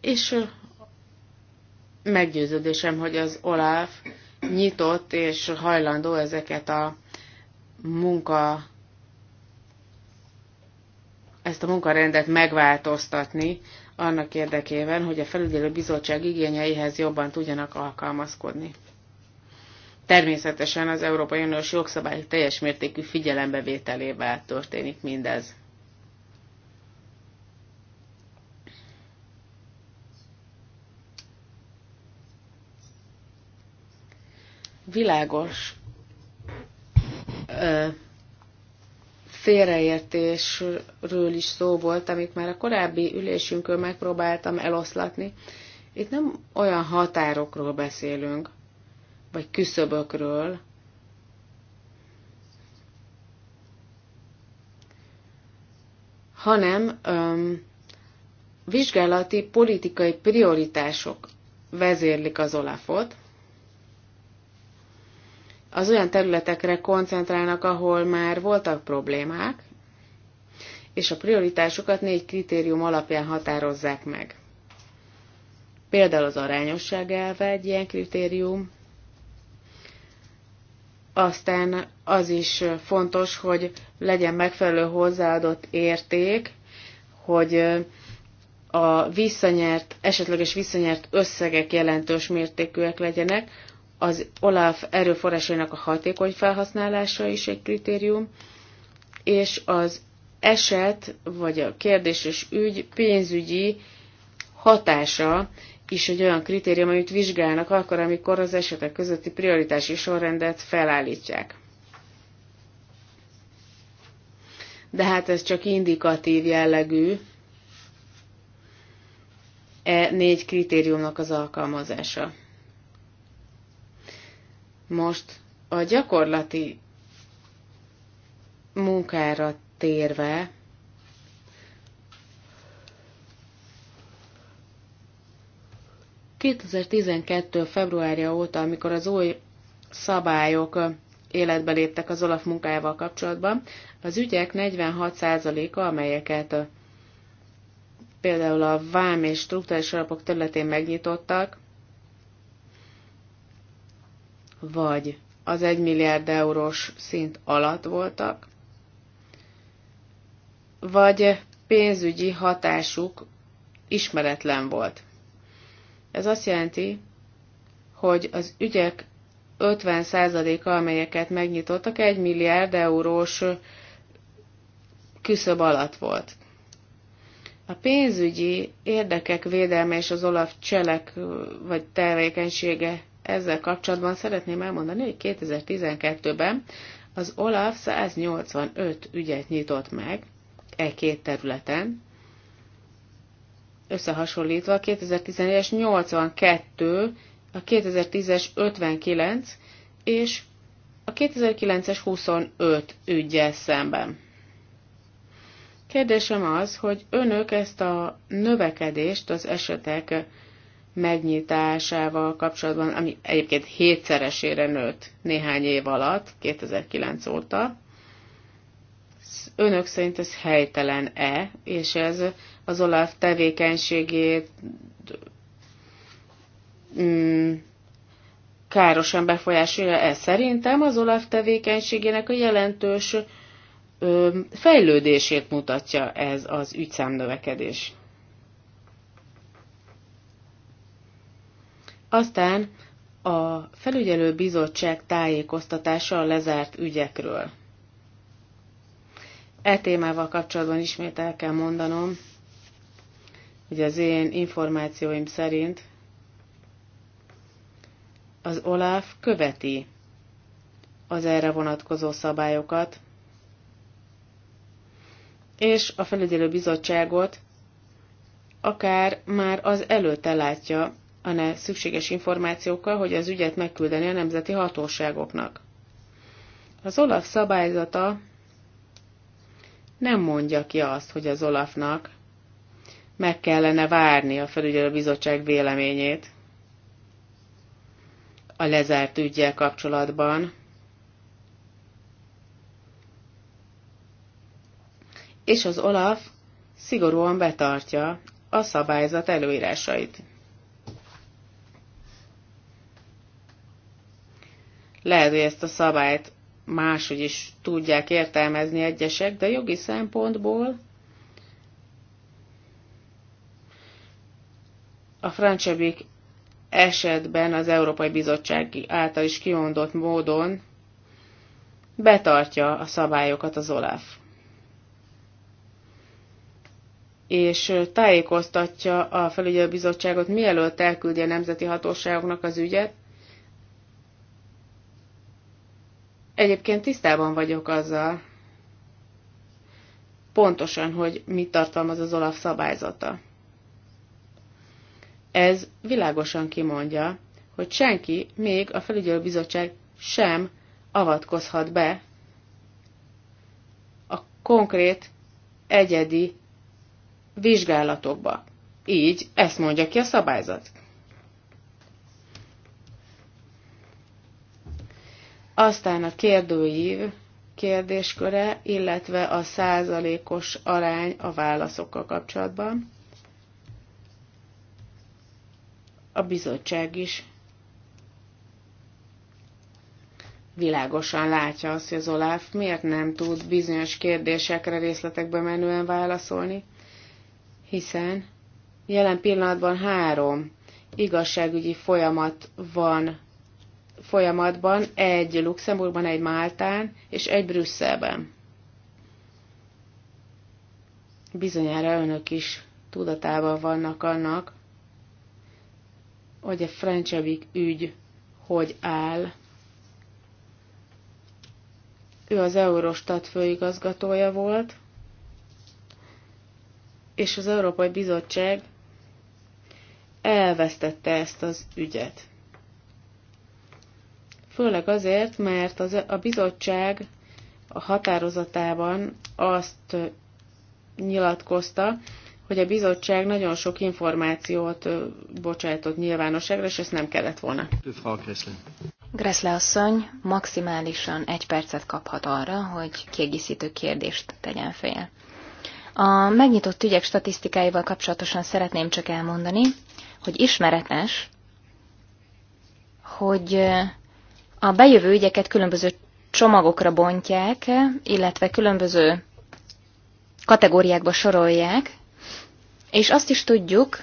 És meggyőződésem, hogy az Olaf nyitott és hajlandó ezeket a munka ezt a munkarendet megváltoztatni annak érdekében, hogy a felügyelő bizottság igényeihez jobban tudjanak alkalmazkodni. Természetesen az Európai Uniós jogszabály teljes mértékű figyelembevételével történik mindez. Világos félreértésről is szó volt, amit már a korábbi ülésünkön megpróbáltam eloszlatni. Itt nem olyan határokról beszélünk, vagy küszöbökről, hanem öm, vizsgálati politikai prioritások vezérlik az Olafot, az olyan területekre koncentrálnak, ahol már voltak problémák, és a prioritásokat négy kritérium alapján határozzák meg. Például az arányosság elve egy ilyen kritérium, aztán az is fontos, hogy legyen megfelelő hozzáadott érték, hogy a visszanyert, esetleges visszanyert összegek jelentős mértékűek legyenek, az OLAF erőforrásainak a hatékony felhasználása is egy kritérium, és az eset vagy a kérdéses ügy pénzügyi hatása is egy olyan kritérium, amit vizsgálnak akkor, amikor az esetek közötti prioritási sorrendet felállítják. De hát ez csak indikatív jellegű e négy kritériumnak az alkalmazása. Most a gyakorlati munkára térve, ...2012. februárja óta, amikor az új szabályok életbe léptek az Olaf munkájával kapcsolatban, az ügyek 46%-a, amelyeket például a vám és struktúrális alapok területén megnyitottak, vagy az 1 milliárd eurós szint alatt voltak, vagy pénzügyi hatásuk ismeretlen volt. Ez azt jelenti, hogy az ügyek 50%-a, amelyeket megnyitottak, 1 milliárd eurós küszöb alatt volt. A pénzügyi érdekek védelme és az Olaf cselek vagy tevékenysége ezzel kapcsolatban szeretném elmondani, hogy 2012-ben az OLAF 185 ügyet nyitott meg e két területen, összehasonlítva a 2011-es 82, a 2010-es 59 és a 2009-es 25 ügyel szemben. Kérdésem az, hogy önök ezt a növekedést az esetek megnyitásával kapcsolatban, ami egyébként hétszeresére nőtt néhány év alatt, 2009 óta. Önök szerint ez helytelen-e, és ez az Olaf tevékenységét mm, károsan befolyásolja ez. Szerintem az Olaf tevékenységének a jelentős ö, fejlődését mutatja ez az ügyszám növekedés. Aztán a felügyelő bizottság tájékoztatása a lezárt ügyekről. E témával kapcsolatban ismét el kell mondanom, hogy az én információim szerint az OLAF követi az erre vonatkozó szabályokat, és a felügyelő bizottságot akár már az előtte látja a szükséges információkkal, hogy az ügyet megküldeni a nemzeti hatóságoknak. Az Olaf szabályzata nem mondja ki azt, hogy az Olafnak meg kellene várni a bizottság véleményét a lezárt ügyjel kapcsolatban, és az Olaf szigorúan betartja a szabályzat előírásait. Lehet, hogy ezt a szabályt máshogy is tudják értelmezni egyesek, de jogi szempontból a Francsebik esetben az Európai Bizottság által is kimondott módon betartja a szabályokat az OLAF. És tájékoztatja a felügyelőbizottságot, mielőtt elküldi a nemzeti hatóságoknak az ügyet, Egyébként tisztában vagyok azzal, pontosan, hogy mit tartalmaz az Olaf szabályzata. Ez világosan kimondja, hogy senki, még a felügyelőbizottság sem avatkozhat be a konkrét egyedi vizsgálatokba. Így ezt mondja ki a szabályzat. Aztán a kérdőív kérdésköre, illetve a százalékos arány a válaszokkal kapcsolatban. A bizottság is világosan látja azt, hogy az Olaf miért nem tud bizonyos kérdésekre részletekbe menően válaszolni, hiszen jelen pillanatban három igazságügyi folyamat van folyamatban, egy Luxemburgban, egy Máltán és egy Brüsszelben. Bizonyára önök is tudatában vannak annak, hogy a Frencsevik ügy hogy áll. Ő az Eurostat főigazgatója volt, és az Európai Bizottság elvesztette ezt az ügyet. Főleg azért, mert az, a bizottság a határozatában azt nyilatkozta, hogy a bizottság nagyon sok információt bocsájtott nyilvánosságra, és ezt nem kellett volna. Gressle asszony maximálisan egy percet kaphat arra, hogy kiegészítő kérdést tegyen fel. A megnyitott ügyek statisztikáival kapcsolatosan szeretném csak elmondani, hogy ismeretes, hogy a bejövő ügyeket különböző csomagokra bontják, illetve különböző kategóriákba sorolják, és azt is tudjuk,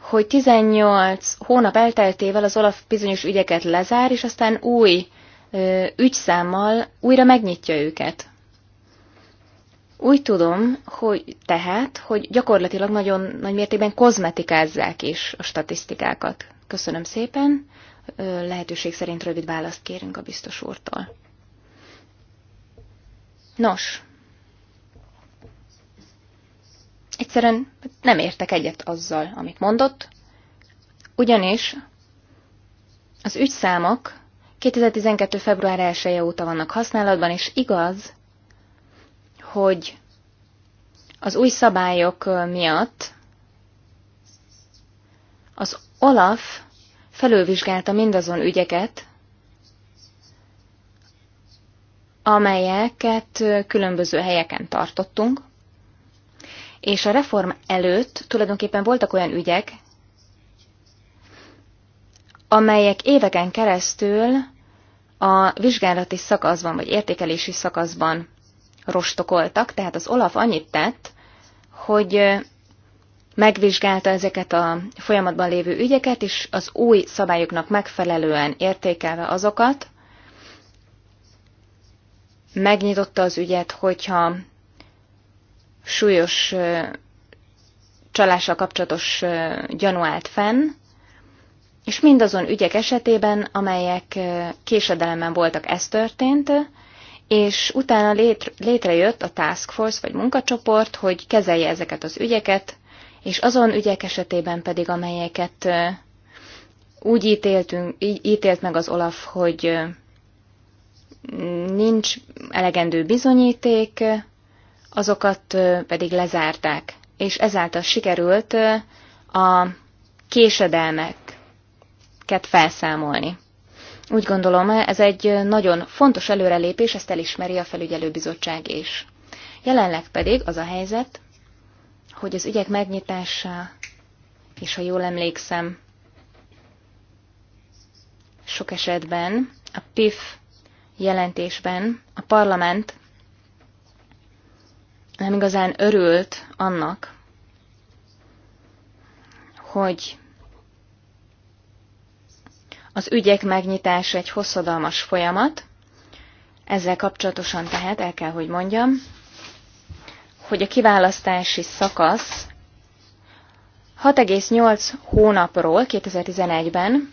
hogy 18 hónap elteltével az Olaf bizonyos ügyeket lezár, és aztán új ö, ügyszámmal újra megnyitja őket. Úgy tudom, hogy tehát, hogy gyakorlatilag nagyon nagy mértékben kozmetikázzák is a statisztikákat. Köszönöm szépen lehetőség szerint rövid választ kérünk a biztos úrtól. Nos, egyszerűen nem értek egyet azzal, amit mondott, ugyanis az ügyszámok 2012. február 1 -e óta vannak használatban, és igaz, hogy az új szabályok miatt az OLAF felülvizsgálta mindazon ügyeket, amelyeket különböző helyeken tartottunk, és a reform előtt tulajdonképpen voltak olyan ügyek, amelyek éveken keresztül a vizsgálati szakaszban vagy értékelési szakaszban rostokoltak, tehát az Olaf annyit tett, hogy megvizsgálta ezeket a folyamatban lévő ügyeket, és az új szabályoknak megfelelően értékelve azokat, megnyitotta az ügyet, hogyha súlyos csalással kapcsolatos gyanú állt fenn, és mindazon ügyek esetében, amelyek késedelemben voltak, ez történt, és utána létrejött a task force vagy munkacsoport, hogy kezelje ezeket az ügyeket, és azon ügyek esetében pedig, amelyeket úgy ítéltünk, ítélt meg az Olaf, hogy nincs elegendő bizonyíték, azokat pedig lezárták. És ezáltal sikerült a késedelmeket felszámolni. Úgy gondolom, ez egy nagyon fontos előrelépés, ezt elismeri a felügyelőbizottság is. Jelenleg pedig az a helyzet, hogy az ügyek megnyitása, és ha jól emlékszem, sok esetben a PIF jelentésben a parlament nem igazán örült annak, hogy az ügyek megnyitása egy hosszadalmas folyamat, ezzel kapcsolatosan tehát el kell, hogy mondjam, hogy a kiválasztási szakasz 6,8 hónapról 2011-ben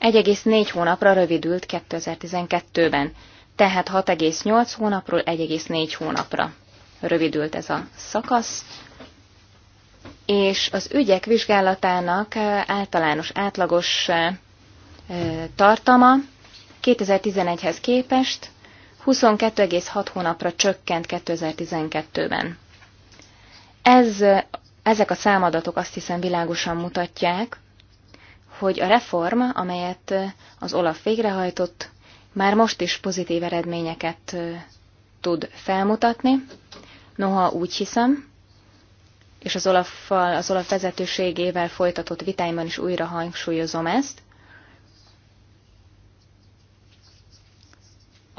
1,4 hónapra rövidült 2012-ben. Tehát 6,8 hónapról 1,4 hónapra rövidült ez a szakasz, és az ügyek vizsgálatának eh, általános átlagos eh, eh, tartama 2011-hez képest 22,6 hónapra csökkent 2012-ben. Ez, ezek a számadatok azt hiszem világosan mutatják, hogy a reform, amelyet az Olaf végrehajtott, már most is pozitív eredményeket tud felmutatni. Noha úgy hiszem, és az olaf az Olaf vezetőségével folytatott vitáimban is újra hangsúlyozom ezt,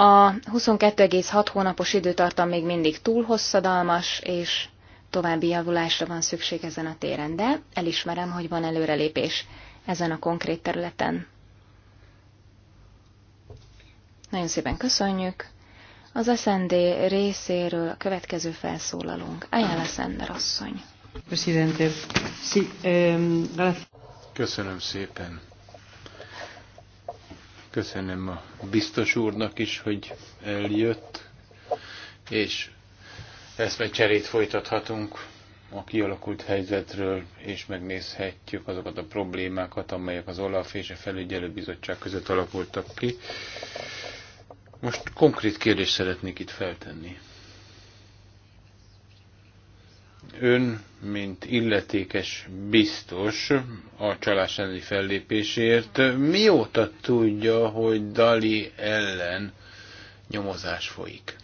A 22,6 hónapos időtartam még mindig túl hosszadalmas, és további javulásra van szükség ezen a téren, de elismerem, hogy van előrelépés ezen a konkrét területen. Nagyon szépen köszönjük. Az SND részéről a következő felszólalunk. Ajánl Szender asszony. Ehm, Köszönöm szépen. Köszönöm a biztos úrnak is, hogy eljött, és eszmecserét folytathatunk a kialakult helyzetről, és megnézhetjük azokat a problémákat, amelyek az OLAF és a felügyelőbizottság között alakultak ki. Most konkrét kérdést szeretnék itt feltenni. Ön, mint illetékes biztos a csalás elleni fellépésért, mióta tudja, hogy Dali ellen nyomozás folyik?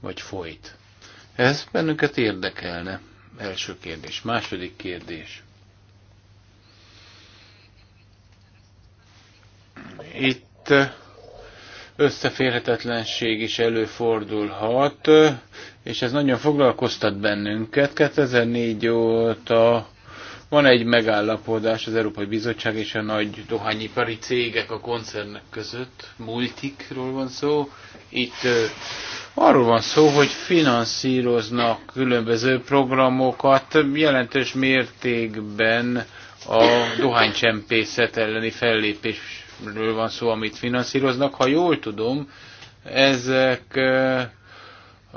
vagy folyt. Ez bennünket érdekelne. Első kérdés. Második kérdés. Itt összeférhetetlenség is előfordulhat, és ez nagyon foglalkoztat bennünket. 2004 óta van egy megállapodás az Európai Bizottság és a nagy dohányipari cégek a koncernek között, multikról van szó. Itt Arról van szó, hogy finanszíroznak különböző programokat jelentős mértékben a dohánycsempészet elleni fellépésről van szó, amit finanszíroznak. Ha jól tudom, ezek, eh,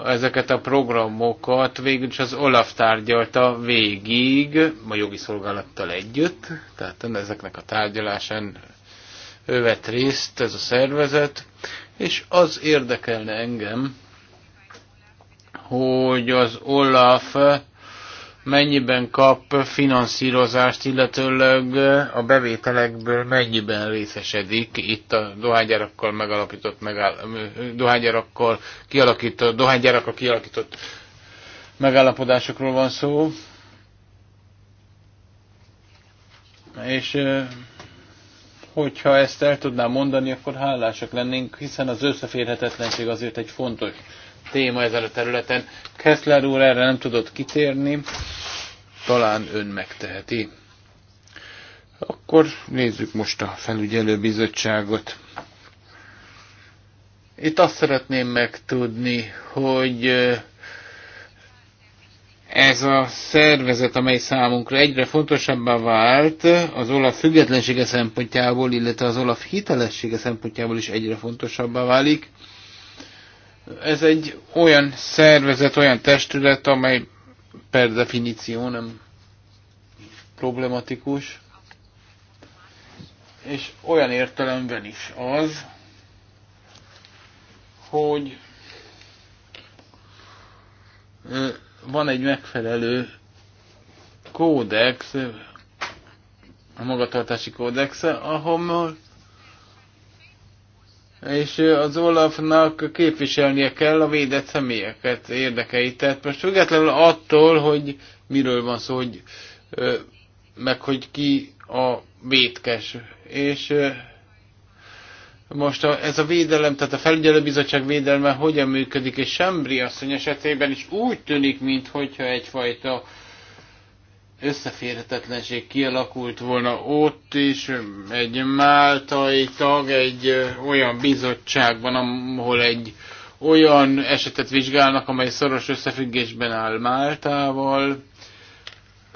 ezeket a programokat végül is az Olaf tárgyalta végig, a jogi szolgálattal együtt, tehát ezeknek a tárgyalásán ő vett részt ez a szervezet, és az érdekelne engem, hogy az Olaf mennyiben kap finanszírozást, illetőleg a bevételekből mennyiben részesedik itt a dohánygyárakkal megalapított, megáll, dohánygyárakkal kialakított, dohánygyárakkal kialakított megállapodásokról van szó. És hogyha ezt el tudnám mondani, akkor hálásak lennénk, hiszen az összeférhetetlenség azért egy fontos téma ezen a területen. Kessler úr erre nem tudott kitérni, talán ön megteheti. Akkor nézzük most a felügyelőbizottságot. Itt azt szeretném megtudni, hogy ez a szervezet, amely számunkra egyre fontosabbá vált, az Olaf függetlensége szempontjából, illetve az Olaf hitelessége szempontjából is egyre fontosabbá válik. Ez egy olyan szervezet, olyan testület, amely per definíció nem problematikus, és olyan értelemben is az, hogy van egy megfelelő kódex, a magatartási kódexe, ahol és az Olafnak képviselnie kell a védett személyeket, érdekeit. Tehát most függetlenül attól, hogy miről van szó, hogy, meg hogy ki a vétkes. És most a, ez a védelem, tehát a felügyelőbizottság védelme hogyan működik, és Sembri asszony esetében is úgy tűnik, mintha egyfajta összeférhetetlenség kialakult volna ott is, egy máltai tag egy olyan bizottságban, ahol egy olyan esetet vizsgálnak, amely szoros összefüggésben áll Máltával,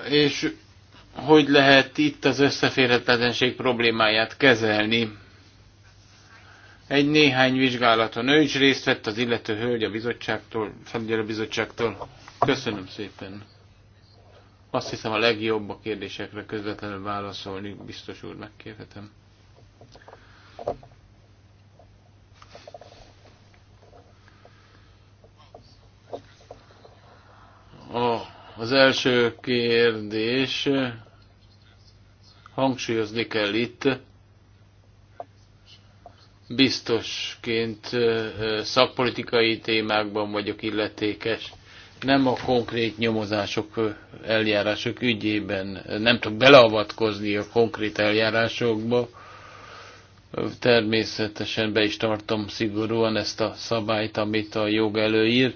és hogy lehet itt az összeférhetetlenség problémáját kezelni. Egy néhány vizsgálaton ő is részt vett, az illető hölgy a bizottságtól, felügyelő bizottságtól. Köszönöm szépen! Azt hiszem a legjobb a kérdésekre közvetlenül válaszolni, biztos úr megkérhetem. A, az első kérdés, hangsúlyozni kell itt, biztosként szakpolitikai témákban vagyok illetékes nem a konkrét nyomozások, eljárások ügyében, nem tudok beleavatkozni a konkrét eljárásokba. Természetesen be is tartom szigorúan ezt a szabályt, amit a jog előír.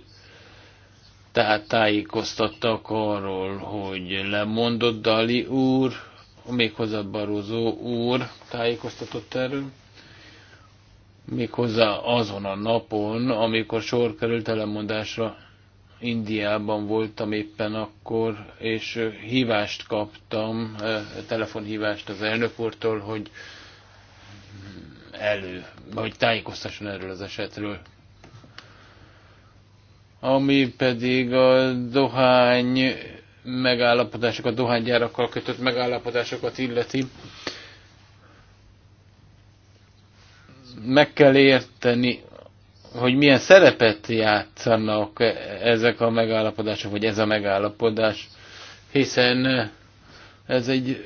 Tehát tájékoztattak arról, hogy lemondott Dali úr, méghozzá Barozó úr tájékoztatott erről méghozzá azon a napon, amikor sor került lemondásra Indiában voltam éppen akkor, és hívást kaptam, telefonhívást az elnök úrtól, hogy elő, vagy tájékoztasson erről az esetről. Ami pedig a dohány megállapodásokat, dohánygyárakkal kötött megállapodásokat illeti. Meg kell érteni hogy milyen szerepet játszanak ezek a megállapodások, vagy ez a megállapodás, hiszen ez egy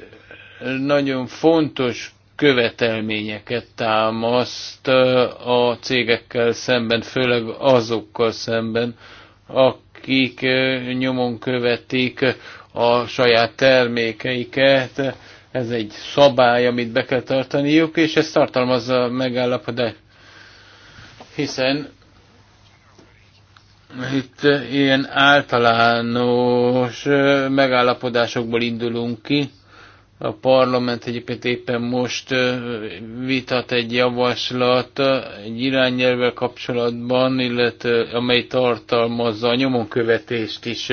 nagyon fontos követelményeket támaszt a cégekkel szemben, főleg azokkal szemben, akik nyomon követik a saját termékeiket. Ez egy szabály, amit be kell tartaniuk, és ez tartalmazza a megállapodást hiszen itt ilyen általános megállapodásokból indulunk ki. A parlament egyébként éppen most vitat egy javaslat egy irányelvvel kapcsolatban, illetve amely tartalmazza a nyomonkövetést is,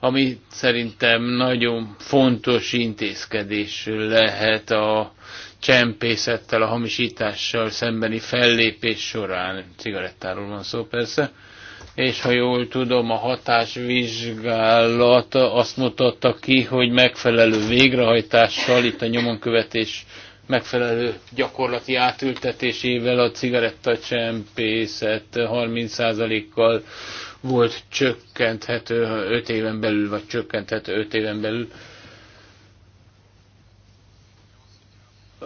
ami szerintem nagyon fontos intézkedés lehet a csempészettel, a hamisítással szembeni fellépés során, cigarettáról van szó persze, és ha jól tudom, a hatásvizsgálat azt mutatta ki, hogy megfelelő végrehajtással, itt a nyomonkövetés megfelelő gyakorlati átültetésével a cigarettacsempészet 30%-kal volt csökkenthető 5 éven belül, vagy csökkenthető 5 éven belül.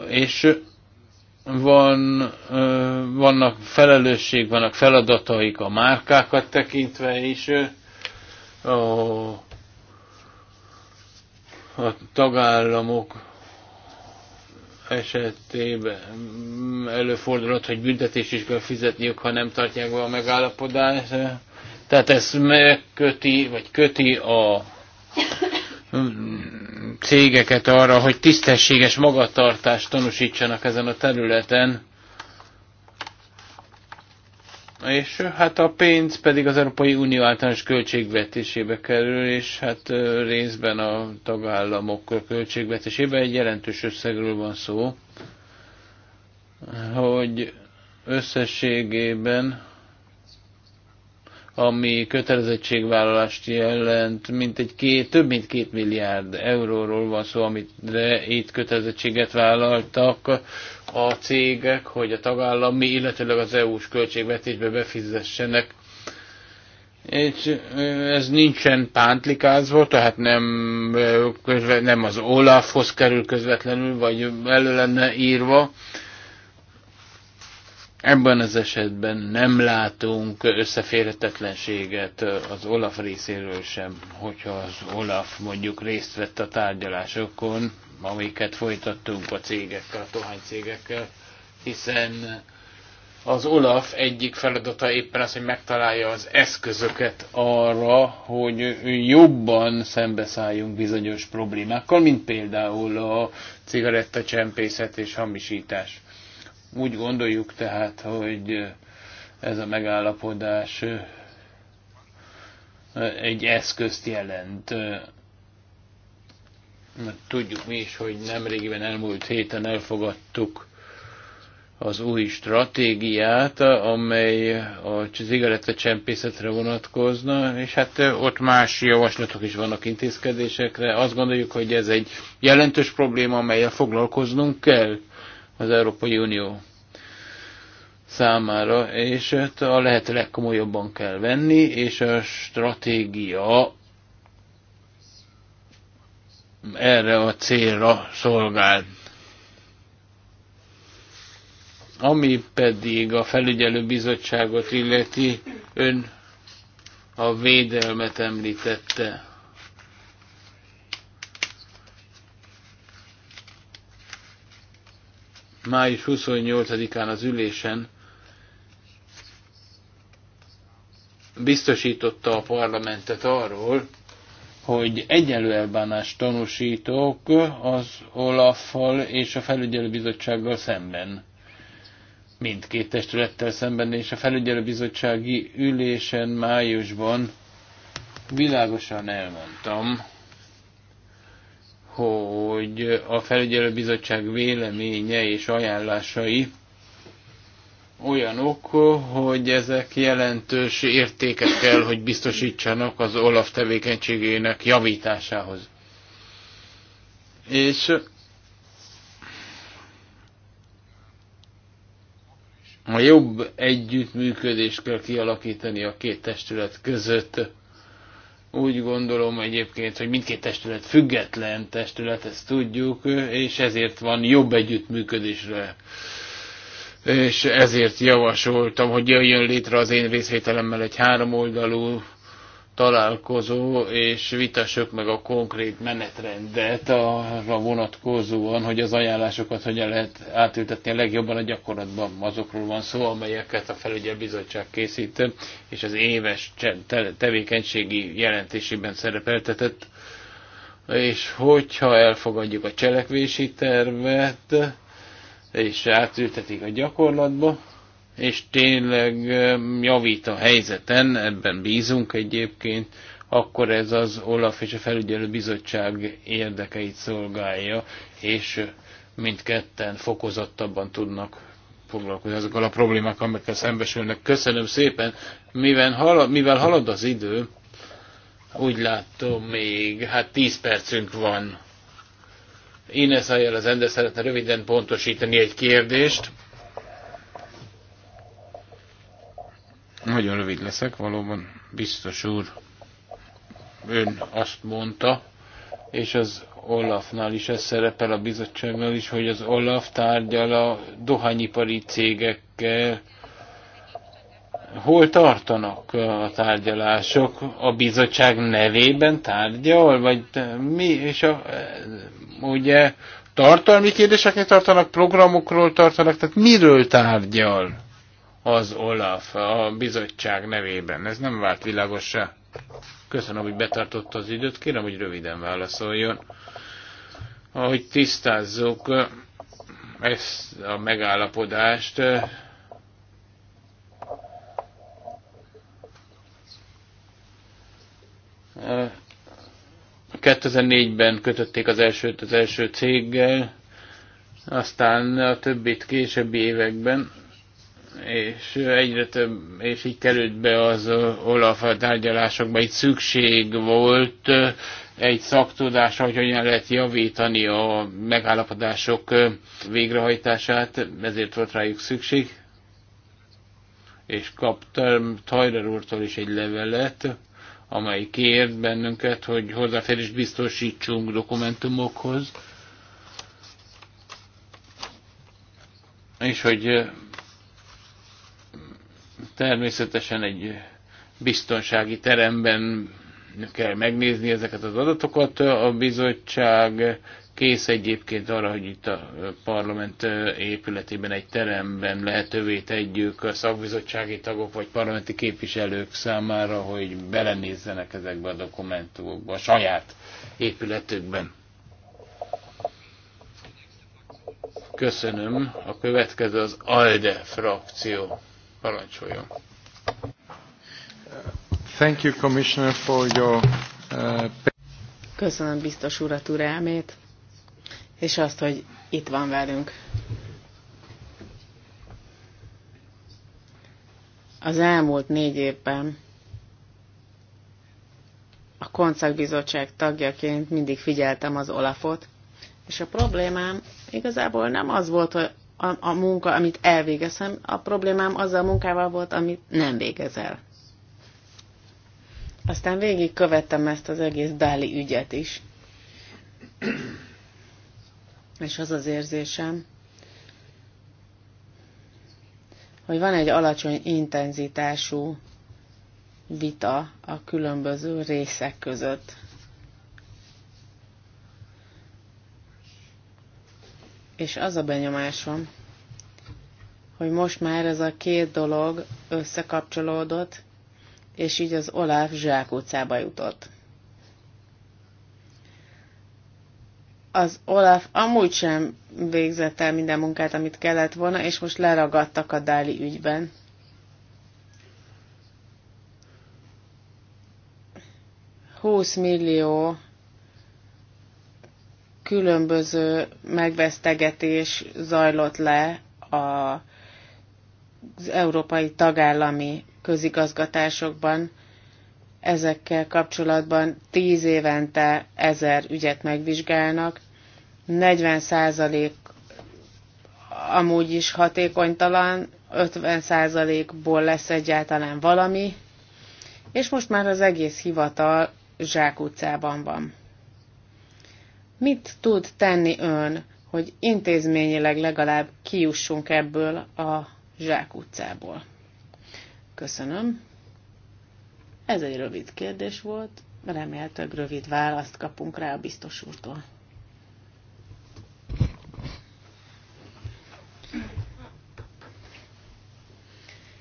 és van, vannak felelősség, vannak feladataik a márkákat tekintve is, a, a tagállamok esetében előfordulhat, hogy büntetés is kell fizetniük, ha nem tartják be a megállapodást. Tehát ez megköti, vagy köti a cégeket arra, hogy tisztességes magatartást tanúsítsanak ezen a területen. És hát a pénz pedig az Európai Unió általános költségvetésébe kerül, és hát részben a tagállamok költségvetésébe egy jelentős összegről van szó, hogy összességében ami kötelezettségvállalást jelent, mint egy két, több mint két milliárd euróról van szó, amit de itt kötelezettséget vállaltak a cégek, hogy a tagállami, illetőleg az EU-s költségvetésbe befizessenek. És ez nincsen pántlikázva, tehát nem, közve, nem az Olafhoz kerül közvetlenül, vagy elő lenne írva, Ebben az esetben nem látunk összeférhetetlenséget az Olaf részéről sem, hogyha az Olaf mondjuk részt vett a tárgyalásokon, amiket folytattunk a cégekkel, a cégekkel, hiszen az Olaf egyik feladata éppen az, hogy megtalálja az eszközöket arra, hogy jobban szembeszálljunk bizonyos problémákkal, mint például a cigarettacsempészet és hamisítás. Úgy gondoljuk tehát, hogy ez a megállapodás egy eszközt jelent. Tudjuk mi is, hogy nemrégiben elmúlt héten elfogadtuk az új stratégiát, amely a cigarettacsempészetre vonatkozna, és hát ott más javaslatok is vannak intézkedésekre. Azt gondoljuk, hogy ez egy jelentős probléma, amelyel foglalkoznunk kell az Európai Unió számára, és a lehető legkomolyabban kell venni, és a stratégia erre a célra szolgál. Ami pedig a felügyelő bizottságot illeti, ön a védelmet említette. május 28-án az ülésen biztosította a parlamentet arról, hogy egyenlő elbánást tanúsítok az olaf és a felügyelőbizottsággal szemben. Mindkét testülettel szemben, és a felügyelőbizottsági ülésen májusban világosan elmondtam, hogy a felügyelőbizottság véleménye és ajánlásai olyanok, hogy ezek jelentős értéket kell, hogy biztosítsanak az OLAF tevékenységének javításához. És a jobb együttműködést kell kialakítani a két testület között úgy gondolom egyébként, hogy mindkét testület független testület, ezt tudjuk, és ezért van jobb együttműködésre és ezért javasoltam, hogy jöjjön létre az én részvételemmel egy háromoldalú találkozó, és vitassuk meg a konkrét menetrendet arra vonatkozóan, hogy az ajánlásokat hogyan lehet átültetni a legjobban a gyakorlatban. Azokról van szó, amelyeket a felügyelbizottság készít, és az éves tevékenységi jelentésében szerepeltetett. És hogyha elfogadjuk a cselekvési tervet, és átültetik a gyakorlatba, és tényleg javít a helyzeten, ebben bízunk egyébként, akkor ez az Olaf és a felügyelő bizottság érdekeit szolgálja, és mindketten fokozottabban tudnak foglalkozni azokkal a problémák, amikkel szembesülnek. Köszönöm szépen, mivel halad, mivel halad az idő, úgy látom még, hát 10 percünk van. Ines Ayel az Ende szeretne röviden pontosítani egy kérdést. Nagyon rövid leszek, valóban biztos úr. Ön azt mondta, és az Olafnál is ez szerepel, a bizottságnál is, hogy az Olaf tárgyal a dohányipari cégekkel. Hol tartanak a tárgyalások? A bizottság nevében tárgyal? Vagy mi? És a, ugye tartalmi kérdéseknél tartanak, programokról tartanak, tehát miről tárgyal? az Olaf a bizottság nevében. Ez nem vált világosra. Köszönöm, hogy betartotta az időt. Kérem, hogy röviden válaszoljon. Ahogy tisztázzuk ezt a megállapodást, Uh, 2004-ben kötötték az elsőt az első céggel, aztán a többit későbbi években és egyre több, és így került be az Olaf tárgyalásokba, itt szükség volt egy szaktudásra, hogy hogyan lehet javítani a megállapodások végrehajtását, ezért volt rájuk szükség. És kaptam Tajler úrtól is egy levelet, amely kért bennünket, hogy hozzáférést biztosítsunk dokumentumokhoz, és hogy Természetesen egy biztonsági teremben kell megnézni ezeket az adatokat. A bizottság kész egyébként arra, hogy itt a parlament épületében egy teremben lehetővé tegyük a szakbizottsági tagok vagy parlamenti képviselők számára, hogy belenézzenek ezekbe a dokumentumokba a saját épületükben. Köszönöm. A következő az ALDE frakció. Parancsoljon. Thank you, Commissioner, for your... Uh... Köszönöm biztos urat urelmét, és azt, hogy itt van velünk. Az elmúlt négy évben a koncertbizottság tagjaként mindig figyeltem az Olafot, és a problémám igazából nem az volt, hogy a, a munka, amit elvégezem, a problémám azzal a munkával volt, amit nem végezel. Aztán végig követtem ezt az egész Dáli ügyet is. És az az érzésem, hogy van egy alacsony intenzitású vita a különböző részek között. és az a benyomásom, hogy most már ez a két dolog összekapcsolódott, és így az Olaf zsákutcába jutott. Az Olaf amúgy sem végzett el minden munkát, amit kellett volna, és most leragadtak a Dáli ügyben. Húsz millió különböző megvesztegetés zajlott le a, az európai tagállami közigazgatásokban. Ezekkel kapcsolatban tíz évente ezer ügyet megvizsgálnak, 40 százalék amúgy is hatékonytalan, 50 százalékból lesz egyáltalán valami, és most már az egész hivatal zsákutcában van. Mit tud tenni ön, hogy intézményileg legalább kijussunk ebből a zsákutcából? Köszönöm. Ez egy rövid kérdés volt, remélhetőleg rövid választ kapunk rá a biztos úrtól.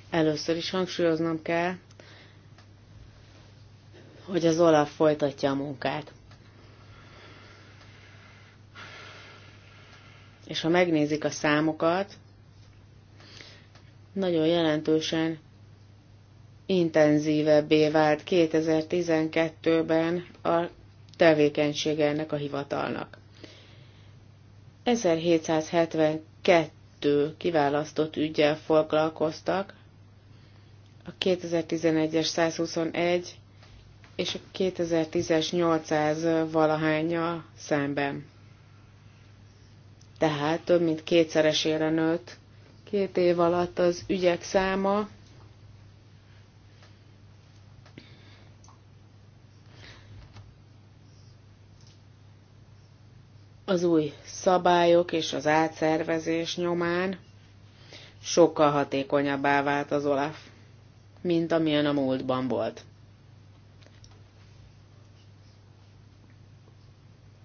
Először is hangsúlyoznom kell, hogy az Olaf folytatja a munkát. és ha megnézik a számokat, nagyon jelentősen intenzívebbé vált 2012-ben a tevékenysége ennek a hivatalnak. 1772 kiválasztott ügyel foglalkoztak, a 2011-es 121 és a 2010-es 800 valahánya szemben tehát több mint kétszeresére nőtt két év alatt az ügyek száma. Az új szabályok és az átszervezés nyomán sokkal hatékonyabbá vált az Olaf, mint amilyen a múltban volt.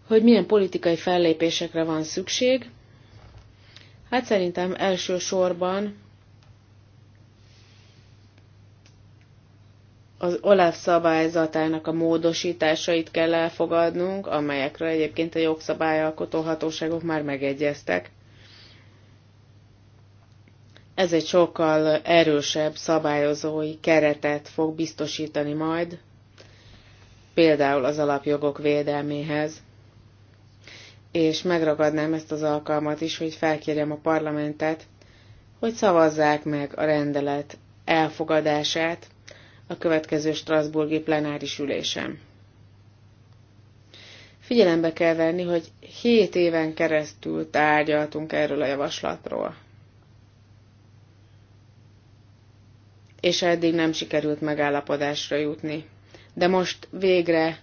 hogy milyen politikai fellépésekre van szükség. Hát szerintem elsősorban az OLAF szabályzatának a módosításait kell elfogadnunk, amelyekről egyébként a jogszabályalkotó hatóságok már megegyeztek. Ez egy sokkal erősebb szabályozói keretet fog biztosítani majd, például az alapjogok védelméhez és megragadnám ezt az alkalmat is, hogy felkérjem a parlamentet, hogy szavazzák meg a rendelet elfogadását a következő Strasburgi plenáris ülésem. Figyelembe kell venni, hogy hét éven keresztül tárgyaltunk erről a javaslatról. És eddig nem sikerült megállapodásra jutni. De most végre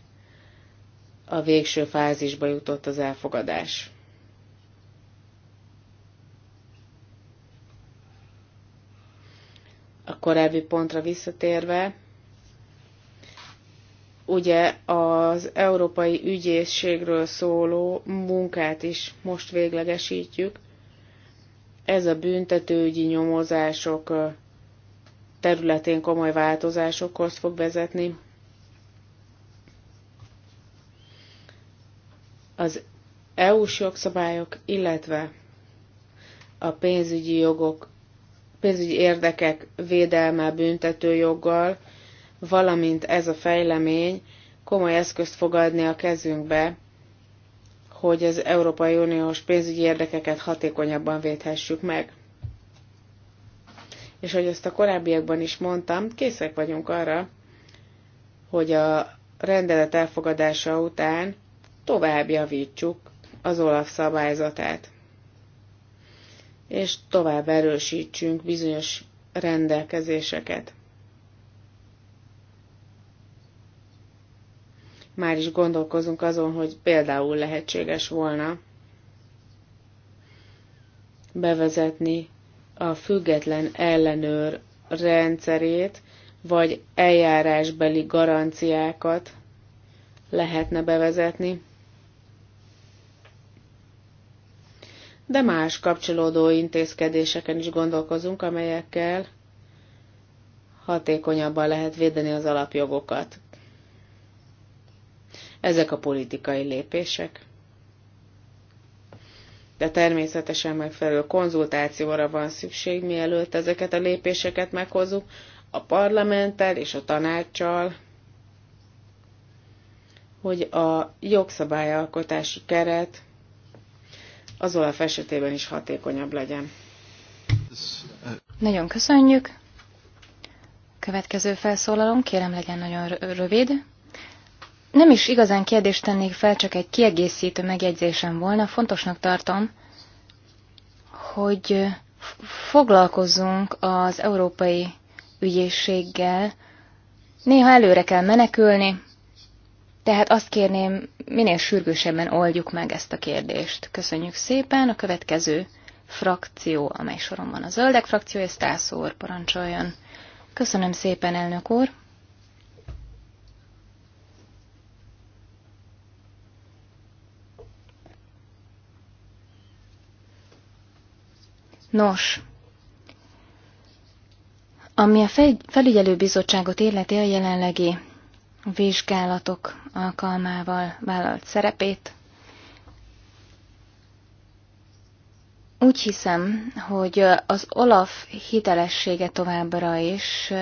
a végső fázisba jutott az elfogadás. A korábbi pontra visszatérve, ugye az Európai Ügyészségről szóló munkát is most véglegesítjük. Ez a büntetőügyi nyomozások területén komoly változásokhoz fog vezetni. az EU-s jogszabályok, illetve a pénzügyi jogok, pénzügyi érdekek védelme büntető joggal, valamint ez a fejlemény komoly eszközt fog adni a kezünkbe, hogy az Európai Uniós pénzügyi érdekeket hatékonyabban védhessük meg. És hogy ezt a korábbiakban is mondtam, készek vagyunk arra, hogy a rendelet elfogadása után tovább javítsuk az OLAF szabályzatát, és tovább erősítsünk bizonyos rendelkezéseket. Már is gondolkozunk azon, hogy például lehetséges volna bevezetni a független ellenőr rendszerét, vagy eljárásbeli garanciákat lehetne bevezetni. de más kapcsolódó intézkedéseken is gondolkozunk, amelyekkel hatékonyabban lehet védeni az alapjogokat. Ezek a politikai lépések. De természetesen megfelelő konzultációra van szükség, mielőtt ezeket a lépéseket meghozunk a parlamenttel és a tanácssal, hogy a jogszabályalkotási keret az olaf esetében is hatékonyabb legyen. Nagyon köszönjük. Következő felszólalom, kérem legyen nagyon rövid. Nem is igazán kérdést tennék fel, csak egy kiegészítő megjegyzésem volna. Fontosnak tartom, hogy foglalkozzunk az európai ügyészséggel. Néha előre kell menekülni, tehát azt kérném, minél sürgősebben oldjuk meg ezt a kérdést. Köszönjük szépen. A következő frakció, amely soron van a zöldek frakciója, Stász úr, parancsoljon. Köszönöm szépen, elnök úr. Nos, ami a felügyelőbizottságot illeti a jelenlegi vizsgálatok alkalmával vállalt szerepét. Úgy hiszem, hogy az Olaf hitelessége továbbra is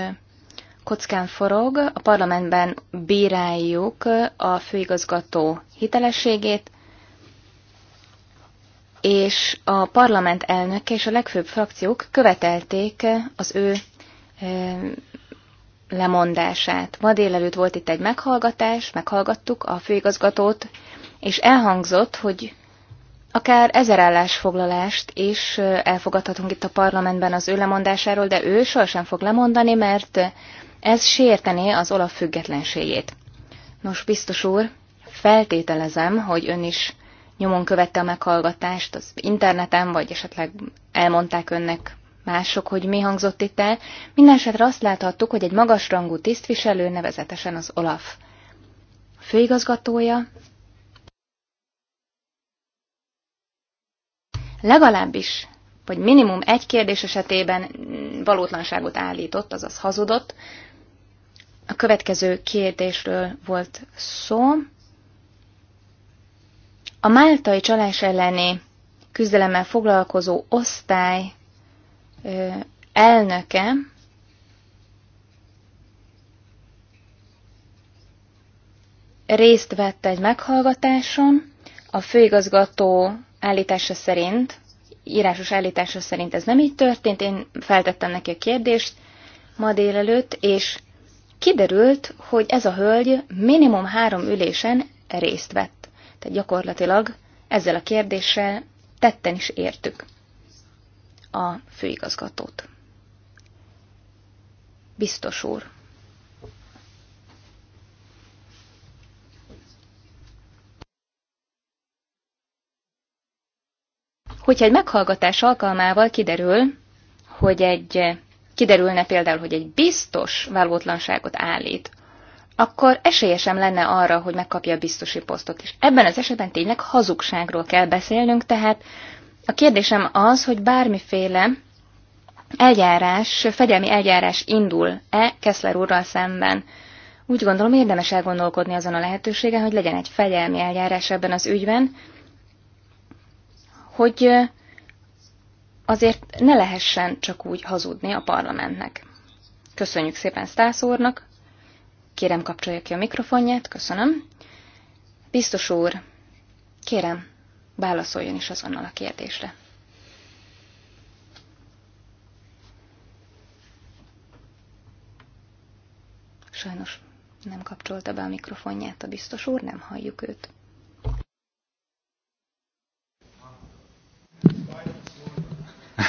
kockán forog. A parlamentben bíráljuk a főigazgató hitelességét, és a parlament elnöke és a legfőbb frakciók követelték az ő eh, lemondását. Ma délelőtt volt itt egy meghallgatás, meghallgattuk a főigazgatót, és elhangzott, hogy akár ezer állásfoglalást is elfogadhatunk itt a parlamentben az ő lemondásáról, de ő sohasem fog lemondani, mert ez sértené az olaf függetlenségét. Nos, biztos úr, feltételezem, hogy ön is nyomon követte a meghallgatást az interneten, vagy esetleg elmondták önnek mások, hogy mi hangzott itt el. Mindenesetre azt láthattuk, hogy egy magasrangú tisztviselő, nevezetesen az Olaf a főigazgatója, legalábbis, vagy minimum egy kérdés esetében valótlanságot állított, azaz hazudott. A következő kérdésről volt szó. A máltai csalás elleni küzdelemmel foglalkozó osztály elnöke részt vett egy meghallgatáson, a főigazgató állítása szerint, írásos állítása szerint ez nem így történt, én feltettem neki a kérdést ma délelőtt, és kiderült, hogy ez a hölgy minimum három ülésen részt vett. Tehát gyakorlatilag ezzel a kérdéssel tetten is értük a főigazgatót. Biztos úr. Hogyha egy meghallgatás alkalmával kiderül, hogy egy kiderülne például, hogy egy biztos valótlanságot állít, akkor esélye sem lenne arra, hogy megkapja a biztosi posztot is. Ebben az esetben tényleg hazugságról kell beszélnünk, tehát a kérdésem az, hogy bármiféle eljárás, fegyelmi eljárás indul-e Keszler úrral szemben. Úgy gondolom érdemes elgondolkodni azon a lehetőségen, hogy legyen egy fegyelmi eljárás ebben az ügyben, hogy azért ne lehessen csak úgy hazudni a parlamentnek. Köszönjük szépen Stász úrnak, kérem kapcsolja ki a mikrofonját, köszönöm. Biztos úr, kérem, válaszoljon is azonnal a kérdésre. Sajnos nem kapcsolta be a mikrofonját a biztos úr, nem halljuk őt.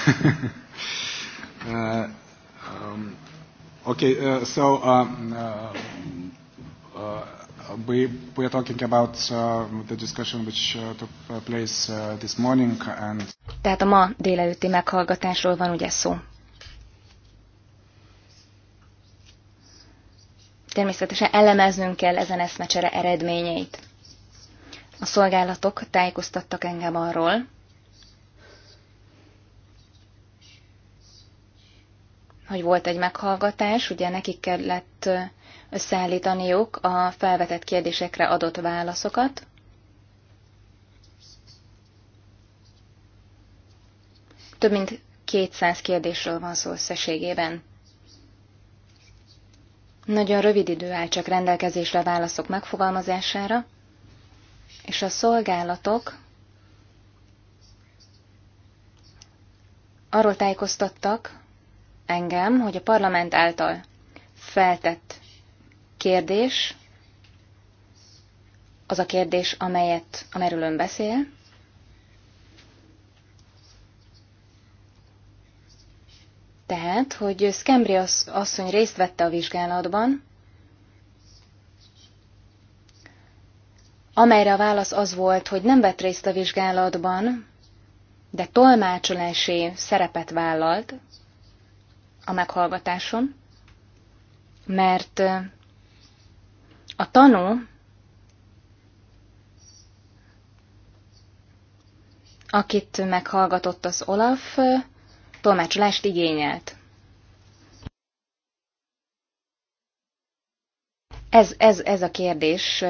uh, um, okay, uh, so um, uh, uh, uh we, we are talking about uh, the discussion which uh, took uh, place uh, this morning and Tehát a ma délelőtti meghallgatásról van ugye szó. Természetesen elemeznünk kell ezen eszmecsere eredményeit. A szolgálatok tájékoztattak engem arról, hogy volt egy meghallgatás, ugye nekik kellett uh, összeállítaniuk a felvetett kérdésekre adott válaszokat. Több mint 200 kérdésről van szó összességében. Nagyon rövid idő áll csak rendelkezésre a válaszok megfogalmazására, és a szolgálatok arról tájékoztattak engem, hogy a parlament által feltett kérdés az a kérdés, amelyet, amerről ön beszél. Tehát, hogy Skembri asszony részt vette a vizsgálatban, amelyre a válasz az volt, hogy nem vett részt a vizsgálatban, de tolmácsolási szerepet vállalt a meghallgatáson, mert a tanú akit meghallgatott az Olaf, tolmácsolást igényelt. Ez, ez, ez a kérdés,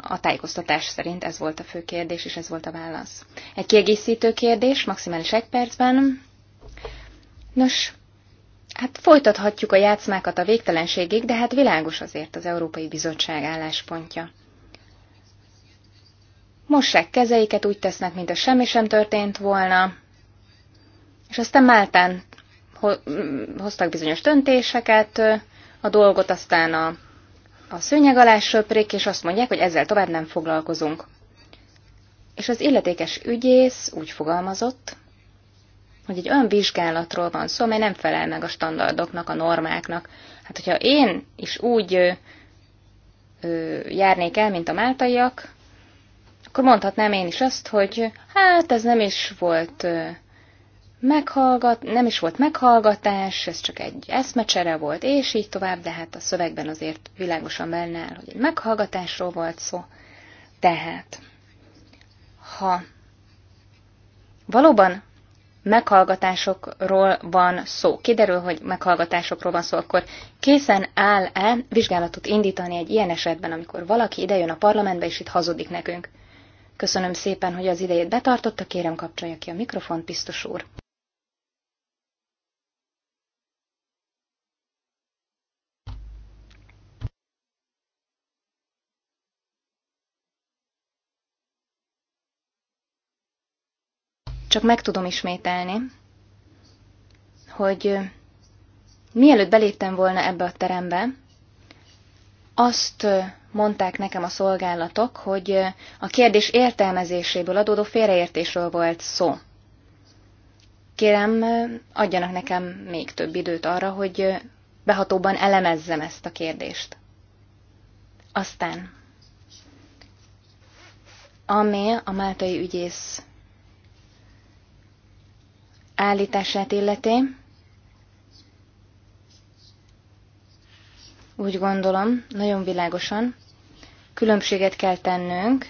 a tájékoztatás szerint ez volt a fő kérdés, és ez volt a válasz. Egy kiegészítő kérdés, maximális egy percben. Nos, Hát folytathatjuk a játszmákat a végtelenségig, de hát világos azért az Európai Bizottság álláspontja. Mossák kezeiket, úgy tesznek, mint a semmi sem történt volna, és aztán Máltán hoztak bizonyos döntéseket, a dolgot aztán a, a szőnyeg alá söprik, és azt mondják, hogy ezzel tovább nem foglalkozunk. És az illetékes ügyész úgy fogalmazott, hogy egy olyan vizsgálatról van szó, amely nem felel meg a standardoknak, a normáknak. Hát, hogyha én is úgy ö, ö, járnék el, mint a máltaiak, akkor mondhatnám én is azt, hogy hát ez nem is volt ö, meghallgat, nem is volt meghallgatás, ez csak egy eszmecsere volt, és így tovább, de hát a szövegben azért világosan benne áll, hogy egy meghallgatásról volt szó. Tehát, ha valóban meghallgatásokról van szó, kiderül, hogy meghallgatásokról van szó, akkor készen áll-e vizsgálatot indítani egy ilyen esetben, amikor valaki idejön a parlamentbe, és itt hazudik nekünk? Köszönöm szépen, hogy az idejét betartotta, kérem kapcsolja ki a mikrofont, biztos úr. Csak meg tudom ismételni, hogy mielőtt beléptem volna ebbe a terembe, azt mondták nekem a szolgálatok, hogy a kérdés értelmezéséből adódó félreértésről volt szó. Kérem, adjanak nekem még több időt arra, hogy behatóban elemezzem ezt a kérdést. Aztán, ami a máltai ügyész állítását illeti, úgy gondolom, nagyon világosan különbséget kell tennünk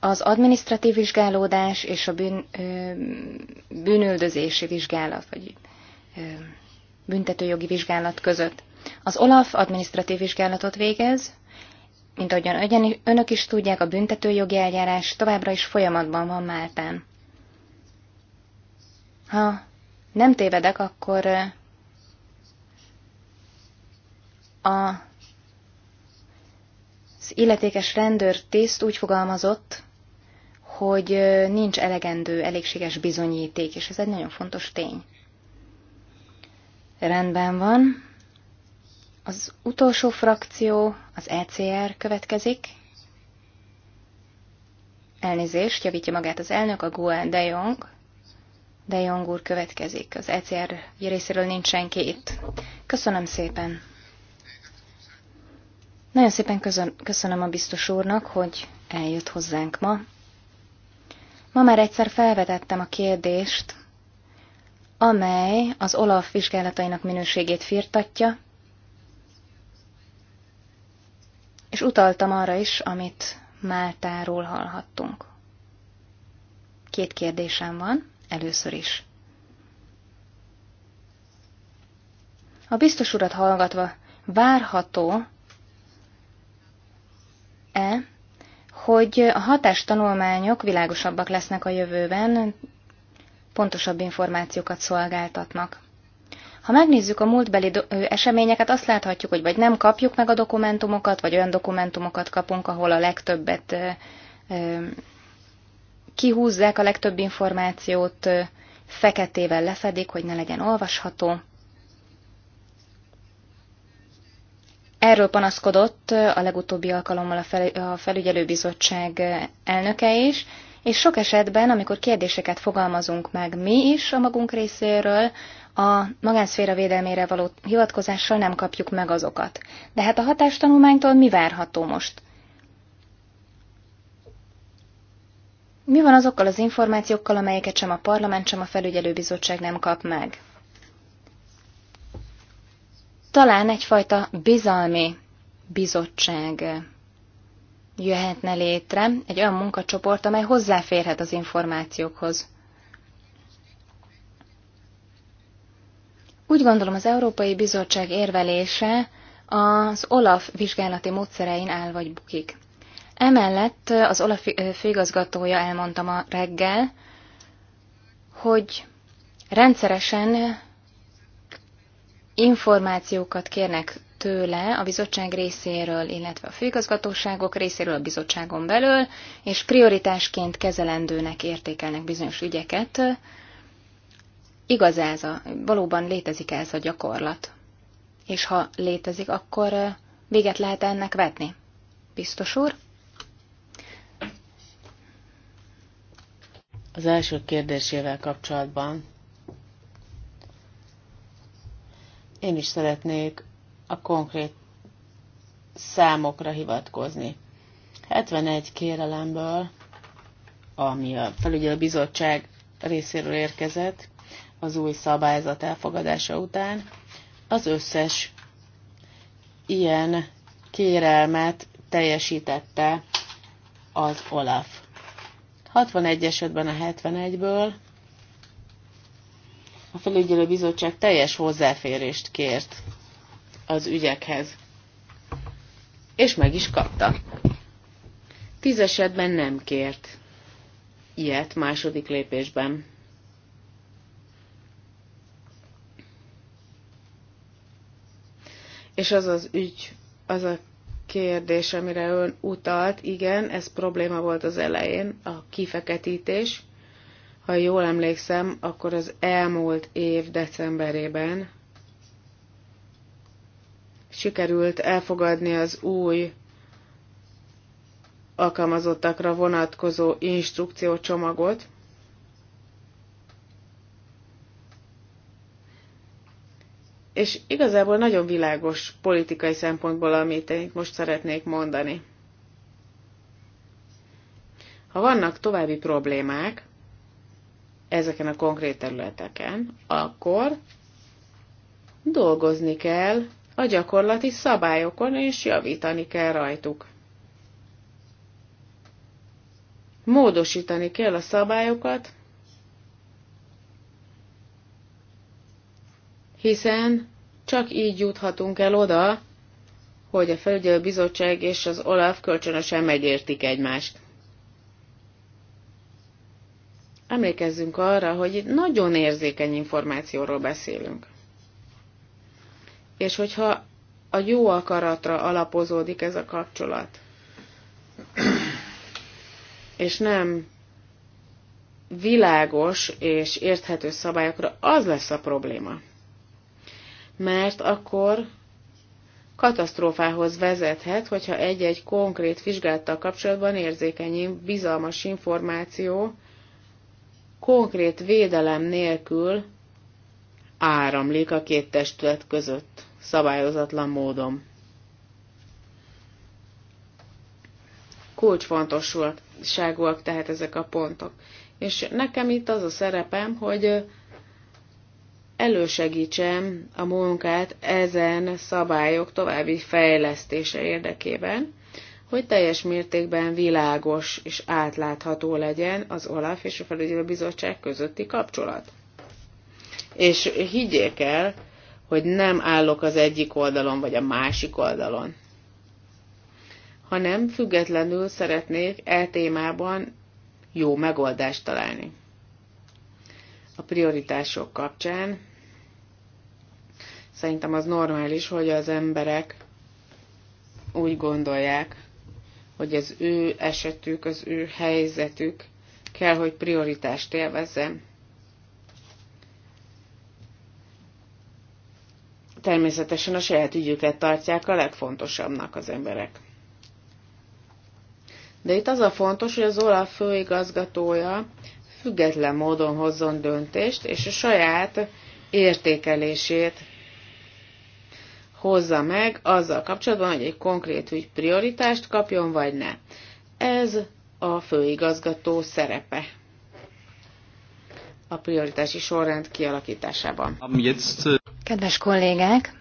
az administratív vizsgálódás és a bűn, bűnöldözési vizsgálat, vagy büntetőjogi vizsgálat között. Az OLAF administratív vizsgálatot végez, mint ahogyan önök is tudják, a büntetőjogi eljárás továbbra is folyamatban van Máltán. Ha nem tévedek, akkor a az illetékes rendőr tiszt úgy fogalmazott, hogy nincs elegendő, elégséges bizonyíték, és ez egy nagyon fontos tény. Rendben van. Az utolsó frakció, az ECR következik. Elnézést, javítja magát az elnök, a Guan de Jong. De Jong úr következik. Az ECR részéről nincs senki itt. Köszönöm szépen. Nagyon szépen köszönöm a biztos úrnak, hogy eljött hozzánk ma. Ma már egyszer felvetettem a kérdést, amely az Olaf vizsgálatainak minőségét firtatja, és utaltam arra is, amit Máltáról hallhattunk. Két kérdésem van először is. A biztos urat hallgatva várható-e, hogy a hatás tanulmányok világosabbak lesznek a jövőben, pontosabb információkat szolgáltatnak. Ha megnézzük a múltbeli eseményeket, azt láthatjuk, hogy vagy nem kapjuk meg a dokumentumokat, vagy olyan dokumentumokat kapunk, ahol a legtöbbet ö, ö, kihúzzák a legtöbb információt, feketével lefedik, hogy ne legyen olvasható. Erről panaszkodott a legutóbbi alkalommal a felügyelőbizottság elnöke is, és sok esetben, amikor kérdéseket fogalmazunk meg mi is a magunk részéről, a magánszféra védelmére való hivatkozással nem kapjuk meg azokat. De hát a hatástanulmánytól mi várható most? Mi van azokkal az információkkal, amelyeket sem a parlament, sem a felügyelőbizottság nem kap meg? Talán egyfajta bizalmi bizottság jöhetne létre, egy olyan munkacsoport, amely hozzáférhet az információkhoz. Úgy gondolom az Európai Bizottság érvelése az OLAF vizsgálati módszerein áll vagy bukik. Emellett az Olaf főigazgatója elmondta ma reggel, hogy rendszeresen információkat kérnek tőle a bizottság részéről, illetve a főigazgatóságok részéről a bizottságon belül, és prioritásként kezelendőnek értékelnek bizonyos ügyeket. Igaz ez a, valóban létezik ez a gyakorlat? És ha létezik, akkor véget lehet ennek vetni? Biztos úr? Az első kérdésével kapcsolatban én is szeretnék a konkrét számokra hivatkozni. 71 kérelemből, ami a bizottság részéről érkezett az új szabályzat elfogadása után, az összes ilyen kérelmet teljesítette az OLAF. 61 esetben a 71-ből a felügyelő bizottság teljes hozzáférést kért az ügyekhez. És meg is kapta. Tíz esetben nem kért ilyet második lépésben. És az az ügy, az a kérdés, amire ön utalt, igen, ez probléma volt az elején, a kifeketítés. Ha jól emlékszem, akkor az elmúlt év decemberében sikerült elfogadni az új alkalmazottakra vonatkozó instrukciócsomagot, És igazából nagyon világos politikai szempontból, amit én most szeretnék mondani. Ha vannak további problémák ezeken a konkrét területeken, akkor dolgozni kell a gyakorlati szabályokon, és javítani kell rajtuk. Módosítani kell a szabályokat, hiszen csak így juthatunk el oda, hogy a bizottság és az OLAF kölcsönösen megértik egymást. Emlékezzünk arra, hogy nagyon érzékeny információról beszélünk. És hogyha a jó akaratra alapozódik ez a kapcsolat, és nem világos és érthető szabályokra, az lesz a probléma mert akkor katasztrófához vezethet, hogyha egy-egy konkrét vizsgálattal kapcsolatban érzékeny, bizalmas információ konkrét védelem nélkül áramlik a két testület között szabályozatlan módon. Kulcsfontosságúak tehát ezek a pontok. És nekem itt az a szerepem, hogy elősegítsem a munkát ezen szabályok további fejlesztése érdekében, hogy teljes mértékben világos és átlátható legyen az OLAF és a felügyelő bizottság közötti kapcsolat. És higgyék el, hogy nem állok az egyik oldalon vagy a másik oldalon, hanem függetlenül szeretnék e témában jó megoldást találni a prioritások kapcsán. Szerintem az normális, hogy az emberek úgy gondolják, hogy az ő esetük, az ő helyzetük kell, hogy prioritást élvezzen. Természetesen a saját ügyüket tartják a legfontosabbnak az emberek. De itt az a fontos, hogy az OLAF főigazgatója független módon hozzon döntést, és a saját értékelését hozza meg azzal kapcsolatban, hogy egy konkrét ügy prioritást kapjon, vagy ne. Ez a főigazgató szerepe a prioritási sorrend kialakításában. Kedves kollégák,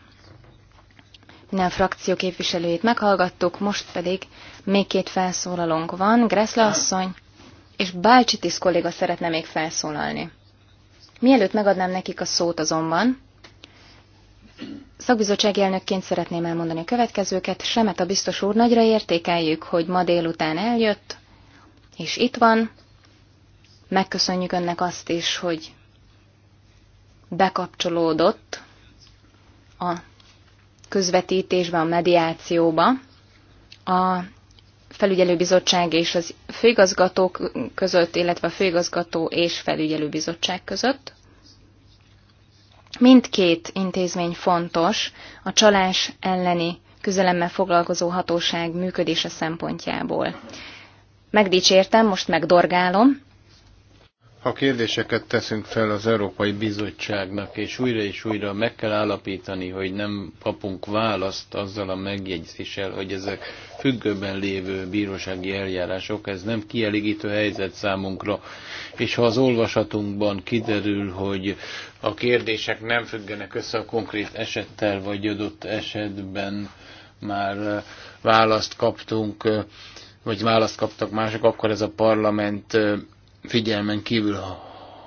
minden frakció képviselőjét meghallgattuk, most pedig még két felszólalónk van. Greszle asszony és Bálcsi Tisz kolléga szeretne még felszólalni. Mielőtt megadnám nekik a szót azonban, Szakbizottsági elnökként szeretném elmondani a következőket. Semet a biztos úr nagyra értékeljük, hogy ma délután eljött, és itt van. Megköszönjük önnek azt is, hogy bekapcsolódott a közvetítésbe, a mediációba. A felügyelőbizottság és az főigazgatók között, illetve a főigazgató és felügyelőbizottság között. Mindkét intézmény fontos a csalás elleni küzelemmel foglalkozó hatóság működése szempontjából. Megdicsértem, most megdorgálom, ha kérdéseket teszünk fel az Európai Bizottságnak, és újra és újra meg kell állapítani, hogy nem kapunk választ azzal a megjegyzéssel, hogy ezek függőben lévő bírósági eljárások, ez nem kielégítő helyzet számunkra. És ha az olvasatunkban kiderül, hogy a kérdések nem függenek össze a konkrét esettel, vagy adott esetben már választ kaptunk, vagy választ kaptak mások, akkor ez a parlament figyelmen kívül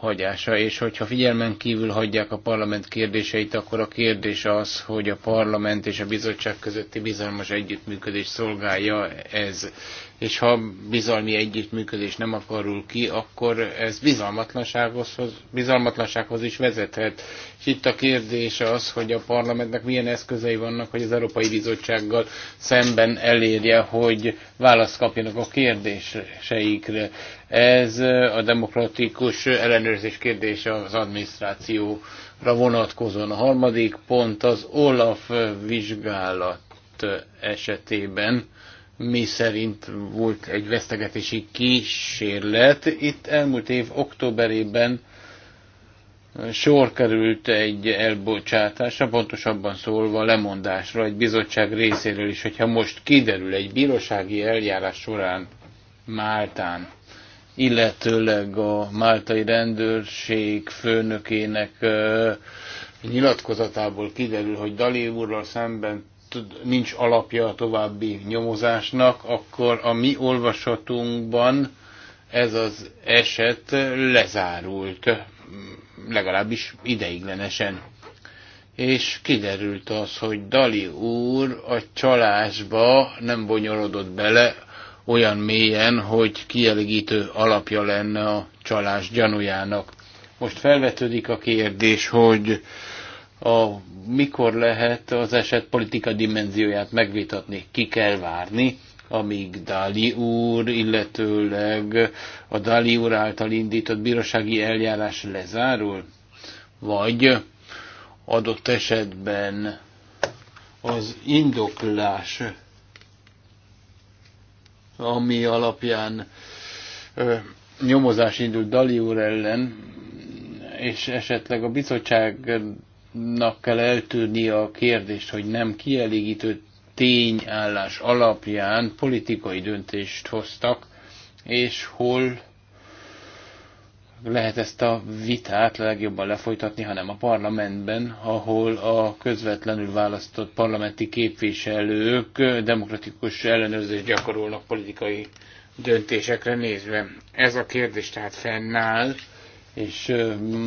hagyása, és hogyha figyelmen kívül hagyják a parlament kérdéseit, akkor a kérdés az, hogy a parlament és a bizottság közötti bizalmas együttműködés szolgálja ez és ha bizalmi együttműködés nem akarul ki, akkor ez bizalmatlansághoz, bizalmatlansághoz is vezethet. És itt a kérdés az, hogy a parlamentnek milyen eszközei vannak, hogy az Európai Bizottsággal szemben elérje, hogy választ kapjanak a kérdéseikre. Ez a demokratikus ellenőrzés kérdése az adminisztrációra vonatkozóan. A harmadik pont az OLAF vizsgálat esetében mi szerint volt egy vesztegetési kísérlet. Itt elmúlt év októberében sor került egy elbocsátásra, pontosabban szólva lemondásra egy bizottság részéről is, hogyha most kiderül egy bírósági eljárás során Máltán, illetőleg a máltai rendőrség főnökének nyilatkozatából kiderül, hogy Dalé úrral szemben nincs alapja a további nyomozásnak, akkor a mi olvasatunkban ez az eset lezárult, legalábbis ideiglenesen. És kiderült az, hogy Dali úr a csalásba nem bonyolodott bele olyan mélyen, hogy kielégítő alapja lenne a csalás gyanújának. Most felvetődik a kérdés, hogy a, mikor lehet az eset politika dimenzióját megvitatni, ki kell várni, amíg Dali úr, illetőleg a Dali úr által indított bírósági eljárás lezárul, vagy adott esetben az indoklás, ami alapján ö, nyomozás indult Dali úr ellen, és esetleg a bizottság Nak kell eltűrni a kérdést, hogy nem kielégítő tényállás alapján politikai döntést hoztak, és hol lehet ezt a vitát legjobban lefolytatni, hanem a parlamentben, ahol a közvetlenül választott parlamenti képviselők demokratikus ellenőrzést gyakorolnak politikai döntésekre nézve. Ez a kérdés tehát fennáll, és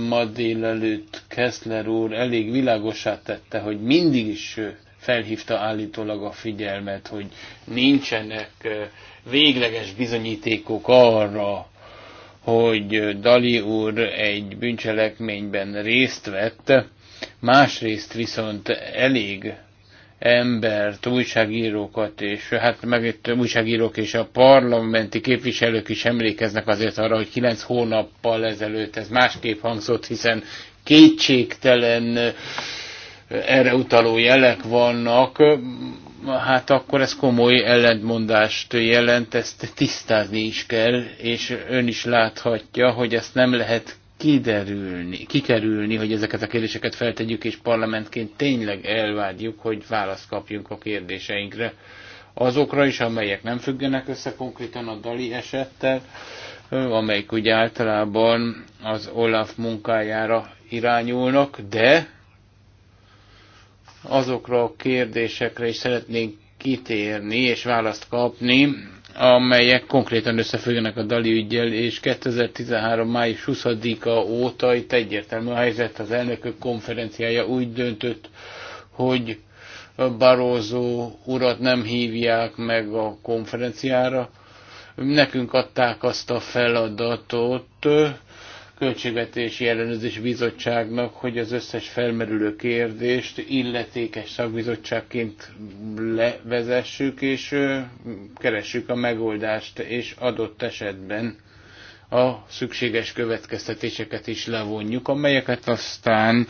ma délelőtt Kessler úr elég világosá tette, hogy mindig is felhívta állítólag a figyelmet, hogy nincsenek végleges bizonyítékok arra, hogy Dali úr egy bűncselekményben részt vett, másrészt viszont elég embert, újságírókat, és hát meg itt újságírók és a parlamenti képviselők is emlékeznek azért arra, hogy kilenc hónappal ezelőtt ez másképp hangzott, hiszen kétségtelen eh, erre utaló jelek vannak, hát akkor ez komoly ellentmondást jelent, ezt tisztázni is kell, és ön is láthatja, hogy ezt nem lehet kiderülni, kikerülni, hogy ezeket a kérdéseket feltegyük, és parlamentként tényleg elvárjuk, hogy választ kapjunk a kérdéseinkre. Azokra is, amelyek nem függenek össze konkrétan a Dali esettel, amelyik ugye általában az Olaf munkájára irányulnak, de azokra a kérdésekre is szeretnénk kitérni és választ kapni, amelyek konkrétan összefüggenek a Dali ügyjel, és 2013. május 20-a óta itt egyértelmű a helyzet, az elnökök konferenciája úgy döntött, hogy Barózó urat nem hívják meg a konferenciára. Nekünk adták azt a feladatot, Költségvetési Ellenőrzés Bizottságnak, hogy az összes felmerülő kérdést illetékes szakbizottságként levezessük, és keressük a megoldást, és adott esetben a szükséges következtetéseket is levonjuk, amelyeket aztán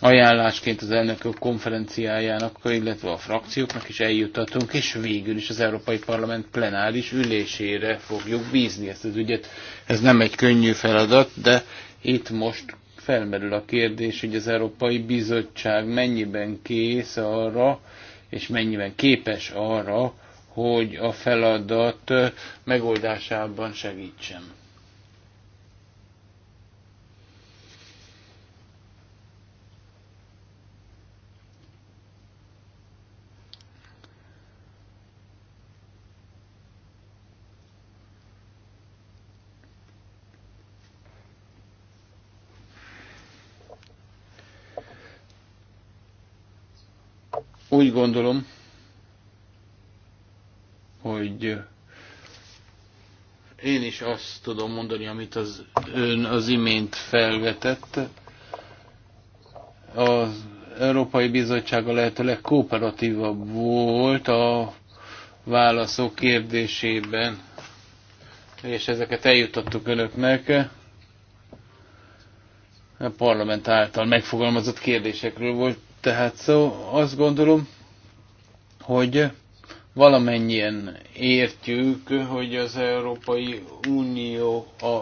ajánlásként az elnökök konferenciájának, illetve a frakcióknak is eljutatunk, és végül is az Európai Parlament plenáris ülésére fogjuk bízni ezt az ügyet. Ez nem egy könnyű feladat, de itt most felmerül a kérdés, hogy az Európai Bizottság mennyiben kész arra, és mennyiben képes arra, hogy a feladat megoldásában segítsen. Úgy gondolom, hogy én is azt tudom mondani, amit az ön az imént felvetett. Az Európai Bizottság a lehető legkooperatívabb volt a válaszok kérdésében, és ezeket eljutottuk önöknek a parlament által megfogalmazott kérdésekről volt tehát szó, azt gondolom, hogy valamennyien értjük, hogy az Európai Unió a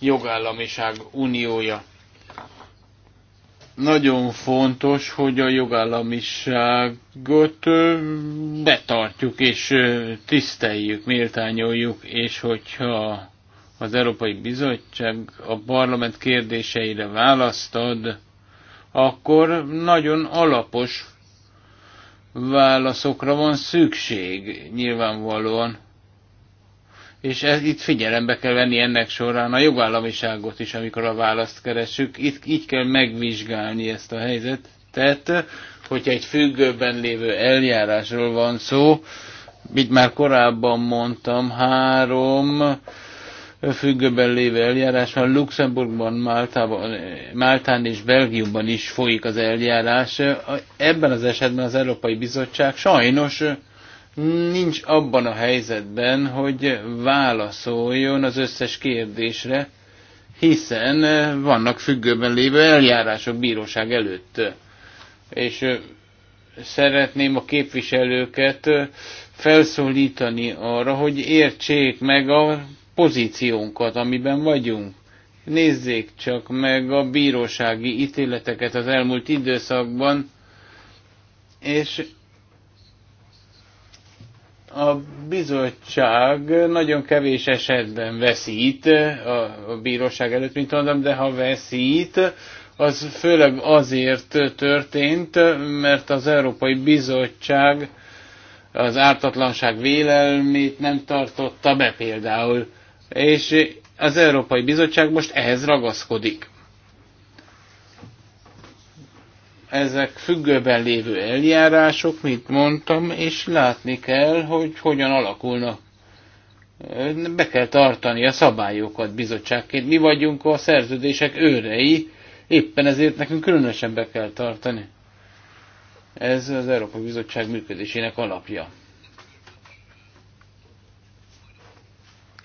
jogállamiság uniója. Nagyon fontos, hogy a jogállamiságot betartjuk és tiszteljük, méltányoljuk, és hogyha az Európai Bizottság a parlament kérdéseire választ ad, akkor nagyon alapos válaszokra van szükség, nyilvánvalóan. És ez, itt figyelembe kell venni ennek során a jogállamiságot is, amikor a választ keresünk. Itt így kell megvizsgálni ezt a helyzetet, hogyha egy függőben lévő eljárásról van szó, mint már korábban mondtam, három függőben lévő eljárás van. Luxemburgban, Máltában, Máltán és Belgiumban is folyik az eljárás. Ebben az esetben az Európai Bizottság sajnos nincs abban a helyzetben, hogy válaszoljon az összes kérdésre, hiszen vannak függőben lévő eljárások bíróság előtt. És szeretném a képviselőket felszólítani arra, hogy értsék meg a pozíciónkat, amiben vagyunk. Nézzék csak meg a bírósági ítéleteket az elmúlt időszakban, és a bizottság nagyon kevés esetben veszít a bíróság előtt, mint mondom, de ha veszít, az főleg azért történt, mert az Európai Bizottság az ártatlanság vélelmét nem tartotta be például és az Európai Bizottság most ehhez ragaszkodik. Ezek függőben lévő eljárások, mint mondtam, és látni kell, hogy hogyan alakulnak. Be kell tartani a szabályokat bizottságként. Mi vagyunk a szerződések őrei, éppen ezért nekünk különösen be kell tartani. Ez az Európai Bizottság működésének alapja.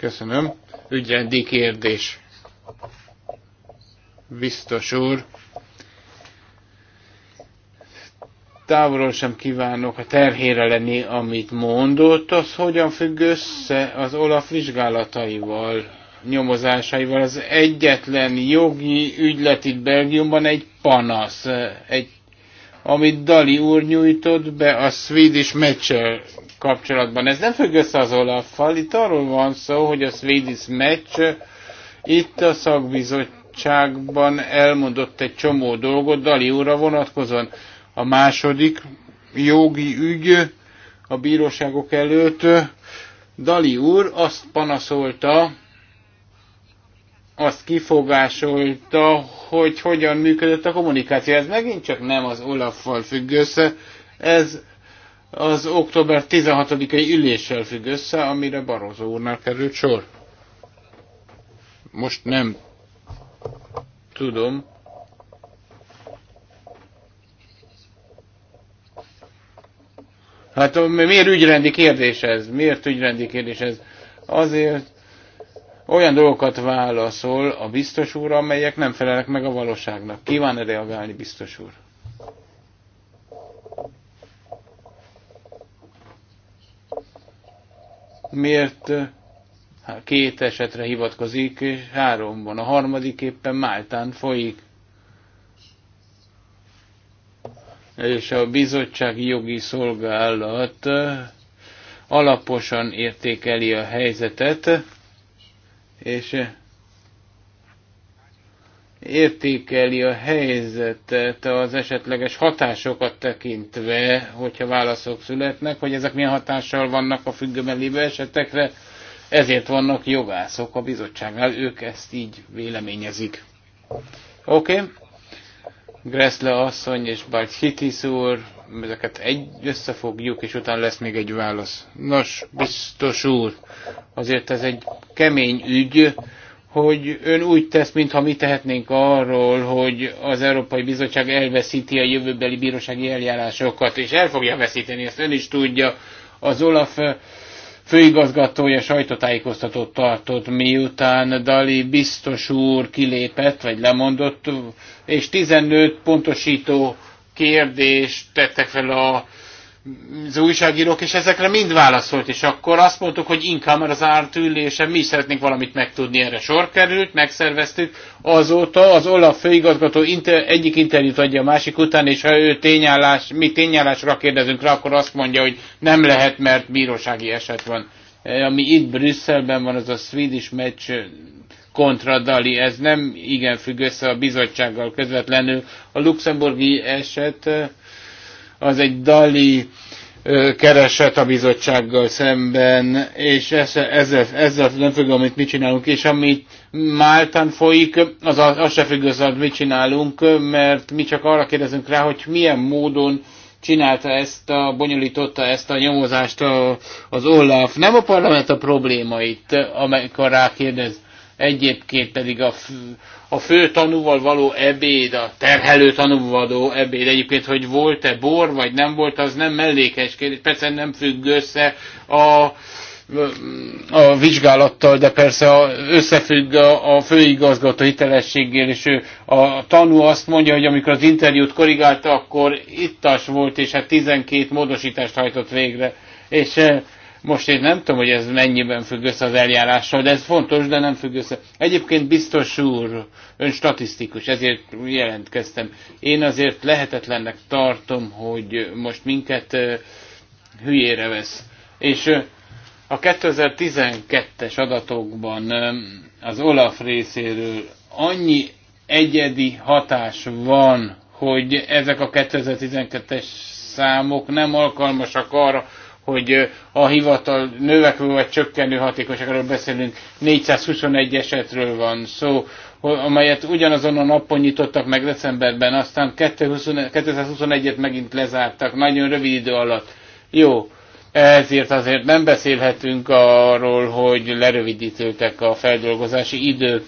Köszönöm. Ügyrendi kérdés. Biztos úr. távolról sem kívánok a terhére lenni, amit mondott, az hogyan függ össze az Olaf vizsgálataival, nyomozásaival. Az egyetlen jogi ügylet itt Belgiumban egy panasz, egy, amit Dali úr nyújtott be a Swedish Matcher kapcsolatban. Ez nem függ össze az Olaffal, itt arról van szó, hogy a Swedish match itt a szakbizottságban elmondott egy csomó dolgot Dali úrra vonatkozóan. A második jogi ügy a bíróságok előtt Dali úr azt panaszolta, azt kifogásolta, hogy hogyan működött a kommunikáció. Ez megint csak nem az Olaffal függ össze, ez az október 16-ai üléssel függ össze, amire Barozó úrnál került sor. Most nem tudom. Hát miért ügyrendi kérdés ez? Miért ügyrendi kérdés ez? Azért olyan dolgokat válaszol a biztos úr, amelyek nem felelnek meg a valóságnak. Kíván -e reagálni, biztos úr? miért eh, hát két esetre hivatkozik, és három van. A harmadik éppen Máltán folyik. És a bizottsági jogi szolgálat eh, alaposan értékeli a helyzetet, és eh, értékeli a helyzetet az esetleges hatásokat tekintve, hogyha válaszok születnek, hogy ezek milyen hatással vannak a függőben lévő esetekre, ezért vannak jogászok a bizottságnál, ők ezt így véleményezik. Oké? Okay? Gressle asszony és Bart Hittis úr, ezeket egy összefogjuk, és utána lesz még egy válasz. Nos, biztos úr, azért ez egy kemény ügy, hogy ön úgy tesz, mintha mi tehetnénk arról, hogy az Európai Bizottság elveszíti a jövőbeli bírósági eljárásokat, és el fogja veszíteni, ezt ön is tudja. Az Olaf eh, főigazgatója sajtótájékoztatót tartott, miután Dali biztos úr kilépett, vagy lemondott, és 15 pontosító kérdést tettek fel a az újságírók, és ezekre mind válaszolt, és akkor azt mondtuk, hogy inkább az árt ülése, mi is szeretnénk valamit megtudni, erre sor került, megszerveztük, azóta az Olaf főigazgató inter, egyik interjút adja a másik után, és ha ő tényállás, mi tényállásra kérdezünk rá, akkor azt mondja, hogy nem lehet, mert bírósági eset van. E, ami itt Brüsszelben van, az a Swedish match kontra Dali, ez nem igen függ össze a bizottsággal közvetlenül. A luxemburgi eset az egy dali kereset a bizottsággal szemben, és ezzel, ezzel, ezzel nem függ, amit mi csinálunk, és amit Máltán folyik, az, az se függ össze, mit csinálunk, mert mi csak arra kérdezünk rá, hogy milyen módon csinálta ezt, a, bonyolította ezt a nyomozást a, az Olaf. Nem a parlament a probléma itt, amikor rákérdez. Egyébként pedig a, a fő tanúval való ebéd, a terhelő tanúval való ebéd egyébként, hogy volt-e bor, vagy nem volt, az nem mellékes kérdés. Persze nem függ össze a, a vizsgálattal, de persze a, összefügg a, a főigazgató hitelességgel és ő, a tanú azt mondja, hogy amikor az interjút korrigálta, akkor ittas volt, és hát 12 módosítást hajtott végre. És eh, most én nem tudom, hogy ez mennyiben függ össze az eljárással, de ez fontos, de nem függ össze. Egyébként biztos úr, ön statisztikus, ezért jelentkeztem. Én azért lehetetlennek tartom, hogy most minket hülyére vesz. És a 2012-es adatokban az Olaf részéről annyi egyedi hatás van, hogy ezek a 2012-es számok nem alkalmasak arra, hogy a hivatal növekvő vagy csökkenő hatékonyságról beszélünk, 421 esetről van szó, amelyet ugyanazon a napon nyitottak meg decemberben, aztán 221-et megint lezártak, nagyon rövid idő alatt. Jó, ezért azért nem beszélhetünk arról, hogy lerövidítőtek a feldolgozási idők.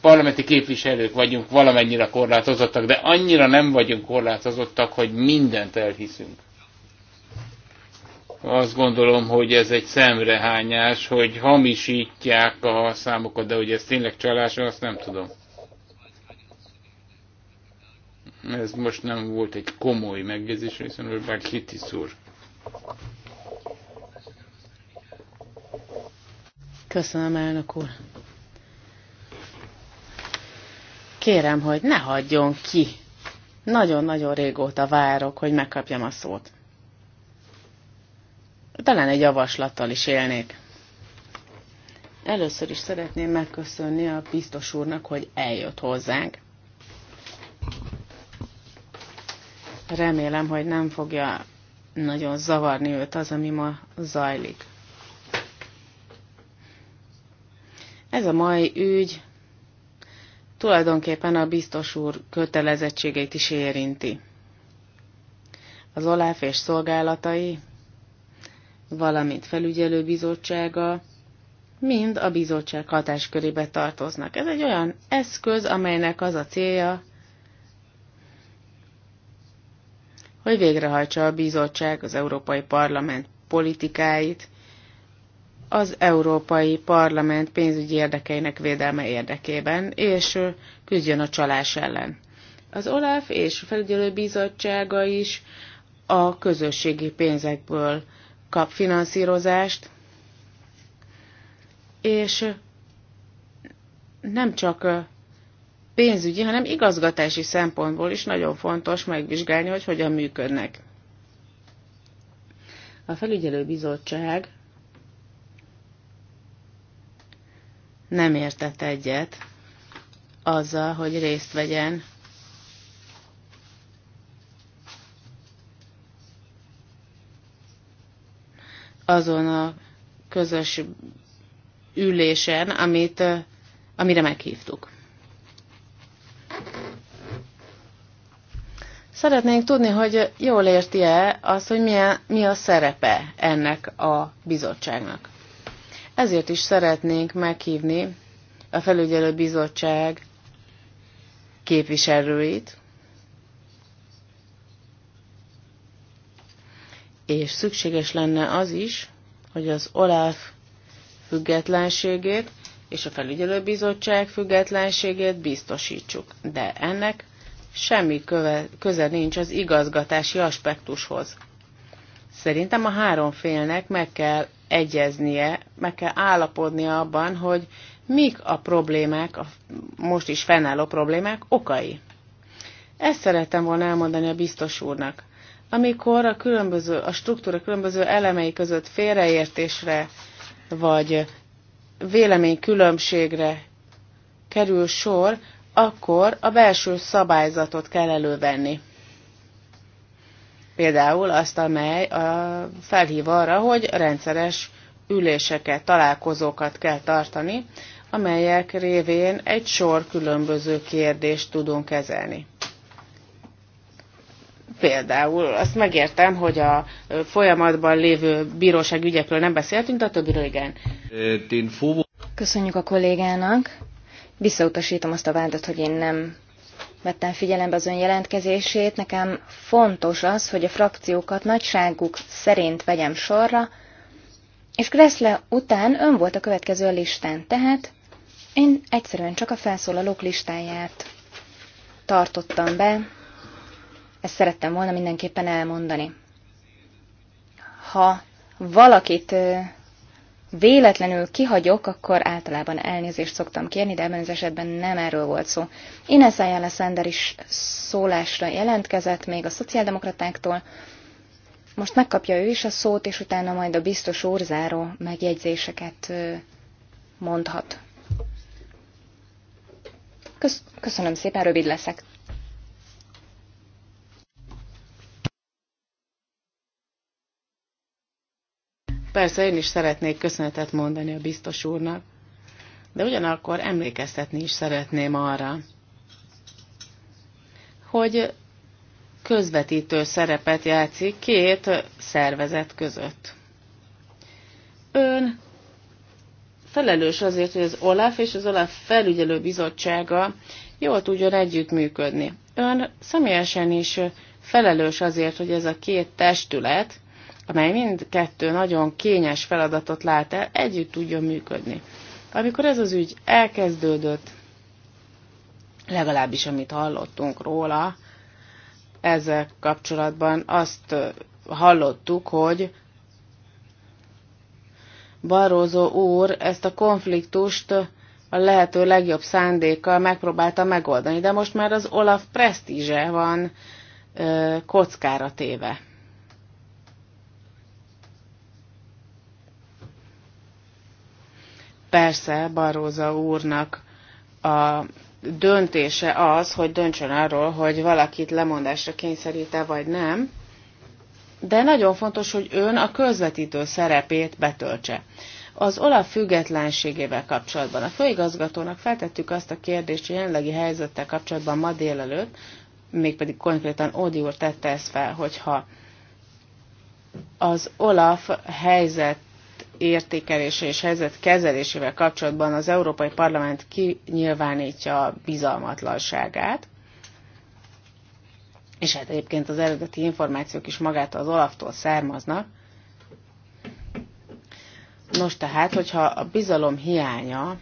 Parlamenti képviselők vagyunk, valamennyire korlátozottak, de annyira nem vagyunk korlátozottak, hogy mindent elhiszünk. Azt gondolom, hogy ez egy szemrehányás, hogy hamisítják a számokat, de hogy ez tényleg csalás, azt nem tudom. Ez most nem volt egy komoly megjegyzés részemről, bár Hitis úr. Köszönöm, elnök úr. Kérem, hogy ne hagyjon ki. Nagyon-nagyon régóta várok, hogy megkapjam a szót. Talán egy javaslattal is élnék. Először is szeretném megköszönni a biztos úrnak, hogy eljött hozzánk. Remélem, hogy nem fogja nagyon zavarni őt az, ami ma zajlik. Ez a mai ügy tulajdonképpen a biztos úr kötelezettségeit is érinti. Az Oláf és szolgálatai valamint felügyelőbizottsága mind a bizottság hatáskörébe tartoznak. Ez egy olyan eszköz, amelynek az a célja, hogy végrehajtsa a bizottság az Európai Parlament politikáit, az Európai Parlament pénzügyi érdekeinek védelme érdekében, és küzdjön a csalás ellen. Az OLAF és a felügyelőbizottsága is a közösségi pénzekből kap finanszírozást, és nem csak pénzügyi, hanem igazgatási szempontból is nagyon fontos megvizsgálni, hogy hogyan működnek. A felügyelő bizottság nem értett egyet azzal, hogy részt vegyen azon a közös ülésen, amit, amire meghívtuk. Szeretnénk tudni, hogy jól érti-e az, hogy milyen, mi a szerepe ennek a bizottságnak. Ezért is szeretnénk meghívni a felügyelő bizottság képviselőit, és szükséges lenne az is, hogy az OLAF függetlenségét és a felügyelőbizottság függetlenségét biztosítsuk. De ennek semmi köve, köze nincs az igazgatási aspektushoz. Szerintem a három félnek meg kell egyeznie, meg kell állapodnia abban, hogy mik a problémák, a most is fennálló problémák okai. Ezt szerettem volna elmondani a biztos úrnak amikor a különböző, a struktúra különböző elemei között félreértésre vagy véleménykülönbségre kerül sor, akkor a belső szabályzatot kell elővenni. Például azt, amely a, felhív arra, hogy rendszeres üléseket, találkozókat kell tartani, amelyek révén egy sor különböző kérdést tudunk kezelni. Például azt megértem, hogy a folyamatban lévő bíróság ügyekről nem beszéltünk, de a többiről igen. Köszönjük a kollégának. Visszautasítom azt a vádat, hogy én nem vettem figyelembe az ön jelentkezését. Nekem fontos az, hogy a frakciókat nagyságuk szerint vegyem sorra, és Kressle után ön volt a következő a listán, tehát én egyszerűen csak a felszólalók listáját tartottam be, ezt szerettem volna mindenképpen elmondani. Ha valakit véletlenül kihagyok, akkor általában elnézést szoktam kérni, de ebben az esetben nem erről volt szó. Ines Ayala Sander is szólásra jelentkezett, még a szociáldemokratáktól. Most megkapja ő is a szót, és utána majd a biztos úrzáró megjegyzéseket mondhat. köszönöm szépen, rövid leszek. Persze én is szeretnék köszönetet mondani a biztos úrnak, de ugyanakkor emlékeztetni is szeretném arra, hogy közvetítő szerepet játszik két szervezet között. Ön felelős azért, hogy az OLAF és az OLAF felügyelő bizottsága jól tudjon együttműködni. Ön személyesen is felelős azért, hogy ez a két testület amely mindkettő nagyon kényes feladatot lát el, együtt tudjon működni. Amikor ez az ügy elkezdődött, legalábbis amit hallottunk róla, ezzel kapcsolatban azt hallottuk, hogy Barózó úr ezt a konfliktust a lehető legjobb szándékkal megpróbálta megoldani, de most már az Olaf presztízse van kockára téve. Persze Baróza úrnak a döntése az, hogy döntsön arról, hogy valakit lemondásra kényszerít-e vagy nem, de nagyon fontos, hogy ön a közvetítő szerepét betöltse. Az OLAF függetlenségével kapcsolatban a főigazgatónak feltettük azt a kérdést, hogy jelenlegi helyzettel kapcsolatban ma délelőtt, mégpedig konkrétan Ódi úr tette ezt fel, hogyha az OLAF helyzet értékelése és helyzet kezelésével kapcsolatban az Európai Parlament kinyilvánítja a bizalmatlanságát, és hát egyébként az eredeti információk is magát az Olaftól származnak. Nos tehát, hogyha a bizalom hiánya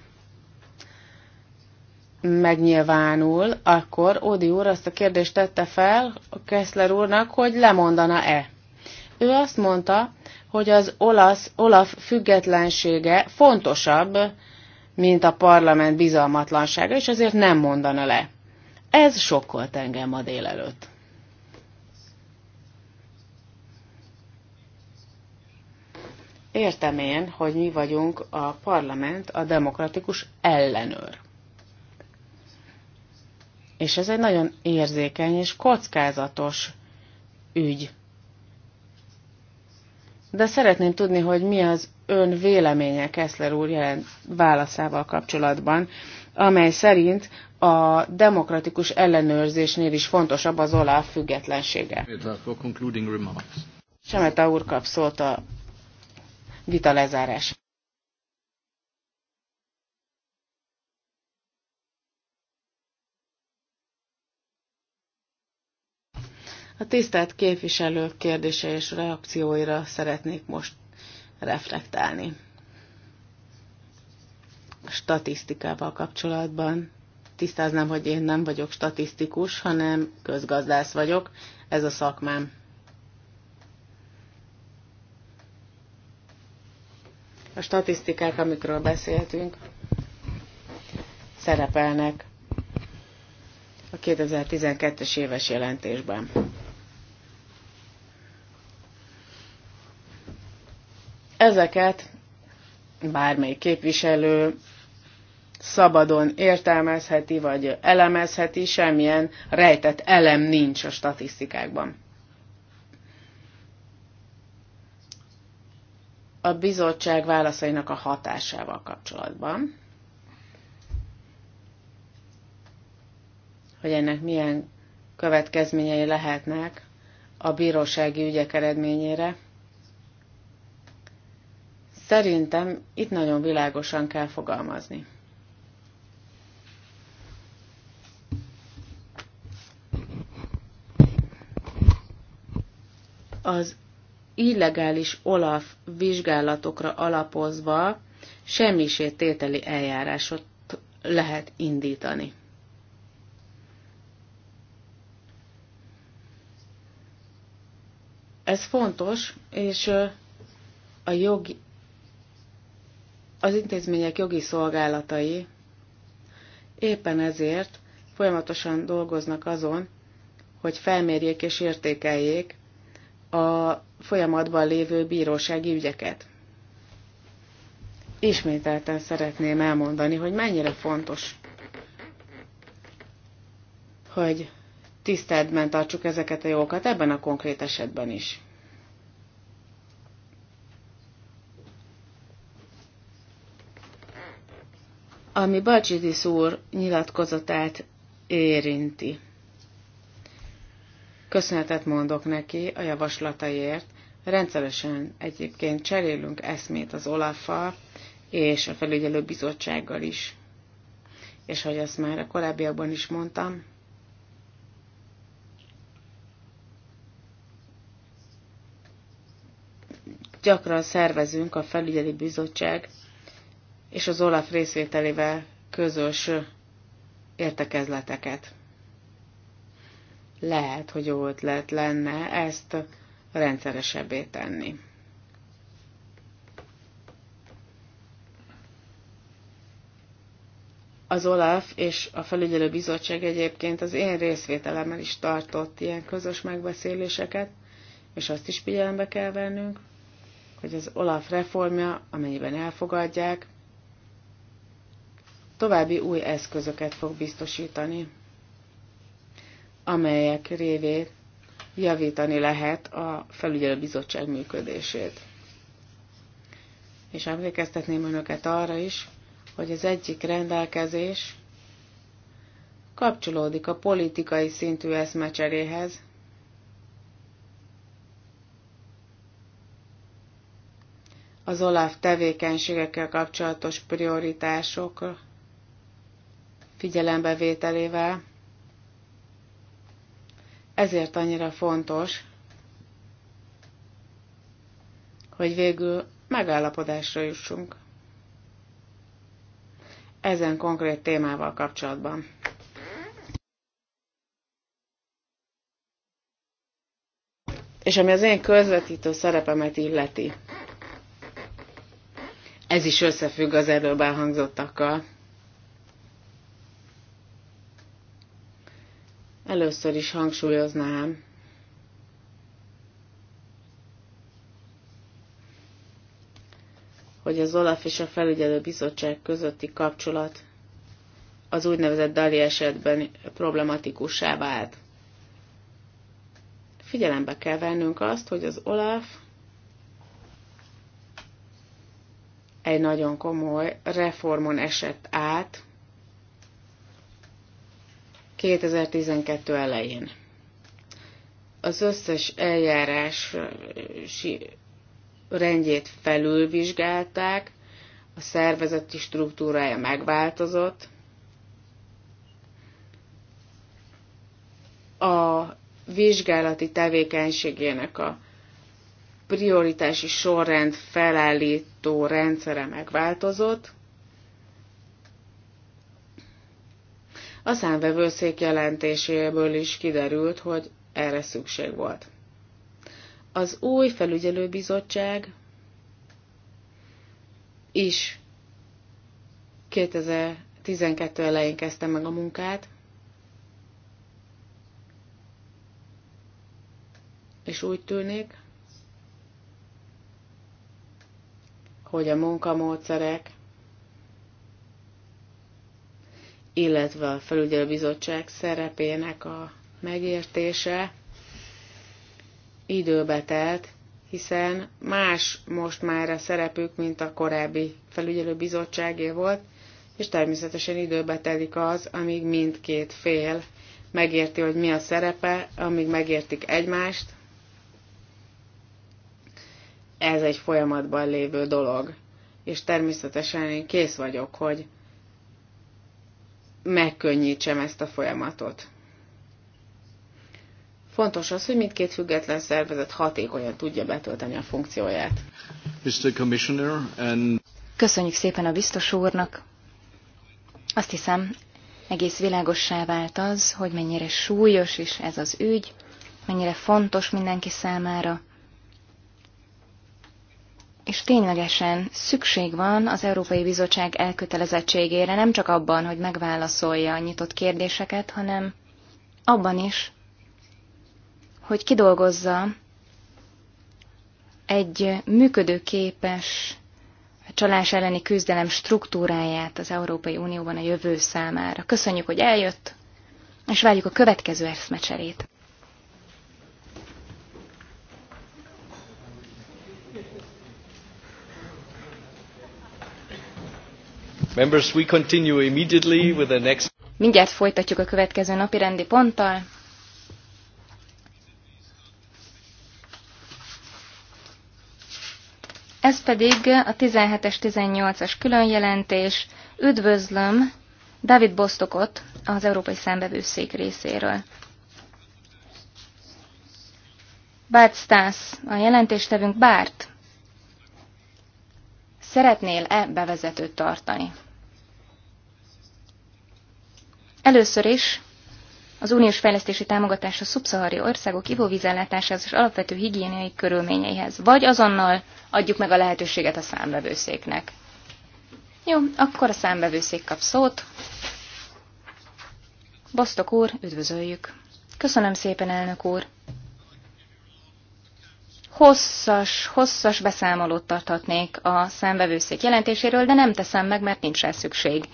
megnyilvánul, akkor Ódi úr azt a kérdést tette fel a Kessler úrnak, hogy lemondana-e. Ő azt mondta, hogy az olasz, Olaf függetlensége fontosabb, mint a parlament bizalmatlansága, és ezért nem mondana le. Ez sokkolt engem ma délelőtt. Értem én, hogy mi vagyunk a parlament, a demokratikus ellenőr. És ez egy nagyon érzékeny és kockázatos ügy de szeretném tudni, hogy mi az ön véleménye Keszler úr jelen válaszával kapcsolatban, amely szerint a demokratikus ellenőrzésnél is fontosabb az olá függetlensége. Semeta úr kap szólt a vita lezárás. A tisztelt képviselők kérdése és reakcióira szeretnék most reflektálni. Statisztikával kapcsolatban tisztáznám, hogy én nem vagyok statisztikus, hanem közgazdász vagyok. Ez a szakmám. A statisztikák, amikről beszéltünk, szerepelnek a 2012-es éves jelentésben. Ezeket bármely képviselő szabadon értelmezheti vagy elemezheti, semmilyen rejtett elem nincs a statisztikákban. A bizottság válaszainak a hatásával kapcsolatban, hogy ennek milyen következményei lehetnek a bírósági ügyek eredményére, Szerintem itt nagyon világosan kell fogalmazni. Az illegális olaf vizsgálatokra alapozva semmisét tételi eljárásot lehet indítani. Ez fontos, és a jogi az intézmények jogi szolgálatai éppen ezért folyamatosan dolgoznak azon, hogy felmérjék és értékeljék a folyamatban lévő bírósági ügyeket. Ismételten szeretném elmondani, hogy mennyire fontos, hogy tiszteletben tartsuk ezeket a jókat ebben a konkrét esetben is. ami Bacsidis úr nyilatkozatát érinti. Köszönetet mondok neki a javaslataért. Rendszeresen egyébként cserélünk eszmét az Olaffal és a felügyelő bizottsággal is. És hogy ezt már a korábbiakban is mondtam, gyakran szervezünk a felügyeli bizottság és az Olaf részvételével közös értekezleteket. Lehet, hogy jó ötlet lenne ezt rendszeresebbé tenni. Az OLAF és a felügyelő bizottság egyébként az én részvételemmel is tartott ilyen közös megbeszéléseket, és azt is figyelembe kell vennünk, hogy az OLAF reformja, amennyiben elfogadják, további új eszközöket fog biztosítani, amelyek révén javítani lehet a felügyelőbizottság működését. És emlékeztetném önöket arra is, hogy az egyik rendelkezés kapcsolódik a politikai szintű eszmecseréhez, az OLAF tevékenységekkel kapcsolatos prioritásokra, figyelembevételével. Ezért annyira fontos, hogy végül megállapodásra jussunk ezen konkrét témával kapcsolatban. És ami az én közvetítő szerepemet illeti, ez is összefügg az előbb elhangzottakkal. Először is hangsúlyoznám, hogy az Olaf és a felügyelő bizottság közötti kapcsolat az úgynevezett Dali esetben problematikussá vált. Figyelembe kell vennünk azt, hogy az Olaf egy nagyon komoly reformon esett át, 2012 elején. Az összes eljárási rendjét felülvizsgálták, a szervezeti struktúrája megváltozott, a vizsgálati tevékenységének a prioritási sorrend felállító rendszere megváltozott, A számvevőszék jelentéséből is kiderült, hogy erre szükség volt. Az új felügyelőbizottság is 2012 elején kezdte meg a munkát, és úgy tűnik, hogy a munkamódszerek illetve a felügyelőbizottság szerepének a megértése időbe telt, hiszen más most már a szerepük, mint a korábbi felügyelőbizottságé volt, és természetesen időbe telik az, amíg mindkét fél megérti, hogy mi a szerepe, amíg megértik egymást. Ez egy folyamatban lévő dolog, és természetesen én kész vagyok, hogy megkönnyítsem ezt a folyamatot. Fontos az, hogy mindkét független szervezet hatékonyan tudja betölteni a funkcióját. Mr. Commissioner and... Köszönjük szépen a biztos úrnak. Azt hiszem, egész világossá vált az, hogy mennyire súlyos is ez az ügy, mennyire fontos mindenki számára, és ténylegesen szükség van az Európai Bizottság elkötelezettségére nem csak abban, hogy megválaszolja a nyitott kérdéseket, hanem abban is, hogy kidolgozza egy működőképes csalás elleni küzdelem struktúráját az Európai Unióban a jövő számára. Köszönjük, hogy eljött, és várjuk a következő eszmecserét. Members, we continue immediately with the next... Mindjárt folytatjuk a következő napi rendi ponttal. Ez pedig a 17-es, 18-as különjelentés. Üdvözlöm David Bostokot az Európai Szembevőszék részéről. Bárt Stász, a jelentéstevünk Bárt. Szeretnél-e bevezetőt tartani? Először is az uniós fejlesztési támogatás a szubszahari országok ivóvízellátásához és alapvető higiéniai körülményeihez, vagy azonnal adjuk meg a lehetőséget a számbevőszéknek. Jó, akkor a számbevőszék kap szót. Bosztok úr, üdvözöljük. Köszönöm szépen, elnök úr. Hosszas, hosszas beszámolót tarthatnék a számbevőszék jelentéséről, de nem teszem meg, mert nincs rá szükség.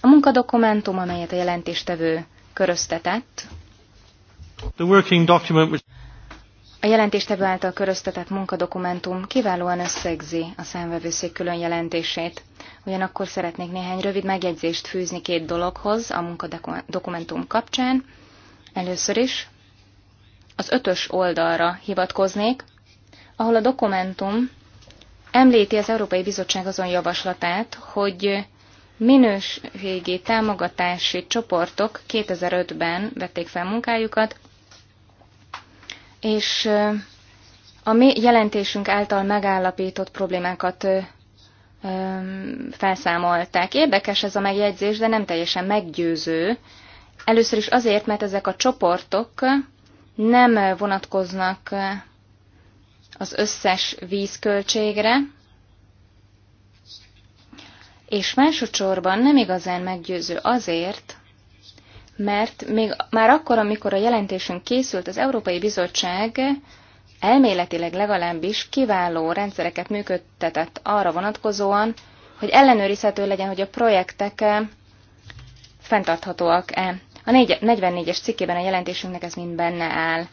A munkadokumentum, amelyet a jelentéstevő köröztetett, The working document which... A jelentéstevő által köröztetett munkadokumentum kiválóan összegzi a számvevőszék külön jelentését. Ugyanakkor szeretnék néhány rövid megjegyzést fűzni két dologhoz a munkadokumentum kapcsán. Először is az ötös oldalra hivatkoznék, ahol a dokumentum említi az Európai Bizottság azon javaslatát, hogy minőségi támogatási csoportok 2005-ben vették fel munkájukat, és a mi jelentésünk által megállapított problémákat felszámolták. Érdekes ez a megjegyzés, de nem teljesen meggyőző. Először is azért, mert ezek a csoportok nem vonatkoznak az összes vízköltségre, és másodszorban nem igazán meggyőző azért, mert még már akkor, amikor a jelentésünk készült, az Európai Bizottság elméletileg legalábbis kiváló rendszereket működtetett arra vonatkozóan, hogy ellenőrizhető legyen, hogy a projektek eh, fenntarthatóak-e. A 44-es cikkében a jelentésünknek ez mind benne áll.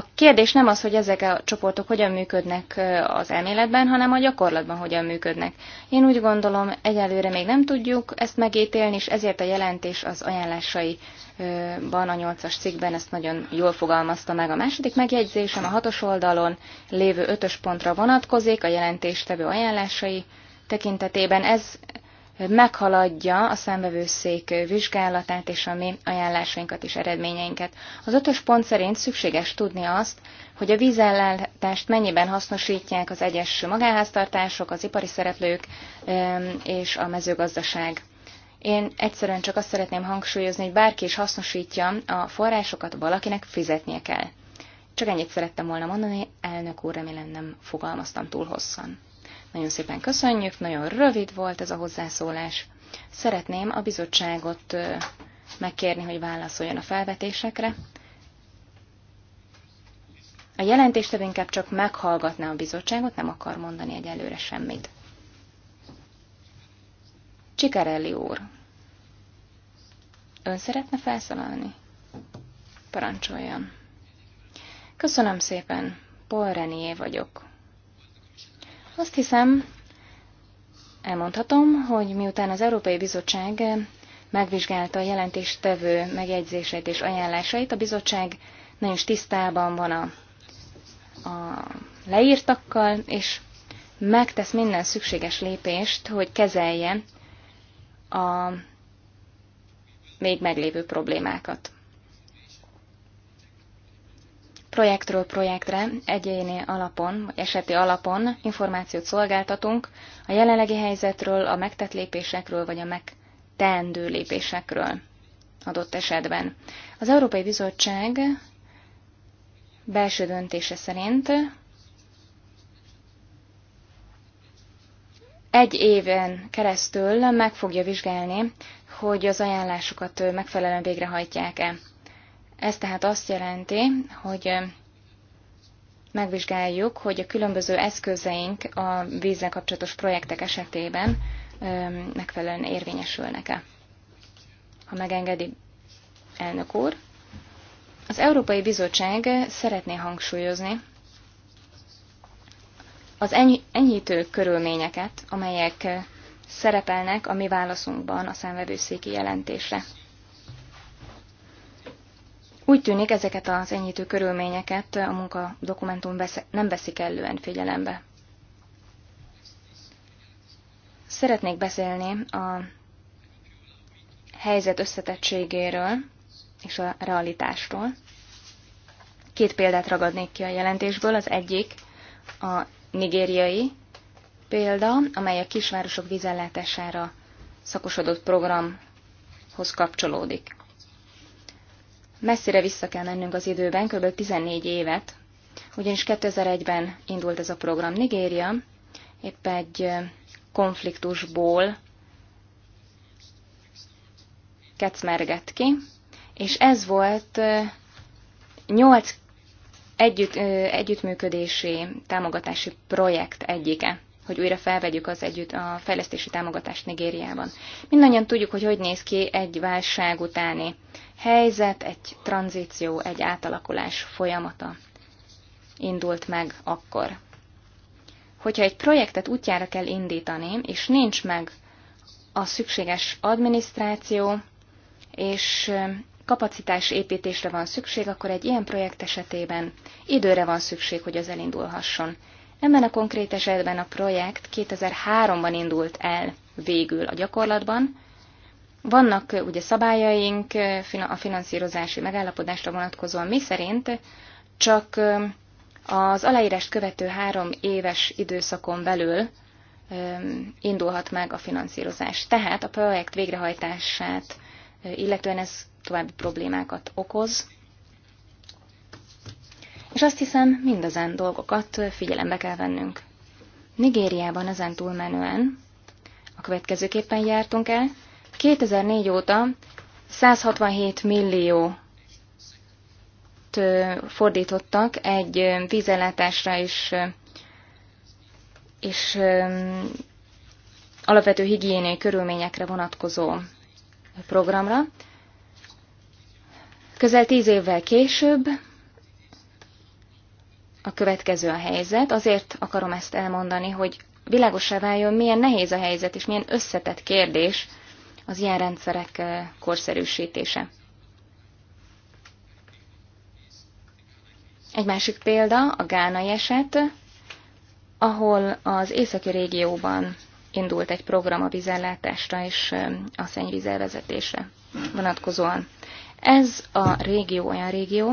A kérdés nem az, hogy ezek a csoportok hogyan működnek az elméletben, hanem a gyakorlatban hogyan működnek. Én úgy gondolom, egyelőre még nem tudjuk ezt megítélni, és ezért a jelentés az ajánlásaiban, a nyolcas cikkben ezt nagyon jól fogalmazta meg. A második megjegyzésem a hatos oldalon lévő ötös pontra vonatkozik, a jelentéstevő ajánlásai tekintetében. Ez meghaladja a számbevőszék vizsgálatát és a mi ajánlásainkat és eredményeinket. Az ötös pont szerint szükséges tudni azt, hogy a vízellátást mennyiben hasznosítják az egyes magáháztartások, az ipari szereplők és a mezőgazdaság. Én egyszerűen csak azt szeretném hangsúlyozni, hogy bárki is hasznosítja a forrásokat, valakinek fizetnie kell. Csak ennyit szerettem volna mondani, elnök úr, remélem nem fogalmaztam túl hosszan. Nagyon szépen köszönjük, nagyon rövid volt ez a hozzászólás. Szeretném a bizottságot megkérni, hogy válaszoljon a felvetésekre. A jelentéstevő inkább csak meghallgatná a bizottságot, nem akar mondani egyelőre semmit. Csikarelli úr, ön szeretne felszólalni? Parancsoljon. Köszönöm szépen, Paul Renier vagyok. Azt hiszem, elmondhatom, hogy miután az Európai Bizottság megvizsgálta a jelentéstevő megjegyzéseit és ajánlásait, a bizottság nagyon is tisztában van a, a leírtakkal, és megtesz minden szükséges lépést, hogy kezelje a még meglévő problémákat projektről projektre, egyéni alapon, vagy eseti alapon információt szolgáltatunk a jelenlegi helyzetről, a megtett lépésekről, vagy a megteendő lépésekről adott esetben. Az Európai Bizottság belső döntése szerint egy éven keresztül meg fogja vizsgálni, hogy az ajánlásokat megfelelően végrehajtják-e. Ez tehát azt jelenti, hogy megvizsgáljuk, hogy a különböző eszközeink a vízzel kapcsolatos projektek esetében megfelelően érvényesülnek-e. Ha megengedi, elnök úr. Az Európai Bizottság szeretné hangsúlyozni az enyhítő körülményeket, amelyek szerepelnek a mi válaszunkban a számvevőszéki jelentésre. Úgy tűnik, ezeket az enyhítő körülményeket a munka dokumentum nem veszik elően figyelembe. Szeretnék beszélni a helyzet összetettségéről és a realitásról. Két példát ragadnék ki a jelentésből. Az egyik a nigériai példa, amely a kisvárosok vízellátására szakosodott programhoz kapcsolódik. Messzire vissza kell mennünk az időben, kb. 14 évet, ugyanis 2001-ben indult ez a program. Nigéria épp egy konfliktusból kecmergett ki, és ez volt 8 együtt, együttműködési támogatási projekt egyike hogy újra felvegyük az együtt a fejlesztési támogatást Nigériában. Mindannyian tudjuk, hogy hogy néz ki egy válság utáni helyzet, egy tranzíció, egy átalakulás folyamata indult meg akkor. Hogyha egy projektet útjára kell indítani, és nincs meg a szükséges adminisztráció, és kapacitás építésre van szükség, akkor egy ilyen projekt esetében időre van szükség, hogy az elindulhasson. Ebben a konkrét esetben a projekt 2003-ban indult el végül a gyakorlatban. Vannak ugye szabályaink a finanszírozási megállapodásra vonatkozóan, mi szerint csak az aláírást követő három éves időszakon belül indulhat meg a finanszírozás. Tehát a projekt végrehajtását, illetően ez további problémákat okoz, és azt hiszem, mindezen dolgokat figyelembe kell vennünk. Nigériában ezen túlmenően a következőképpen jártunk el. 2004 óta 167 millió fordítottak egy vízellátásra és, és alapvető higiéniai körülményekre vonatkozó programra. Közel tíz évvel később a következő a helyzet. Azért akarom ezt elmondani, hogy világosá váljon, milyen nehéz a helyzet, és milyen összetett kérdés az ilyen rendszerek eh, korszerűsítése. Egy másik példa a gánai eset, ahol az északi régióban indult egy program a vízellátásra és eh, a szennyvízelvezetésre vonatkozóan. Ez a régió olyan régió,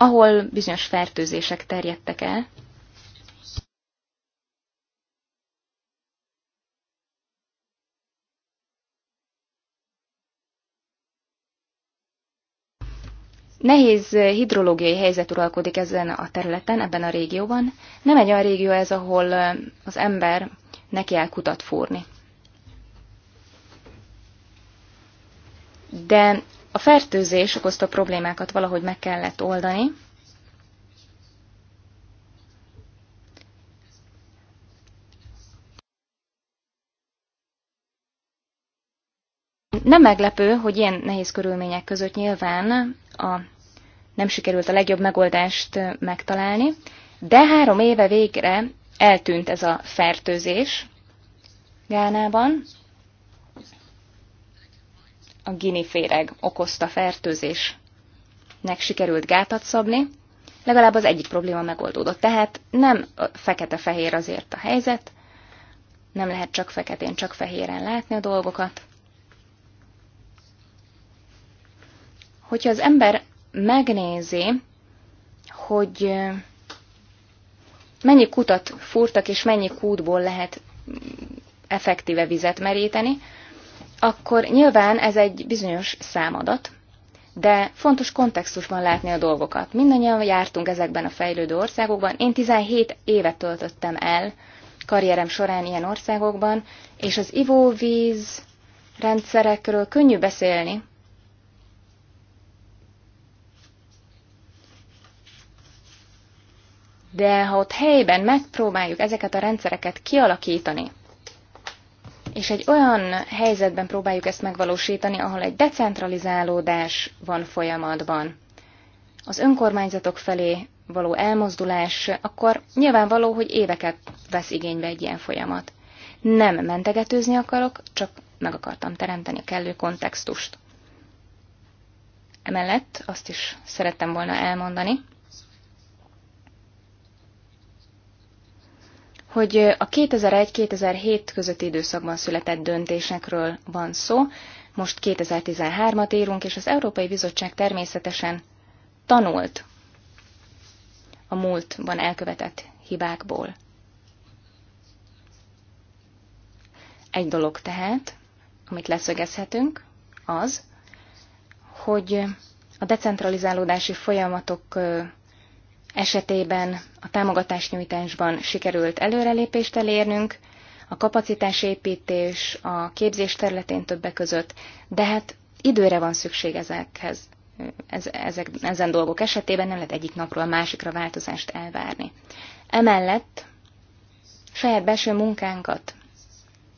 ahol bizonyos fertőzések terjedtek el. Nehéz hidrológiai helyzet uralkodik ezen a területen, ebben a régióban. Nem egy olyan régió ez, ahol eh, az ember neki el kutat fúrni. De a fertőzés okozta problémákat valahogy meg kellett oldani. Nem meglepő, hogy ilyen nehéz körülmények között nyilván a, nem sikerült a legjobb megoldást megtalálni, de három éve végre eltűnt ez a fertőzés Gánában, a féreg okozta fertőzésnek sikerült gátat szabni, legalább az egyik probléma megoldódott. Tehát nem fekete-fehér azért a helyzet, nem lehet csak feketén, csak fehéren látni a dolgokat. Hogyha az ember megnézi, hogy mennyi kutat fúrtak, és mennyi kútból lehet effektíve vizet meríteni, akkor nyilván ez egy bizonyos számadat, de fontos kontextusban látni a dolgokat. Mindannyian jártunk ezekben a fejlődő országokban. Én 17 évet töltöttem el karrierem során ilyen országokban, és az ivóvíz rendszerekről könnyű beszélni. De ha ott helyben megpróbáljuk ezeket a rendszereket kialakítani, és egy olyan helyzetben próbáljuk ezt megvalósítani, ahol egy decentralizálódás van folyamatban. Az önkormányzatok felé való elmozdulás, akkor nyilvánvaló, hogy éveket vesz igénybe egy ilyen folyamat. Nem mentegetőzni akarok, csak meg akartam teremteni a kellő kontextust. Emellett azt is szerettem volna elmondani, hogy a 2001-2007 közötti időszakban született döntésekről van szó, most 2013-at érünk, és az Európai Bizottság természetesen tanult a múltban elkövetett hibákból. Egy dolog tehát, amit leszögezhetünk, az, hogy a decentralizálódási folyamatok esetében a támogatásnyújtásban sikerült előrelépést elérnünk, a kapacitásépítés, a képzés területén többek között, de hát időre van szükség ezekhez. Ez, ezek, ezen dolgok esetében nem lehet egyik napról a másikra változást elvárni. Emellett saját belső munkánkat,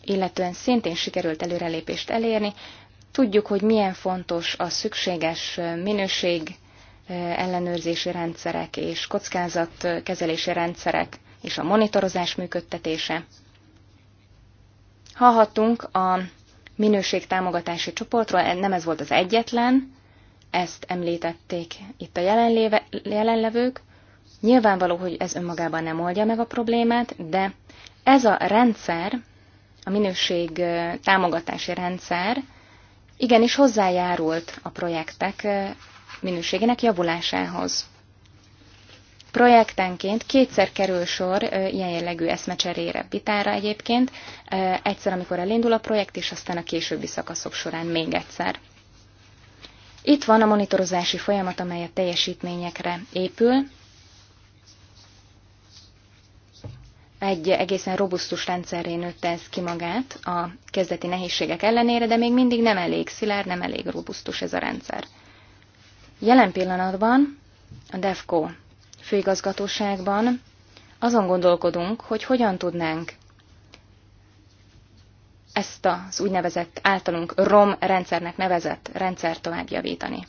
illetően szintén sikerült előrelépést elérni, tudjuk, hogy milyen fontos a szükséges minőség, ellenőrzési rendszerek és kockázatkezelési rendszerek és a monitorozás működtetése. Hallhattunk a minőségtámogatási csoportról, e, nem ez volt az egyetlen, ezt említették itt a jelenléve, jelenlevők. Nyilvánvaló, hogy ez önmagában nem oldja meg a problémát, de ez a rendszer, a minőség támogatási rendszer igenis hozzájárult a projektek minőségének javulásához. Projektenként kétszer kerül sor ilyen jellegű eszmecserére, vitára egyébként, egyszer, amikor elindul a projekt, és aztán a későbbi szakaszok során még egyszer. Itt van a monitorozási folyamat, amely a teljesítményekre épül. Egy egészen robusztus rendszerré nőtte ez ki magát a kezdeti nehézségek ellenére, de még mindig nem elég szilárd, nem elég robusztus ez a rendszer. Jelen pillanatban a DEFCO főigazgatóságban azon gondolkodunk, hogy hogyan tudnánk ezt az úgynevezett általunk ROM rendszernek nevezett rendszer tovább javítani.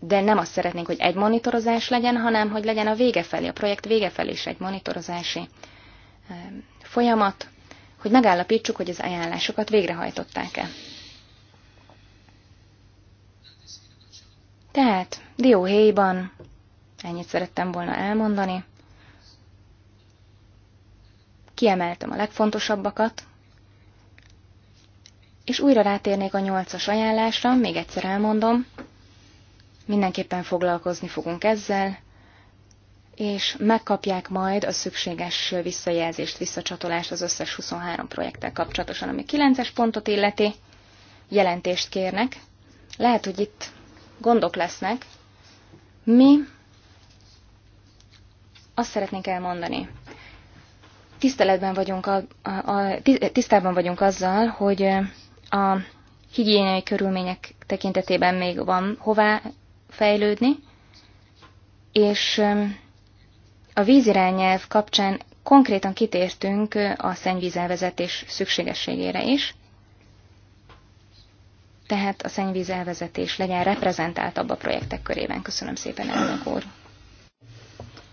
De nem azt szeretnénk, hogy egy monitorozás legyen, hanem hogy legyen a vége felé, a projekt vége felé is egy monitorozási folyamat, hogy megállapítsuk, hogy az ajánlásokat végrehajtották-e. Tehát, dióhéjban, ennyit szerettem volna elmondani, kiemeltem a legfontosabbakat, és újra rátérnék a nyolcas ajánlásra, még egyszer elmondom, mindenképpen foglalkozni fogunk ezzel, és megkapják majd a szükséges visszajelzést, visszacsatolást az összes 23 projekttel kapcsolatosan, ami 9-es pontot illeti, jelentést kérnek. Lehet, hogy itt gondok lesznek. Mi azt szeretnénk elmondani, tiszteletben vagyunk a, a, a, tisztában vagyunk azzal, hogy a higiéniai körülmények tekintetében még van hová fejlődni, és um, a vízirányelv kapcsán konkrétan kitértünk a szennyvízelvezetés szükségességére is tehát a szennyvíz elvezetés legyen abba a projektek körében. Köszönöm szépen, elnök úr.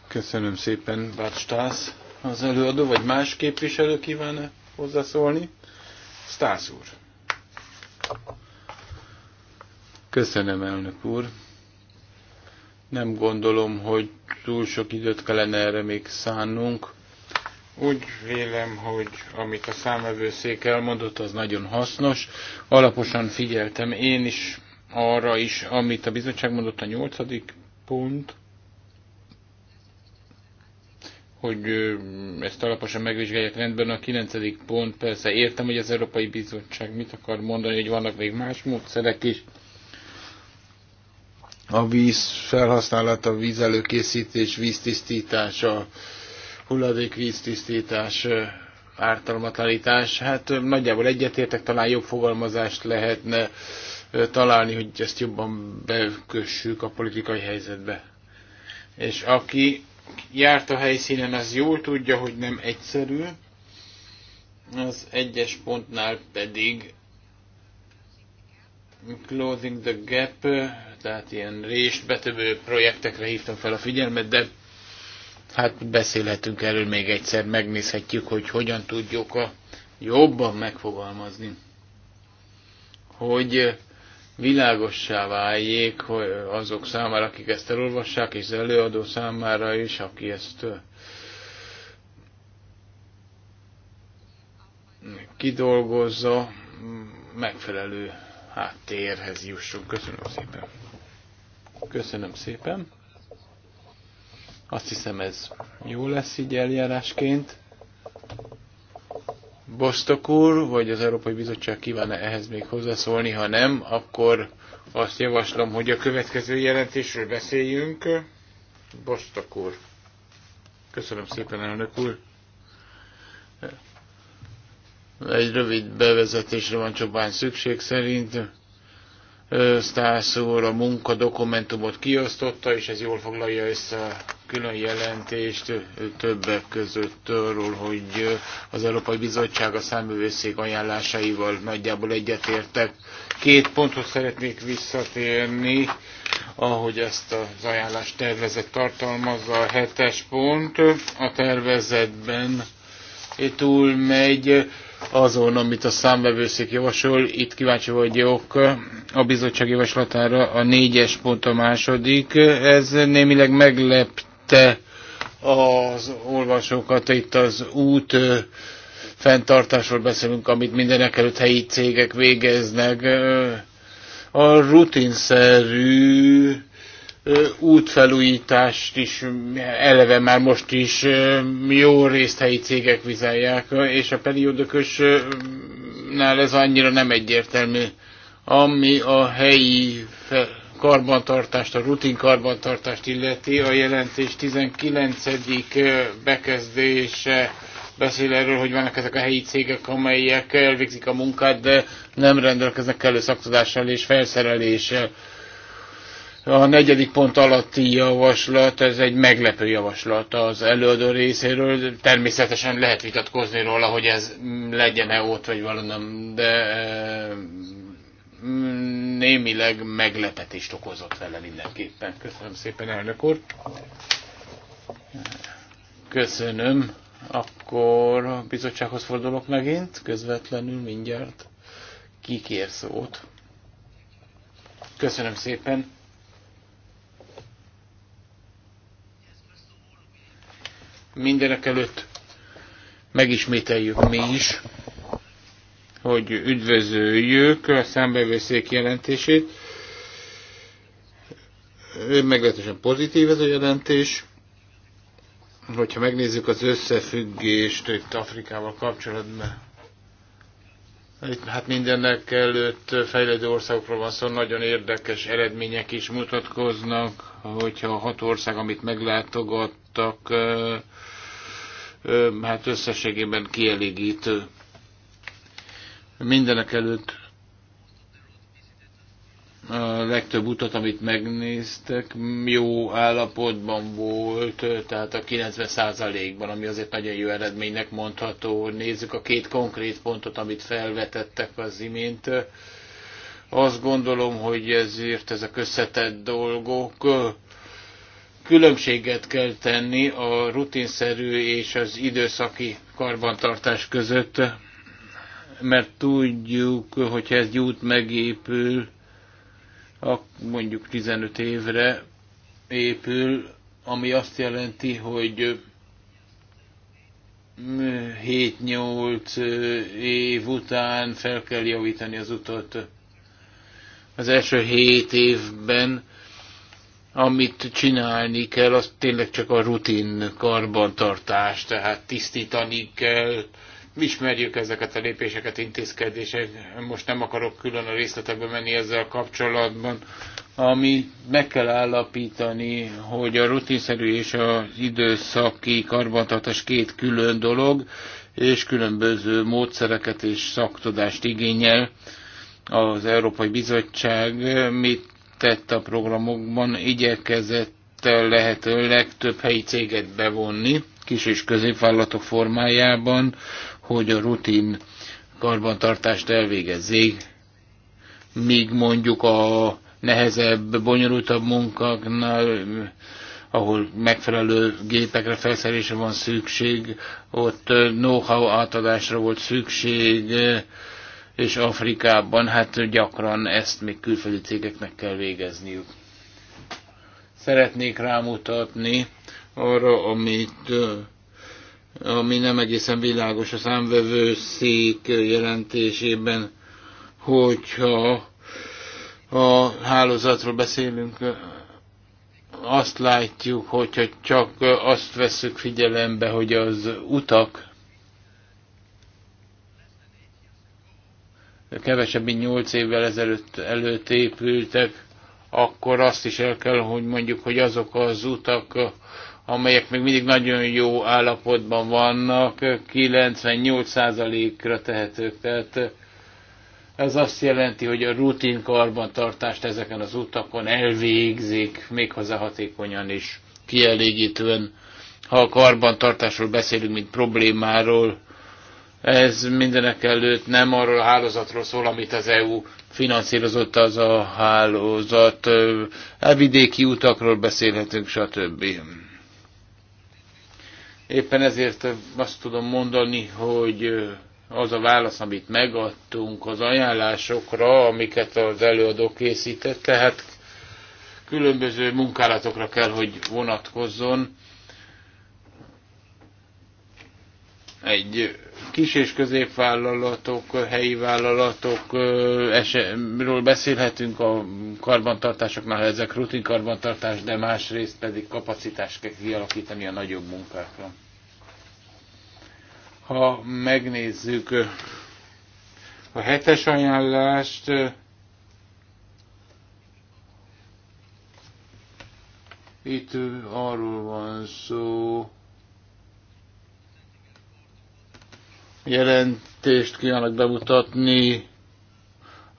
Köszönöm szépen, Bácstász. Az előadó vagy más képviselő kíván -e hozzászólni? Stász úr. Köszönöm, elnök úr. Nem gondolom, hogy túl sok időt kellene erre még szánnunk. Úgy vélem, hogy amit a számvevőszék elmondott, az nagyon hasznos. Alaposan figyeltem én is arra is, amit a bizottság mondott, a nyolcadik pont, hogy ezt alaposan megvizsgálják rendben. A kilencedik pont, persze értem, hogy az Európai Bizottság mit akar mondani, hogy vannak még más módszerek is. A víz felhasználata, vízelőkészítés, víztisztítása, hulladékvíz tisztítás, ártalmatlanítás. Hát nagyjából egyetértek, talán jobb fogalmazást lehetne találni, hogy ezt jobban bekössük a politikai helyzetbe. És aki járt a helyszínen, az jól tudja, hogy nem egyszerű. Az egyes pontnál pedig Closing the Gap, tehát ilyen részt betövő projektekre hívtam fel a figyelmet, de Hát beszélhetünk erről még egyszer, megnézhetjük, hogy hogyan tudjuk a jobban megfogalmazni, hogy világossá váljék hogy azok számára, akik ezt elolvassák, és az előadó számára is, aki ezt kidolgozza, megfelelő háttérhez jussunk. Köszönöm szépen. Köszönöm szépen. Azt hiszem ez jó lesz így eljárásként. Bostok úr, vagy az Európai Bizottság kívánna ehhez még hozzászólni, ha nem, akkor azt javaslom, hogy a következő jelentésről beszéljünk. Bostok úr. Köszönöm szépen, elnök úr. Egy rövid bevezetésre van csak szükség szerint. Stász úr a munkadokumentumot kiosztotta, és ez jól foglalja össze a külön jelentést többek között arról, hogy az Európai Bizottság a számövőszék ajánlásaival nagyjából egyetértek. Két pontot szeretnék visszatérni, ahogy ezt az ajánlás tervezet tartalmazza. A hetes pont a tervezetben túlmegy megy azon, amit a számvevőszék javasol. Itt kíváncsi vagyok a bizottság javaslatára a négyes pont a második. Ez némileg meglepte az olvasókat itt az út fenntartásról beszélünk, amit mindenek előtt helyi cégek végeznek. A rutinszerű útfelújítást is eleve már most is jó részt helyi cégek vizelják, és a nál ez annyira nem egyértelmű. Ami a helyi karbantartást, a rutin karbantartást illeti, a jelentés 19. bekezdése beszél erről, hogy vannak ezek a helyi cégek, amelyek elvégzik a munkát, de nem rendelkeznek elő szaktudással és felszereléssel a negyedik pont alatti javaslat, ez egy meglepő javaslat az előadó részéről. Természetesen lehet vitatkozni róla, hogy ez legyen-e ott, vagy valami, de mm, némileg meglepetést okozott vele mindenképpen. Köszönöm szépen, elnök úr. Köszönöm. Akkor a bizottsághoz fordulok megint, közvetlenül mindjárt. kikér szót? Köszönöm szépen. Mindenek előtt megismételjük mi is, hogy üdvözöljük a számbevőszék jelentését. Meglehetősen pozitív ez a jelentés. Hogyha megnézzük az összefüggést itt Afrikával kapcsolatban, itt hát mindennek előtt fejlődő országokról van szó, nagyon érdekes eredmények is mutatkoznak, hogyha a hat ország, amit meglátogattak, hát összességében kielégítő. Mindenek előtt a legtöbb utat, amit megnéztek, jó állapotban volt, tehát a 90%-ban, ami azért nagyon jó eredménynek mondható. Nézzük a két konkrét pontot, amit felvetettek az imént. Azt gondolom, hogy ezért ezek összetett dolgok. Különbséget kell tenni a rutinszerű és az időszaki karbantartás között, mert tudjuk, hogyha ez gyújt megépül, a, mondjuk 15 évre épül, ami azt jelenti, hogy 7-8 mm, év után fel kell javítani az utat. Az első 7 évben, amit csinálni kell, az tényleg csak a rutin karbantartás, tehát tisztítani kell, ismerjük ezeket a lépéseket, intézkedéseket. Most nem akarok külön a részletekbe menni ezzel kapcsolatban. Ami meg kell állapítani, hogy a rutinszerű és az időszaki karbantartás két külön dolog, és különböző módszereket és szaktudást igényel az Európai Bizottság. Mit tett a programokban? Igyekezett lehető legtöbb helyi céget bevonni kis és középvállalatok formájában hogy a rutin karbantartást elvégezzék, míg mondjuk a nehezebb, bonyolultabb munkaknál, ahol megfelelő gépekre felszerelésre van szükség, ott know-how átadásra volt szükség, és Afrikában hát gyakran ezt még külföldi cégeknek kell végezniük. Szeretnék rámutatni arra, amit ami nem egészen világos a szék jelentésében, hogyha a hálózatról beszélünk, azt látjuk, hogyha csak azt vesszük figyelembe, hogy az utak kevesebb, mint 8 évvel ezelőtt előtt épültek, akkor azt is el kell, hogy mondjuk, hogy azok az utak, amelyek még mindig nagyon jó állapotban vannak, 98%-ra tehetők. Tehát ez azt jelenti, hogy a rutin karbantartást ezeken az utakon elvégzik, méghozzá hatékonyan is, kielégítően. Ha a karbantartásról beszélünk, mint problémáról, ez mindenek előtt nem arról a hálózatról szól, amit az EU finanszírozott az a hálózat. Elvidéki utakról beszélhetünk, stb. Éppen ezért azt tudom mondani, hogy az a válasz, amit megadtunk az ajánlásokra, amiket az előadó készített, tehát különböző munkálatokra kell, hogy vonatkozzon. Egy kis és középvállalatok, helyi vállalatokról beszélhetünk a karbantartásoknál, ezek rutin karbantartás, de másrészt pedig kapacitást kell kialakítani a nagyobb munkákra. Ha megnézzük a hetes ajánlást, itt arról van szó, jelentést kívánok bemutatni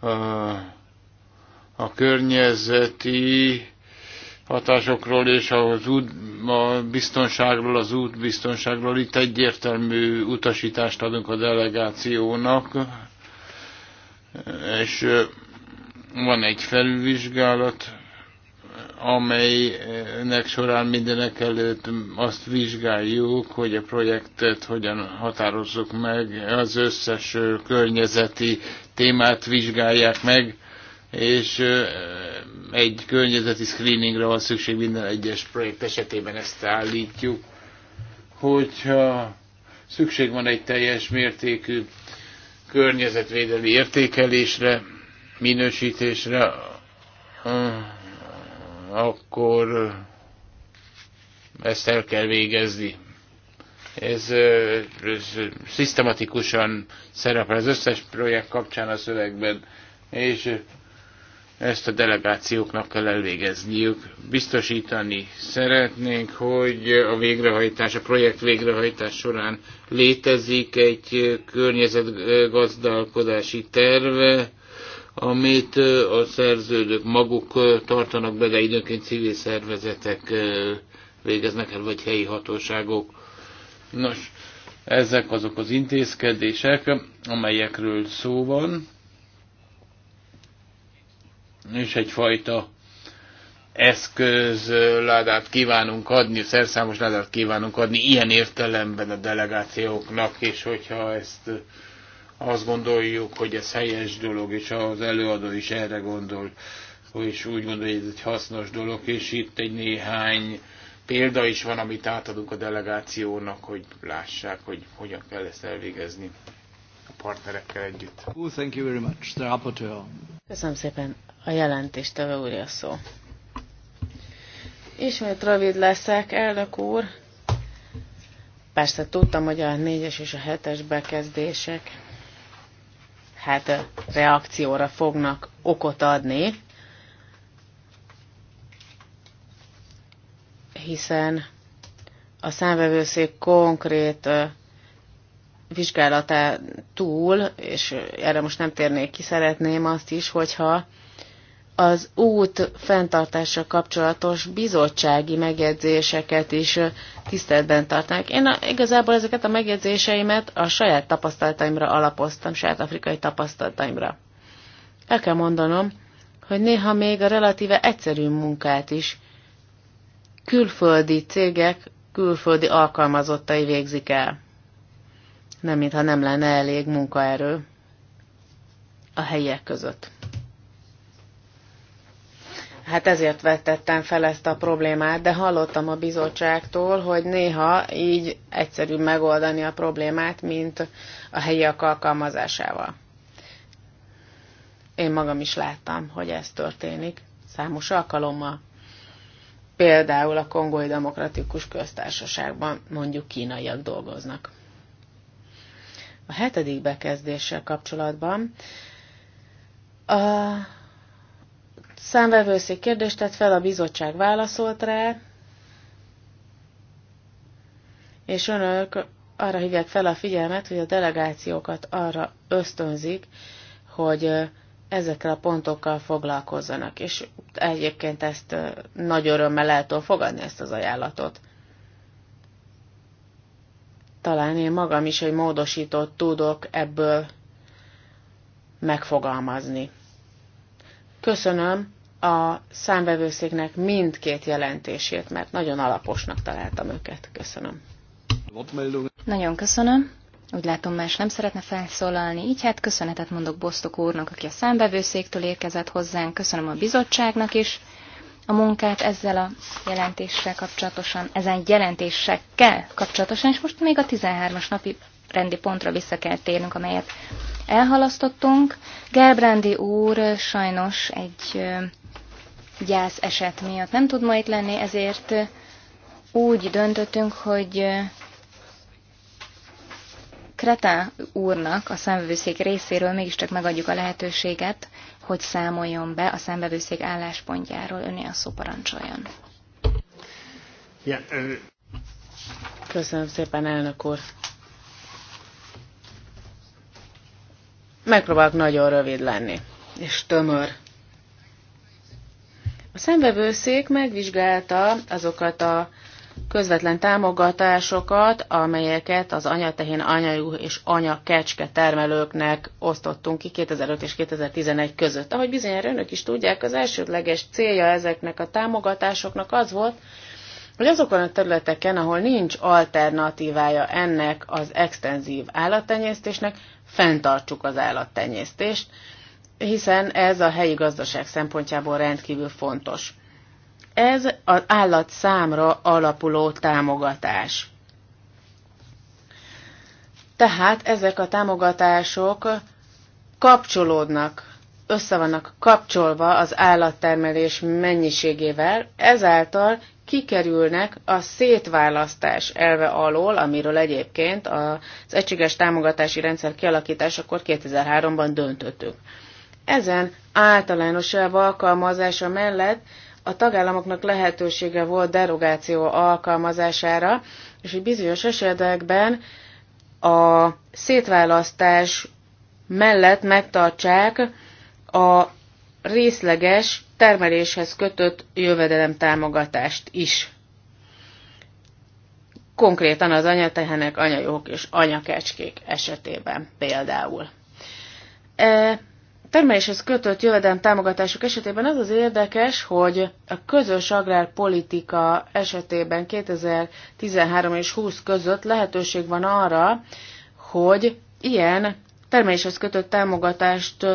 a, a környezeti hatásokról és az út, a biztonságról, az út biztonságról. Itt egyértelmű utasítást adunk a delegációnak, és van egy felülvizsgálat, amelynek során mindenek előtt azt vizsgáljuk, hogy a projektet hogyan határozzuk meg, az összes környezeti témát vizsgálják meg, és egy környezeti screeningre van szükség minden egyes projekt esetében, ezt állítjuk. Hogyha szükség van egy teljes mértékű környezetvédelmi értékelésre, minősítésre, akkor ezt el kell végezni. Ez, ez szisztematikusan szerepel az összes projekt kapcsán a szövegben, és ezt a delegációknak kell elvégezniük. Biztosítani szeretnénk, hogy a végrehajtás, a projekt végrehajtás során létezik egy környezetgazdálkodási terve, amit a szerződők maguk tartanak be, de időnként civil szervezetek végeznek el, vagy helyi hatóságok. Nos, ezek azok az intézkedések, amelyekről szó van, és egyfajta eszközládát kívánunk adni, szerszámos ládát kívánunk adni ilyen értelemben a delegációknak, és hogyha ezt azt gondoljuk, hogy ez helyes dolog, és az előadó is erre gondol, és úgy gondolja, hogy ez egy hasznos dolog, és itt egy néhány példa is van, amit átadunk a delegációnak, hogy lássák, hogy hogyan kell ezt elvégezni a partnerekkel együtt. Oh, thank you very much, the rapporteur. Köszönöm szépen. A jelentéstevő úr a szó. Ismét rövid leszek, elnök úr. Persze tudtam, hogy a négyes és a hetes bekezdések hát reakcióra fognak okot adni, hiszen a számvevőszék konkrét vizsgálatán túl, és erre most nem térnék ki, szeretném azt is, hogyha az út fenntartása kapcsolatos bizottsági megjegyzéseket is tiszteletben tartanak. Én a, igazából ezeket a megjegyzéseimet a saját tapasztalataimra alapoztam, saját afrikai tapasztalataimra. El kell mondanom, hogy néha még a relatíve egyszerű munkát is külföldi cégek külföldi alkalmazottai végzik el. Nem, mintha nem lenne elég munkaerő a helyiek között. Hát ezért vetettem fel ezt a problémát, de hallottam a bizottságtól, hogy néha így egyszerűbb megoldani a problémát, mint a helyiak alkalmazásával. Én magam is láttam, hogy ez történik számos alkalommal. Például a Kongói Demokratikus Köztársaságban mondjuk kínaiak dolgoznak. A hetedik bekezdéssel kapcsolatban a számvevőszék kérdést tett fel, a bizottság válaszolt rá, és önök arra hívják fel a figyelmet, hogy a delegációkat arra ösztönzik, hogy ezekkel a pontokkal foglalkozzanak, és egyébként ezt nagy örömmel el tudom fogadni ezt az ajánlatot. Talán én magam is egy módosítót tudok ebből megfogalmazni. Köszönöm a számvevőszéknek mindkét jelentését, mert nagyon alaposnak találtam őket. Köszönöm. Nagyon köszönöm. Úgy látom, más nem szeretne felszólalni, így hát köszönetet mondok Bosztok úrnak, aki a számbevőszéktől érkezett hozzánk, köszönöm a bizottságnak is a munkát ezzel a jelentéssel kapcsolatosan, ezen jelentésekkel kapcsolatosan, és most még a 13-as napi rendi pontra vissza kell térnünk, amelyet elhalasztottunk. Gerbrandi úr sajnos egy gyász eset miatt nem tud ma itt lenni, ezért úgy döntöttünk, hogy Kreta úrnak a számvevőszék részéről mégiscsak megadjuk a lehetőséget, hogy számoljon be a számvevőszék álláspontjáról. Öné a szó parancsoljon. Köszönöm szépen, elnök úr. Megpróbálok nagyon rövid lenni, és tömör. A szembevőszék megvizsgálta azokat a közvetlen támogatásokat, amelyeket az anyatehén, anyajú és anya kecske termelőknek osztottunk ki 2005 és 2011 között. Ahogy bizonyára önök is tudják, az elsődleges célja ezeknek a támogatásoknak az volt, hogy azokon a területeken, ahol nincs alternatívája ennek az extenzív állattenyésztésnek, fenntartsuk az állattenyésztést, hiszen ez a helyi gazdaság szempontjából rendkívül fontos. Ez az állat számra alapuló támogatás. Tehát ezek a támogatások kapcsolódnak, össze vannak kapcsolva az állattermelés mennyiségével, ezáltal kikerülnek a szétválasztás elve alól, amiről egyébként az egységes támogatási rendszer kialakításakor 2003-ban döntöttünk. Ezen általánosabb alkalmazása mellett a tagállamoknak lehetősége volt derogáció alkalmazására, és hogy bizonyos esetekben a szétválasztás mellett megtartsák a részleges termeléshez kötött jövedelem támogatást is. Konkrétan az anyatehenek, anyajók és anyakecskék esetében például. E, termeléshez kötött jövedelem támogatások esetében az az érdekes, hogy a közös agrárpolitika esetében 2013 és 20 között lehetőség van arra, hogy ilyen termeléshez kötött támogatást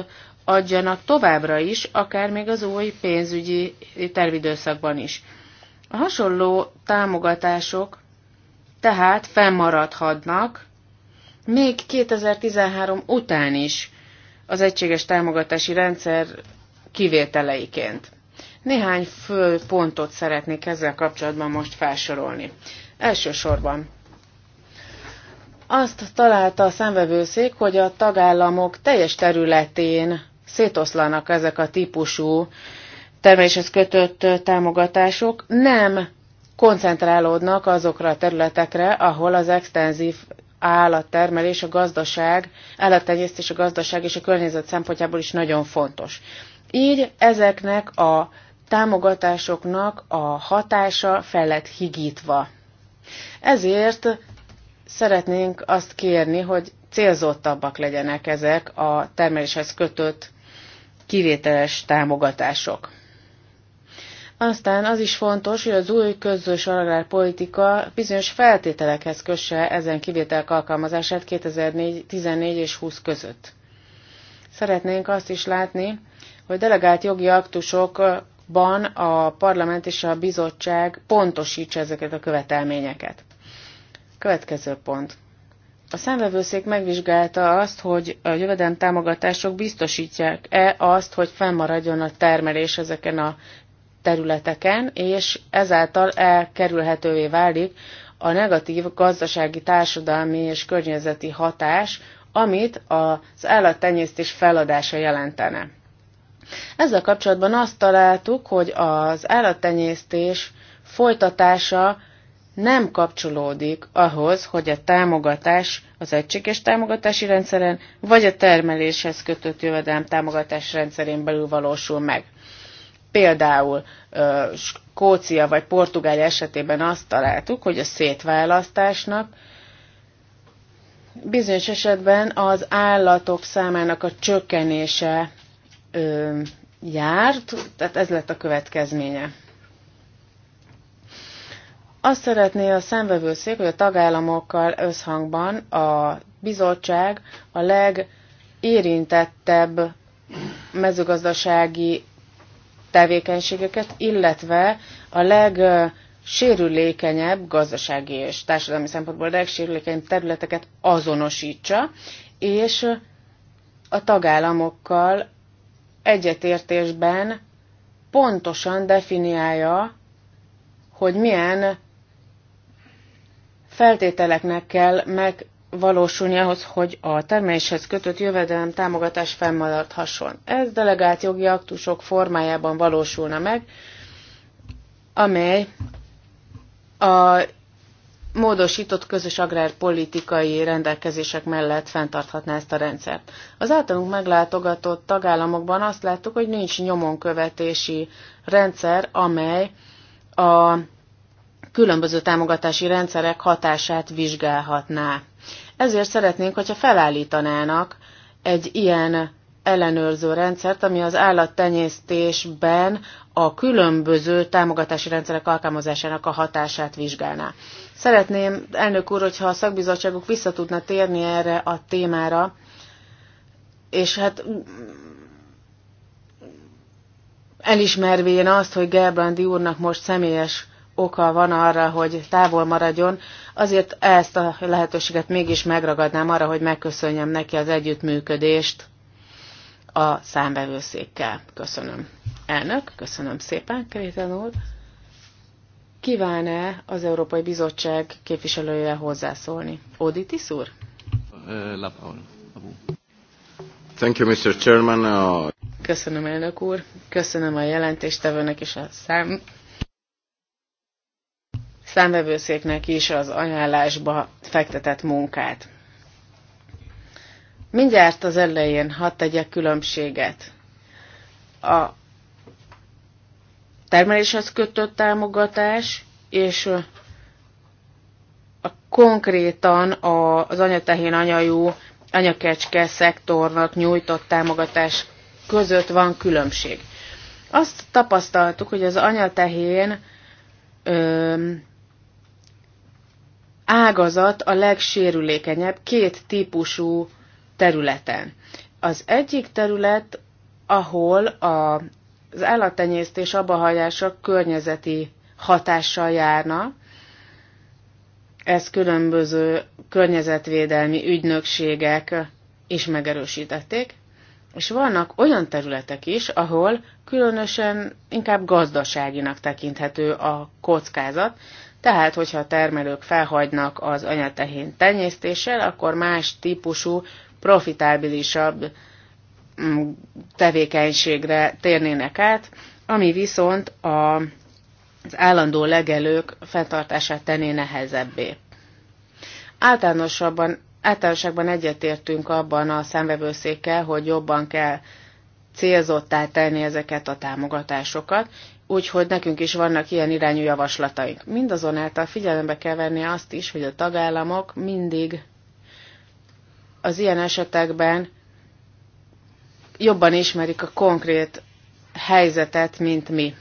adjanak továbbra is, akár még az új pénzügyi tervidőszakban is. A hasonló támogatások tehát fennmaradhatnak még 2013 után is az egységes támogatási rendszer kivételeiként. Néhány fő pontot szeretnék ezzel kapcsolatban most felsorolni. Elsősorban azt találta a szemvevőszék, hogy a tagállamok teljes területén szétoszlanak ezek a típusú termeléshez kötött támogatások, nem koncentrálódnak azokra a területekre, ahol az extenzív állattermelés, a gazdaság, állattenyésztés a gazdaság és a környezet szempontjából is nagyon fontos. Így ezeknek a támogatásoknak a hatása fel lett higítva. Ezért szeretnénk azt kérni, hogy célzottabbak legyenek ezek a termeléshez kötött kivételes támogatások. Aztán az is fontos, hogy az új közös agrárpolitika bizonyos feltételekhez kösse ezen kivételek alkalmazását 2014 és 20 között. Szeretnénk azt is látni, hogy delegált jogi aktusokban a parlament és a bizottság pontosítsa ezeket a követelményeket. Következő pont. A szemvevőszék megvizsgálta azt, hogy a jövedelem támogatások biztosítják-e azt, hogy fennmaradjon a termelés ezeken a területeken, és ezáltal elkerülhetővé válik a negatív gazdasági, társadalmi és környezeti hatás, amit az állattenyésztés feladása jelentene. Ezzel kapcsolatban azt találtuk, hogy az állattenyésztés folytatása nem kapcsolódik ahhoz, hogy a támogatás az egységes támogatási rendszeren, vagy a termeléshez kötött jövedelem támogatás rendszerén belül valósul meg. Például Skócia vagy Portugál esetében azt találtuk, hogy a szétválasztásnak bizonyos esetben az állatok számának a csökkenése járt, tehát ez lett a következménye. Azt szeretné a szemvevőszék, hogy a tagállamokkal összhangban a bizottság a legérintettebb mezőgazdasági tevékenységeket, illetve a legsérülékenyebb gazdasági és társadalmi szempontból legsérülékenyebb területeket azonosítsa, és a tagállamokkal egyetértésben pontosan definiálja, hogy milyen feltételeknek kell megvalósulni ahhoz, hogy a terméshez kötött jövedelem támogatás fennmaradhasson. Ez delegált jogi aktusok formájában valósulna meg, amely a módosított közös agrárpolitikai rendelkezések mellett fenntarthatná ezt a rendszert. Az általunk meglátogatott tagállamokban azt láttuk, hogy nincs nyomonkövetési rendszer, amely a különböző támogatási rendszerek hatását vizsgálhatná. Ezért szeretnénk, hogyha felállítanának egy ilyen ellenőrző rendszert, ami az állattenyésztésben a különböző támogatási rendszerek alkalmazásának a hatását vizsgálná. Szeretném, elnök úr, hogyha a szakbizottságuk vissza tudna térni erre a témára, és hát elismervén azt, hogy Gerbrandi úrnak most személyes oka van arra, hogy távol maradjon, azért ezt a lehetőséget mégis megragadnám arra, hogy megköszönjem neki az együttműködést a számbevőszékkel. Köszönöm. Elnök, köszönöm szépen, Kréten úr. Kíván-e az Európai Bizottság képviselője hozzászólni? Auditis úr? Eh, Thank you, Mr. Chairman. Uh, köszönöm, elnök úr. Köszönöm a jelentéstevőnek és a szám számvevőszéknek is az ajánlásba fektetett munkát. Mindjárt az elején hadd tegyek különbséget. A termeléshez kötött támogatás és a konkrétan az anyatehén anyajú anyakecske szektornak nyújtott támogatás között van különbség. Azt tapasztaltuk, hogy az anyatehén ágazat a legsérülékenyebb két típusú területen. Az egyik terület, ahol a, az állattenyésztés abbahagyása környezeti hatással járna, ez különböző környezetvédelmi ügynökségek is megerősítették, és vannak olyan területek is, ahol különösen inkább gazdaságinak tekinthető a kockázat, tehát, hogyha a termelők felhagynak az anyatehén tenyésztéssel, akkor más típusú, profitábilisabb mm, tevékenységre térnének át, ami viszont a, az állandó legelők fenntartását tenné nehezebbé. Általánosabban, általánosságban egyetértünk abban a szemvevőszékkel, hogy jobban kell célzottá tenni ezeket a támogatásokat, úgyhogy nekünk is vannak ilyen irányú javaslataink. Mindazonáltal figyelembe kell venni azt is, hogy a tagállamok mindig az ilyen esetekben jobban ismerik a konkrét helyzetet, mint mi.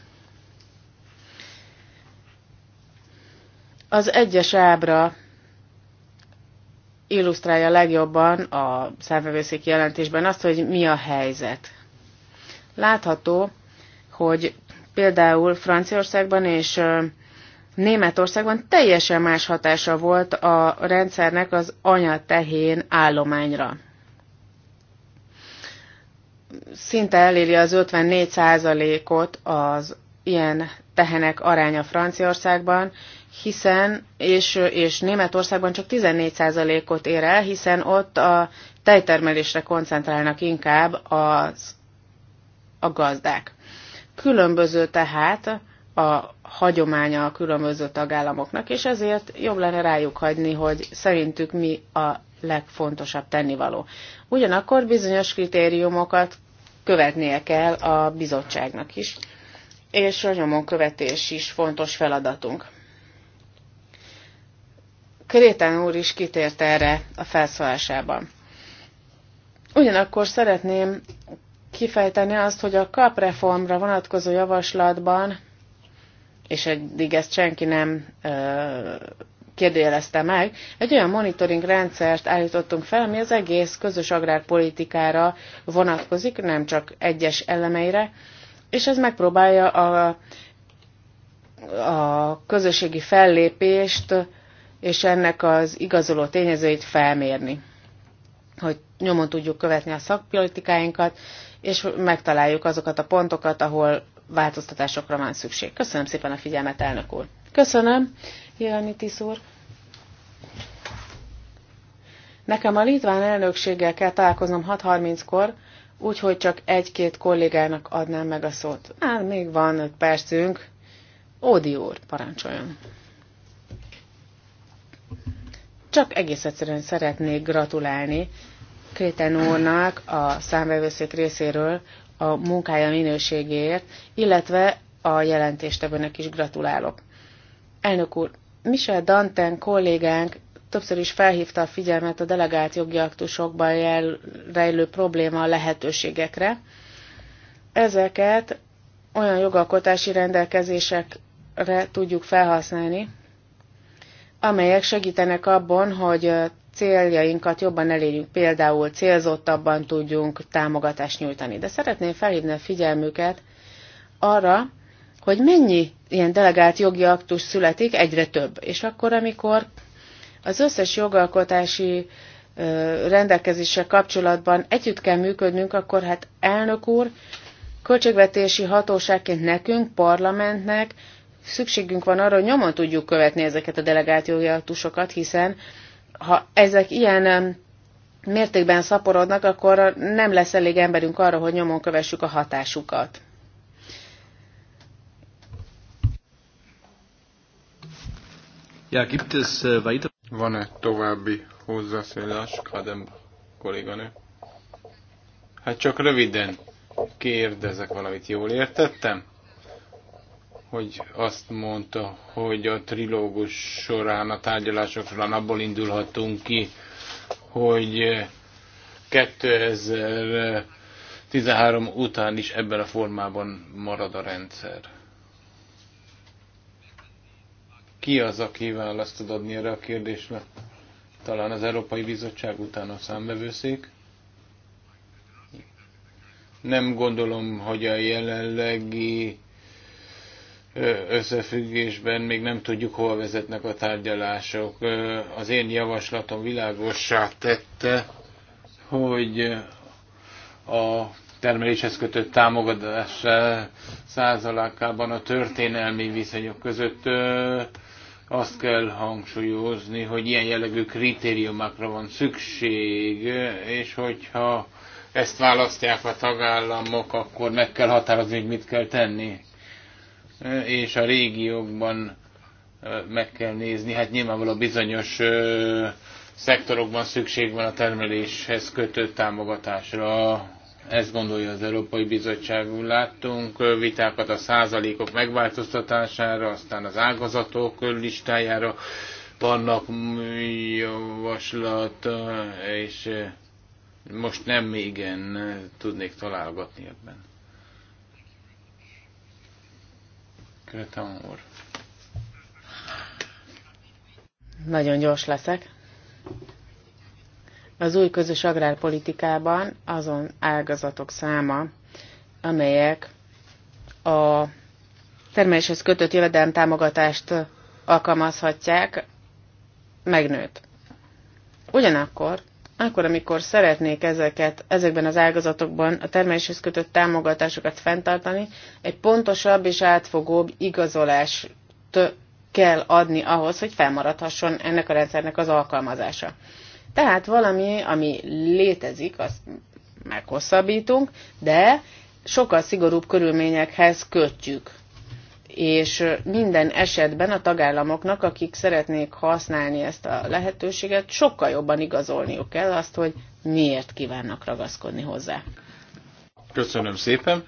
Az egyes ábra illusztrálja legjobban a szervevőszék jelentésben azt, hogy mi a helyzet. Látható, hogy például Franciaországban és Németországban teljesen más hatása volt a rendszernek az anyatehén állományra. Szinte eléri az 54%-ot az ilyen tehenek aránya Franciaországban, hiszen, és, és Németországban csak 14%-ot ér el, hiszen ott a tejtermelésre koncentrálnak inkább az, a gazdák. Különböző tehát a hagyománya a különböző tagállamoknak, és ezért jobb lenne rájuk hagyni, hogy szerintük mi a legfontosabb tennivaló. Ugyanakkor bizonyos kritériumokat követnie kell a bizottságnak is, és a nyomon követés is fontos feladatunk. Krétán úr is kitért erre a felszólásában. Ugyanakkor szeretném kifejteni azt, hogy a kapreformra vonatkozó javaslatban, és eddig ezt senki nem ö, kérdélezte meg, egy olyan monitoring rendszert állítottunk fel, ami az egész közös agrárpolitikára vonatkozik, nem csak egyes elemeire, és ez megpróbálja a, a közösségi fellépést és ennek az igazoló tényezőit felmérni, hogy nyomon tudjuk követni a szakpolitikáinkat, és megtaláljuk azokat a pontokat, ahol változtatásokra van szükség. Köszönöm szépen a figyelmet, elnök úr. Köszönöm, Janitis úr. Nekem a litván elnökséggel kell találkoznom 6.30-kor, úgyhogy csak egy-két kollégának adnám meg a szót. Hát még van 5 percünk. Ódi úr, parancsoljon. Csak egész egyszerűen szeretnék gratulálni Kréten úrnak a számvevőszék részéről a munkája minőségéért, illetve a jelentéstevőnek is gratulálok. Elnök úr, Michel Danten kollégánk többször is felhívta a figyelmet a delegált jogi aktusokban jel, rejlő probléma a lehetőségekre. Ezeket olyan jogalkotási rendelkezésekre tudjuk felhasználni, amelyek segítenek abban, hogy céljainkat jobban elérjük, például célzottabban tudjunk támogatást nyújtani. De szeretném felhívni a figyelmüket arra, hogy mennyi ilyen delegált jogi aktus születik, egyre több. És akkor, amikor az összes jogalkotási rendelkezéssel kapcsolatban együtt kell működnünk, akkor hát elnök úr, költségvetési hatóságként nekünk, parlamentnek szükségünk van arra, hogy nyomon tudjuk követni ezeket a delegált jogi aktusokat, hiszen ha ezek ilyen mértékben szaporodnak, akkor nem lesz elég emberünk arra, hogy nyomon kövessük a hatásukat. Ja, gibt es äh, weiter? Van-e további hozzászólás, Kadem kolléganő? Hát csak röviden kérdezek valamit, jól értettem? hogy azt mondta, hogy a trilógus során, a tárgyalások során abból indulhatunk ki, hogy 2013 után is ebben a formában marad a rendszer. Ki az, aki választ tud adni erre a kérdésre? Talán az Európai Bizottság után a számbevőszék? Nem gondolom, hogy a jelenlegi összefüggésben még nem tudjuk, hova vezetnek a tárgyalások. Az én javaslatom világossá tette, hogy a termeléshez kötött támogatás százalákában a történelmi viszonyok között azt kell hangsúlyozni, hogy ilyen jellegű kritériumokra van szükség, és hogyha ezt választják a tagállamok, akkor meg kell határozni, hogy mit kell tenni és a régiókban meg kell nézni, hát nyilvánvalóan bizonyos szektorokban szükség van a termeléshez kötött támogatásra. Ezt gondolja az Európai Bizottság. Láttunk vitákat a százalékok megváltoztatására, aztán az ágazatok listájára vannak javaslat, és most nem igen tudnék találgatni ebben. Köszönöm, úr. Nagyon gyors leszek. Az új közös agrárpolitikában azon ágazatok száma, amelyek a termeléshez kötött támogatást alkalmazhatják, megnőtt. Ugyanakkor akkor, amikor szeretnék ezeket, ezekben az ágazatokban a termeléshez kötött támogatásokat fenntartani, egy pontosabb és átfogóbb igazolást kell adni ahhoz, hogy felmaradhasson ennek a rendszernek az alkalmazása. Tehát valami, ami létezik, azt meghosszabbítunk, de sokkal szigorúbb körülményekhez kötjük és minden esetben a tagállamoknak, akik szeretnék használni ezt a lehetőséget, sokkal jobban igazolniuk kell azt, hogy miért kívánnak ragaszkodni hozzá. Köszönöm szépen.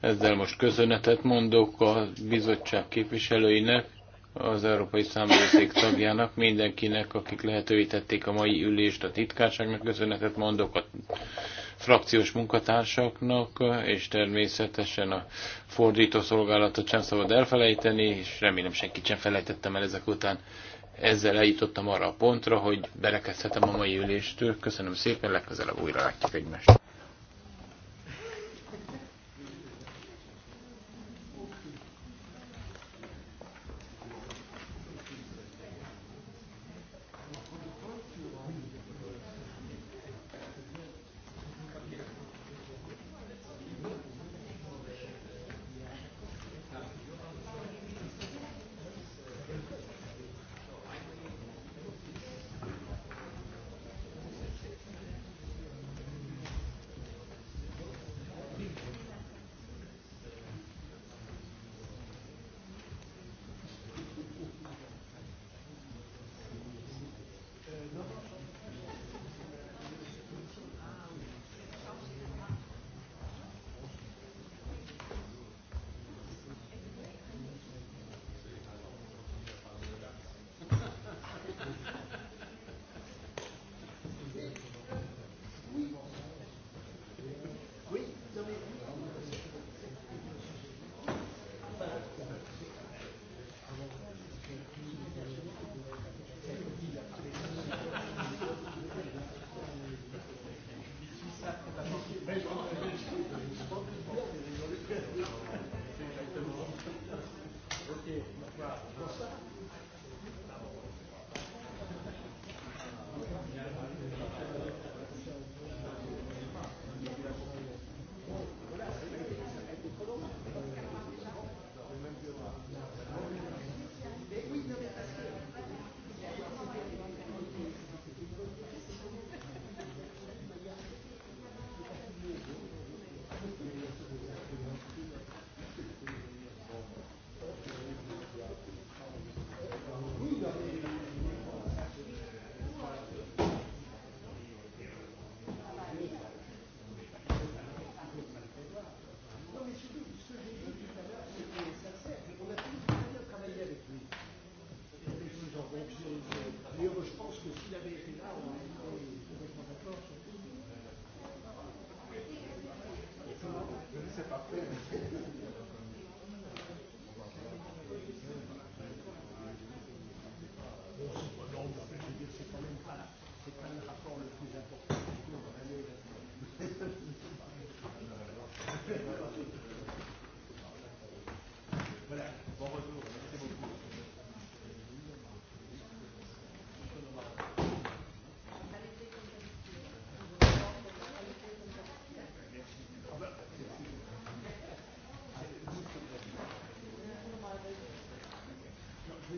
Ezzel most köszönetet mondok a bizottság képviselőinek, az Európai Számvőszék tagjának, mindenkinek, akik lehetővé tették a mai ülést, a titkárságnak köszönetet mondok, a frakciós munkatársaknak, és természetesen a fordító szolgálatot sem szabad elfelejteni, és remélem senkit sem felejtettem el ezek után. Ezzel eljutottam arra a pontra, hogy berekezhetem a mai üléstől. Köszönöm szépen, legközelebb újra látjuk egymást.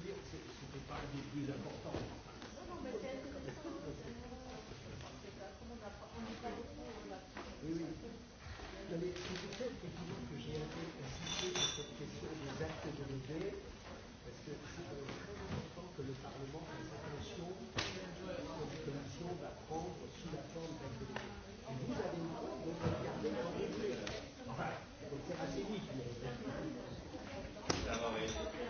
dire, ce ne peut pas être plus important. Non, non, mais c'est intéressant. On n'est pas beaucoup. Oui, oui. Non, mais c'est peut-être effectivement que j'ai insisté sur cette question des actes délégués, parce que c'est très important que le Parlement fasse attention aux commissions va prendre sous la forme d'un délégué. Et vous avez une forme de regarder en délégué. Enfin, il faut le faire assez vite, mais. Ça va, oui.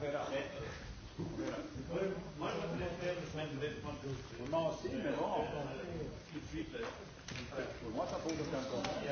Moi, ça pose aucun problème.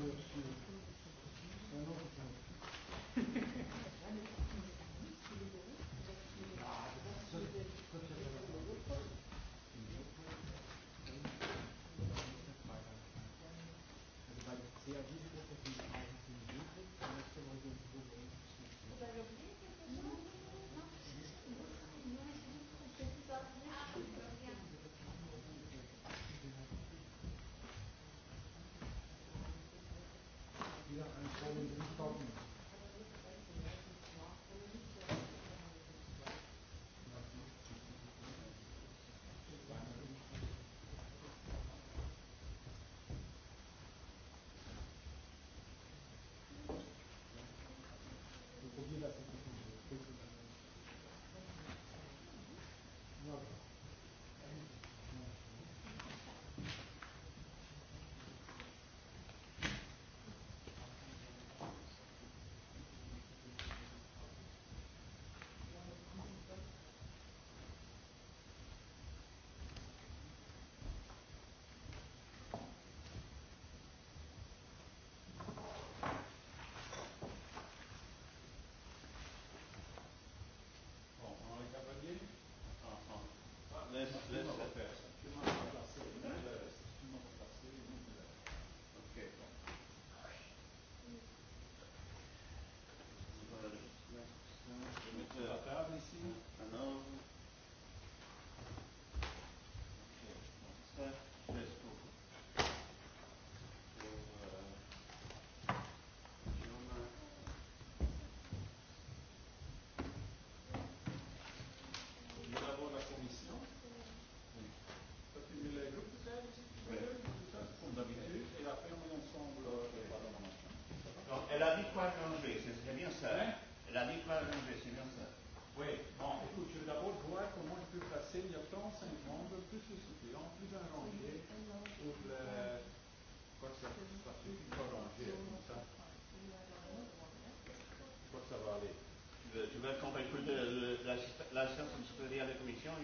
Köszönöm. Thank you. elle a dit quoi changer, c'est bien ça. Hein? Elle a dit quoi changer, c'est bien ça. Oui, bon, écoute, je veux d'abord voir comment il peut passer il y a 35 membres, plus les suppléants, plus un rangé, pour le. Quoi que ça ça suffit pas ranger comme ça. Je que ça va aller. Tu veux, tu veux écouter l'assistance supérieure de la commission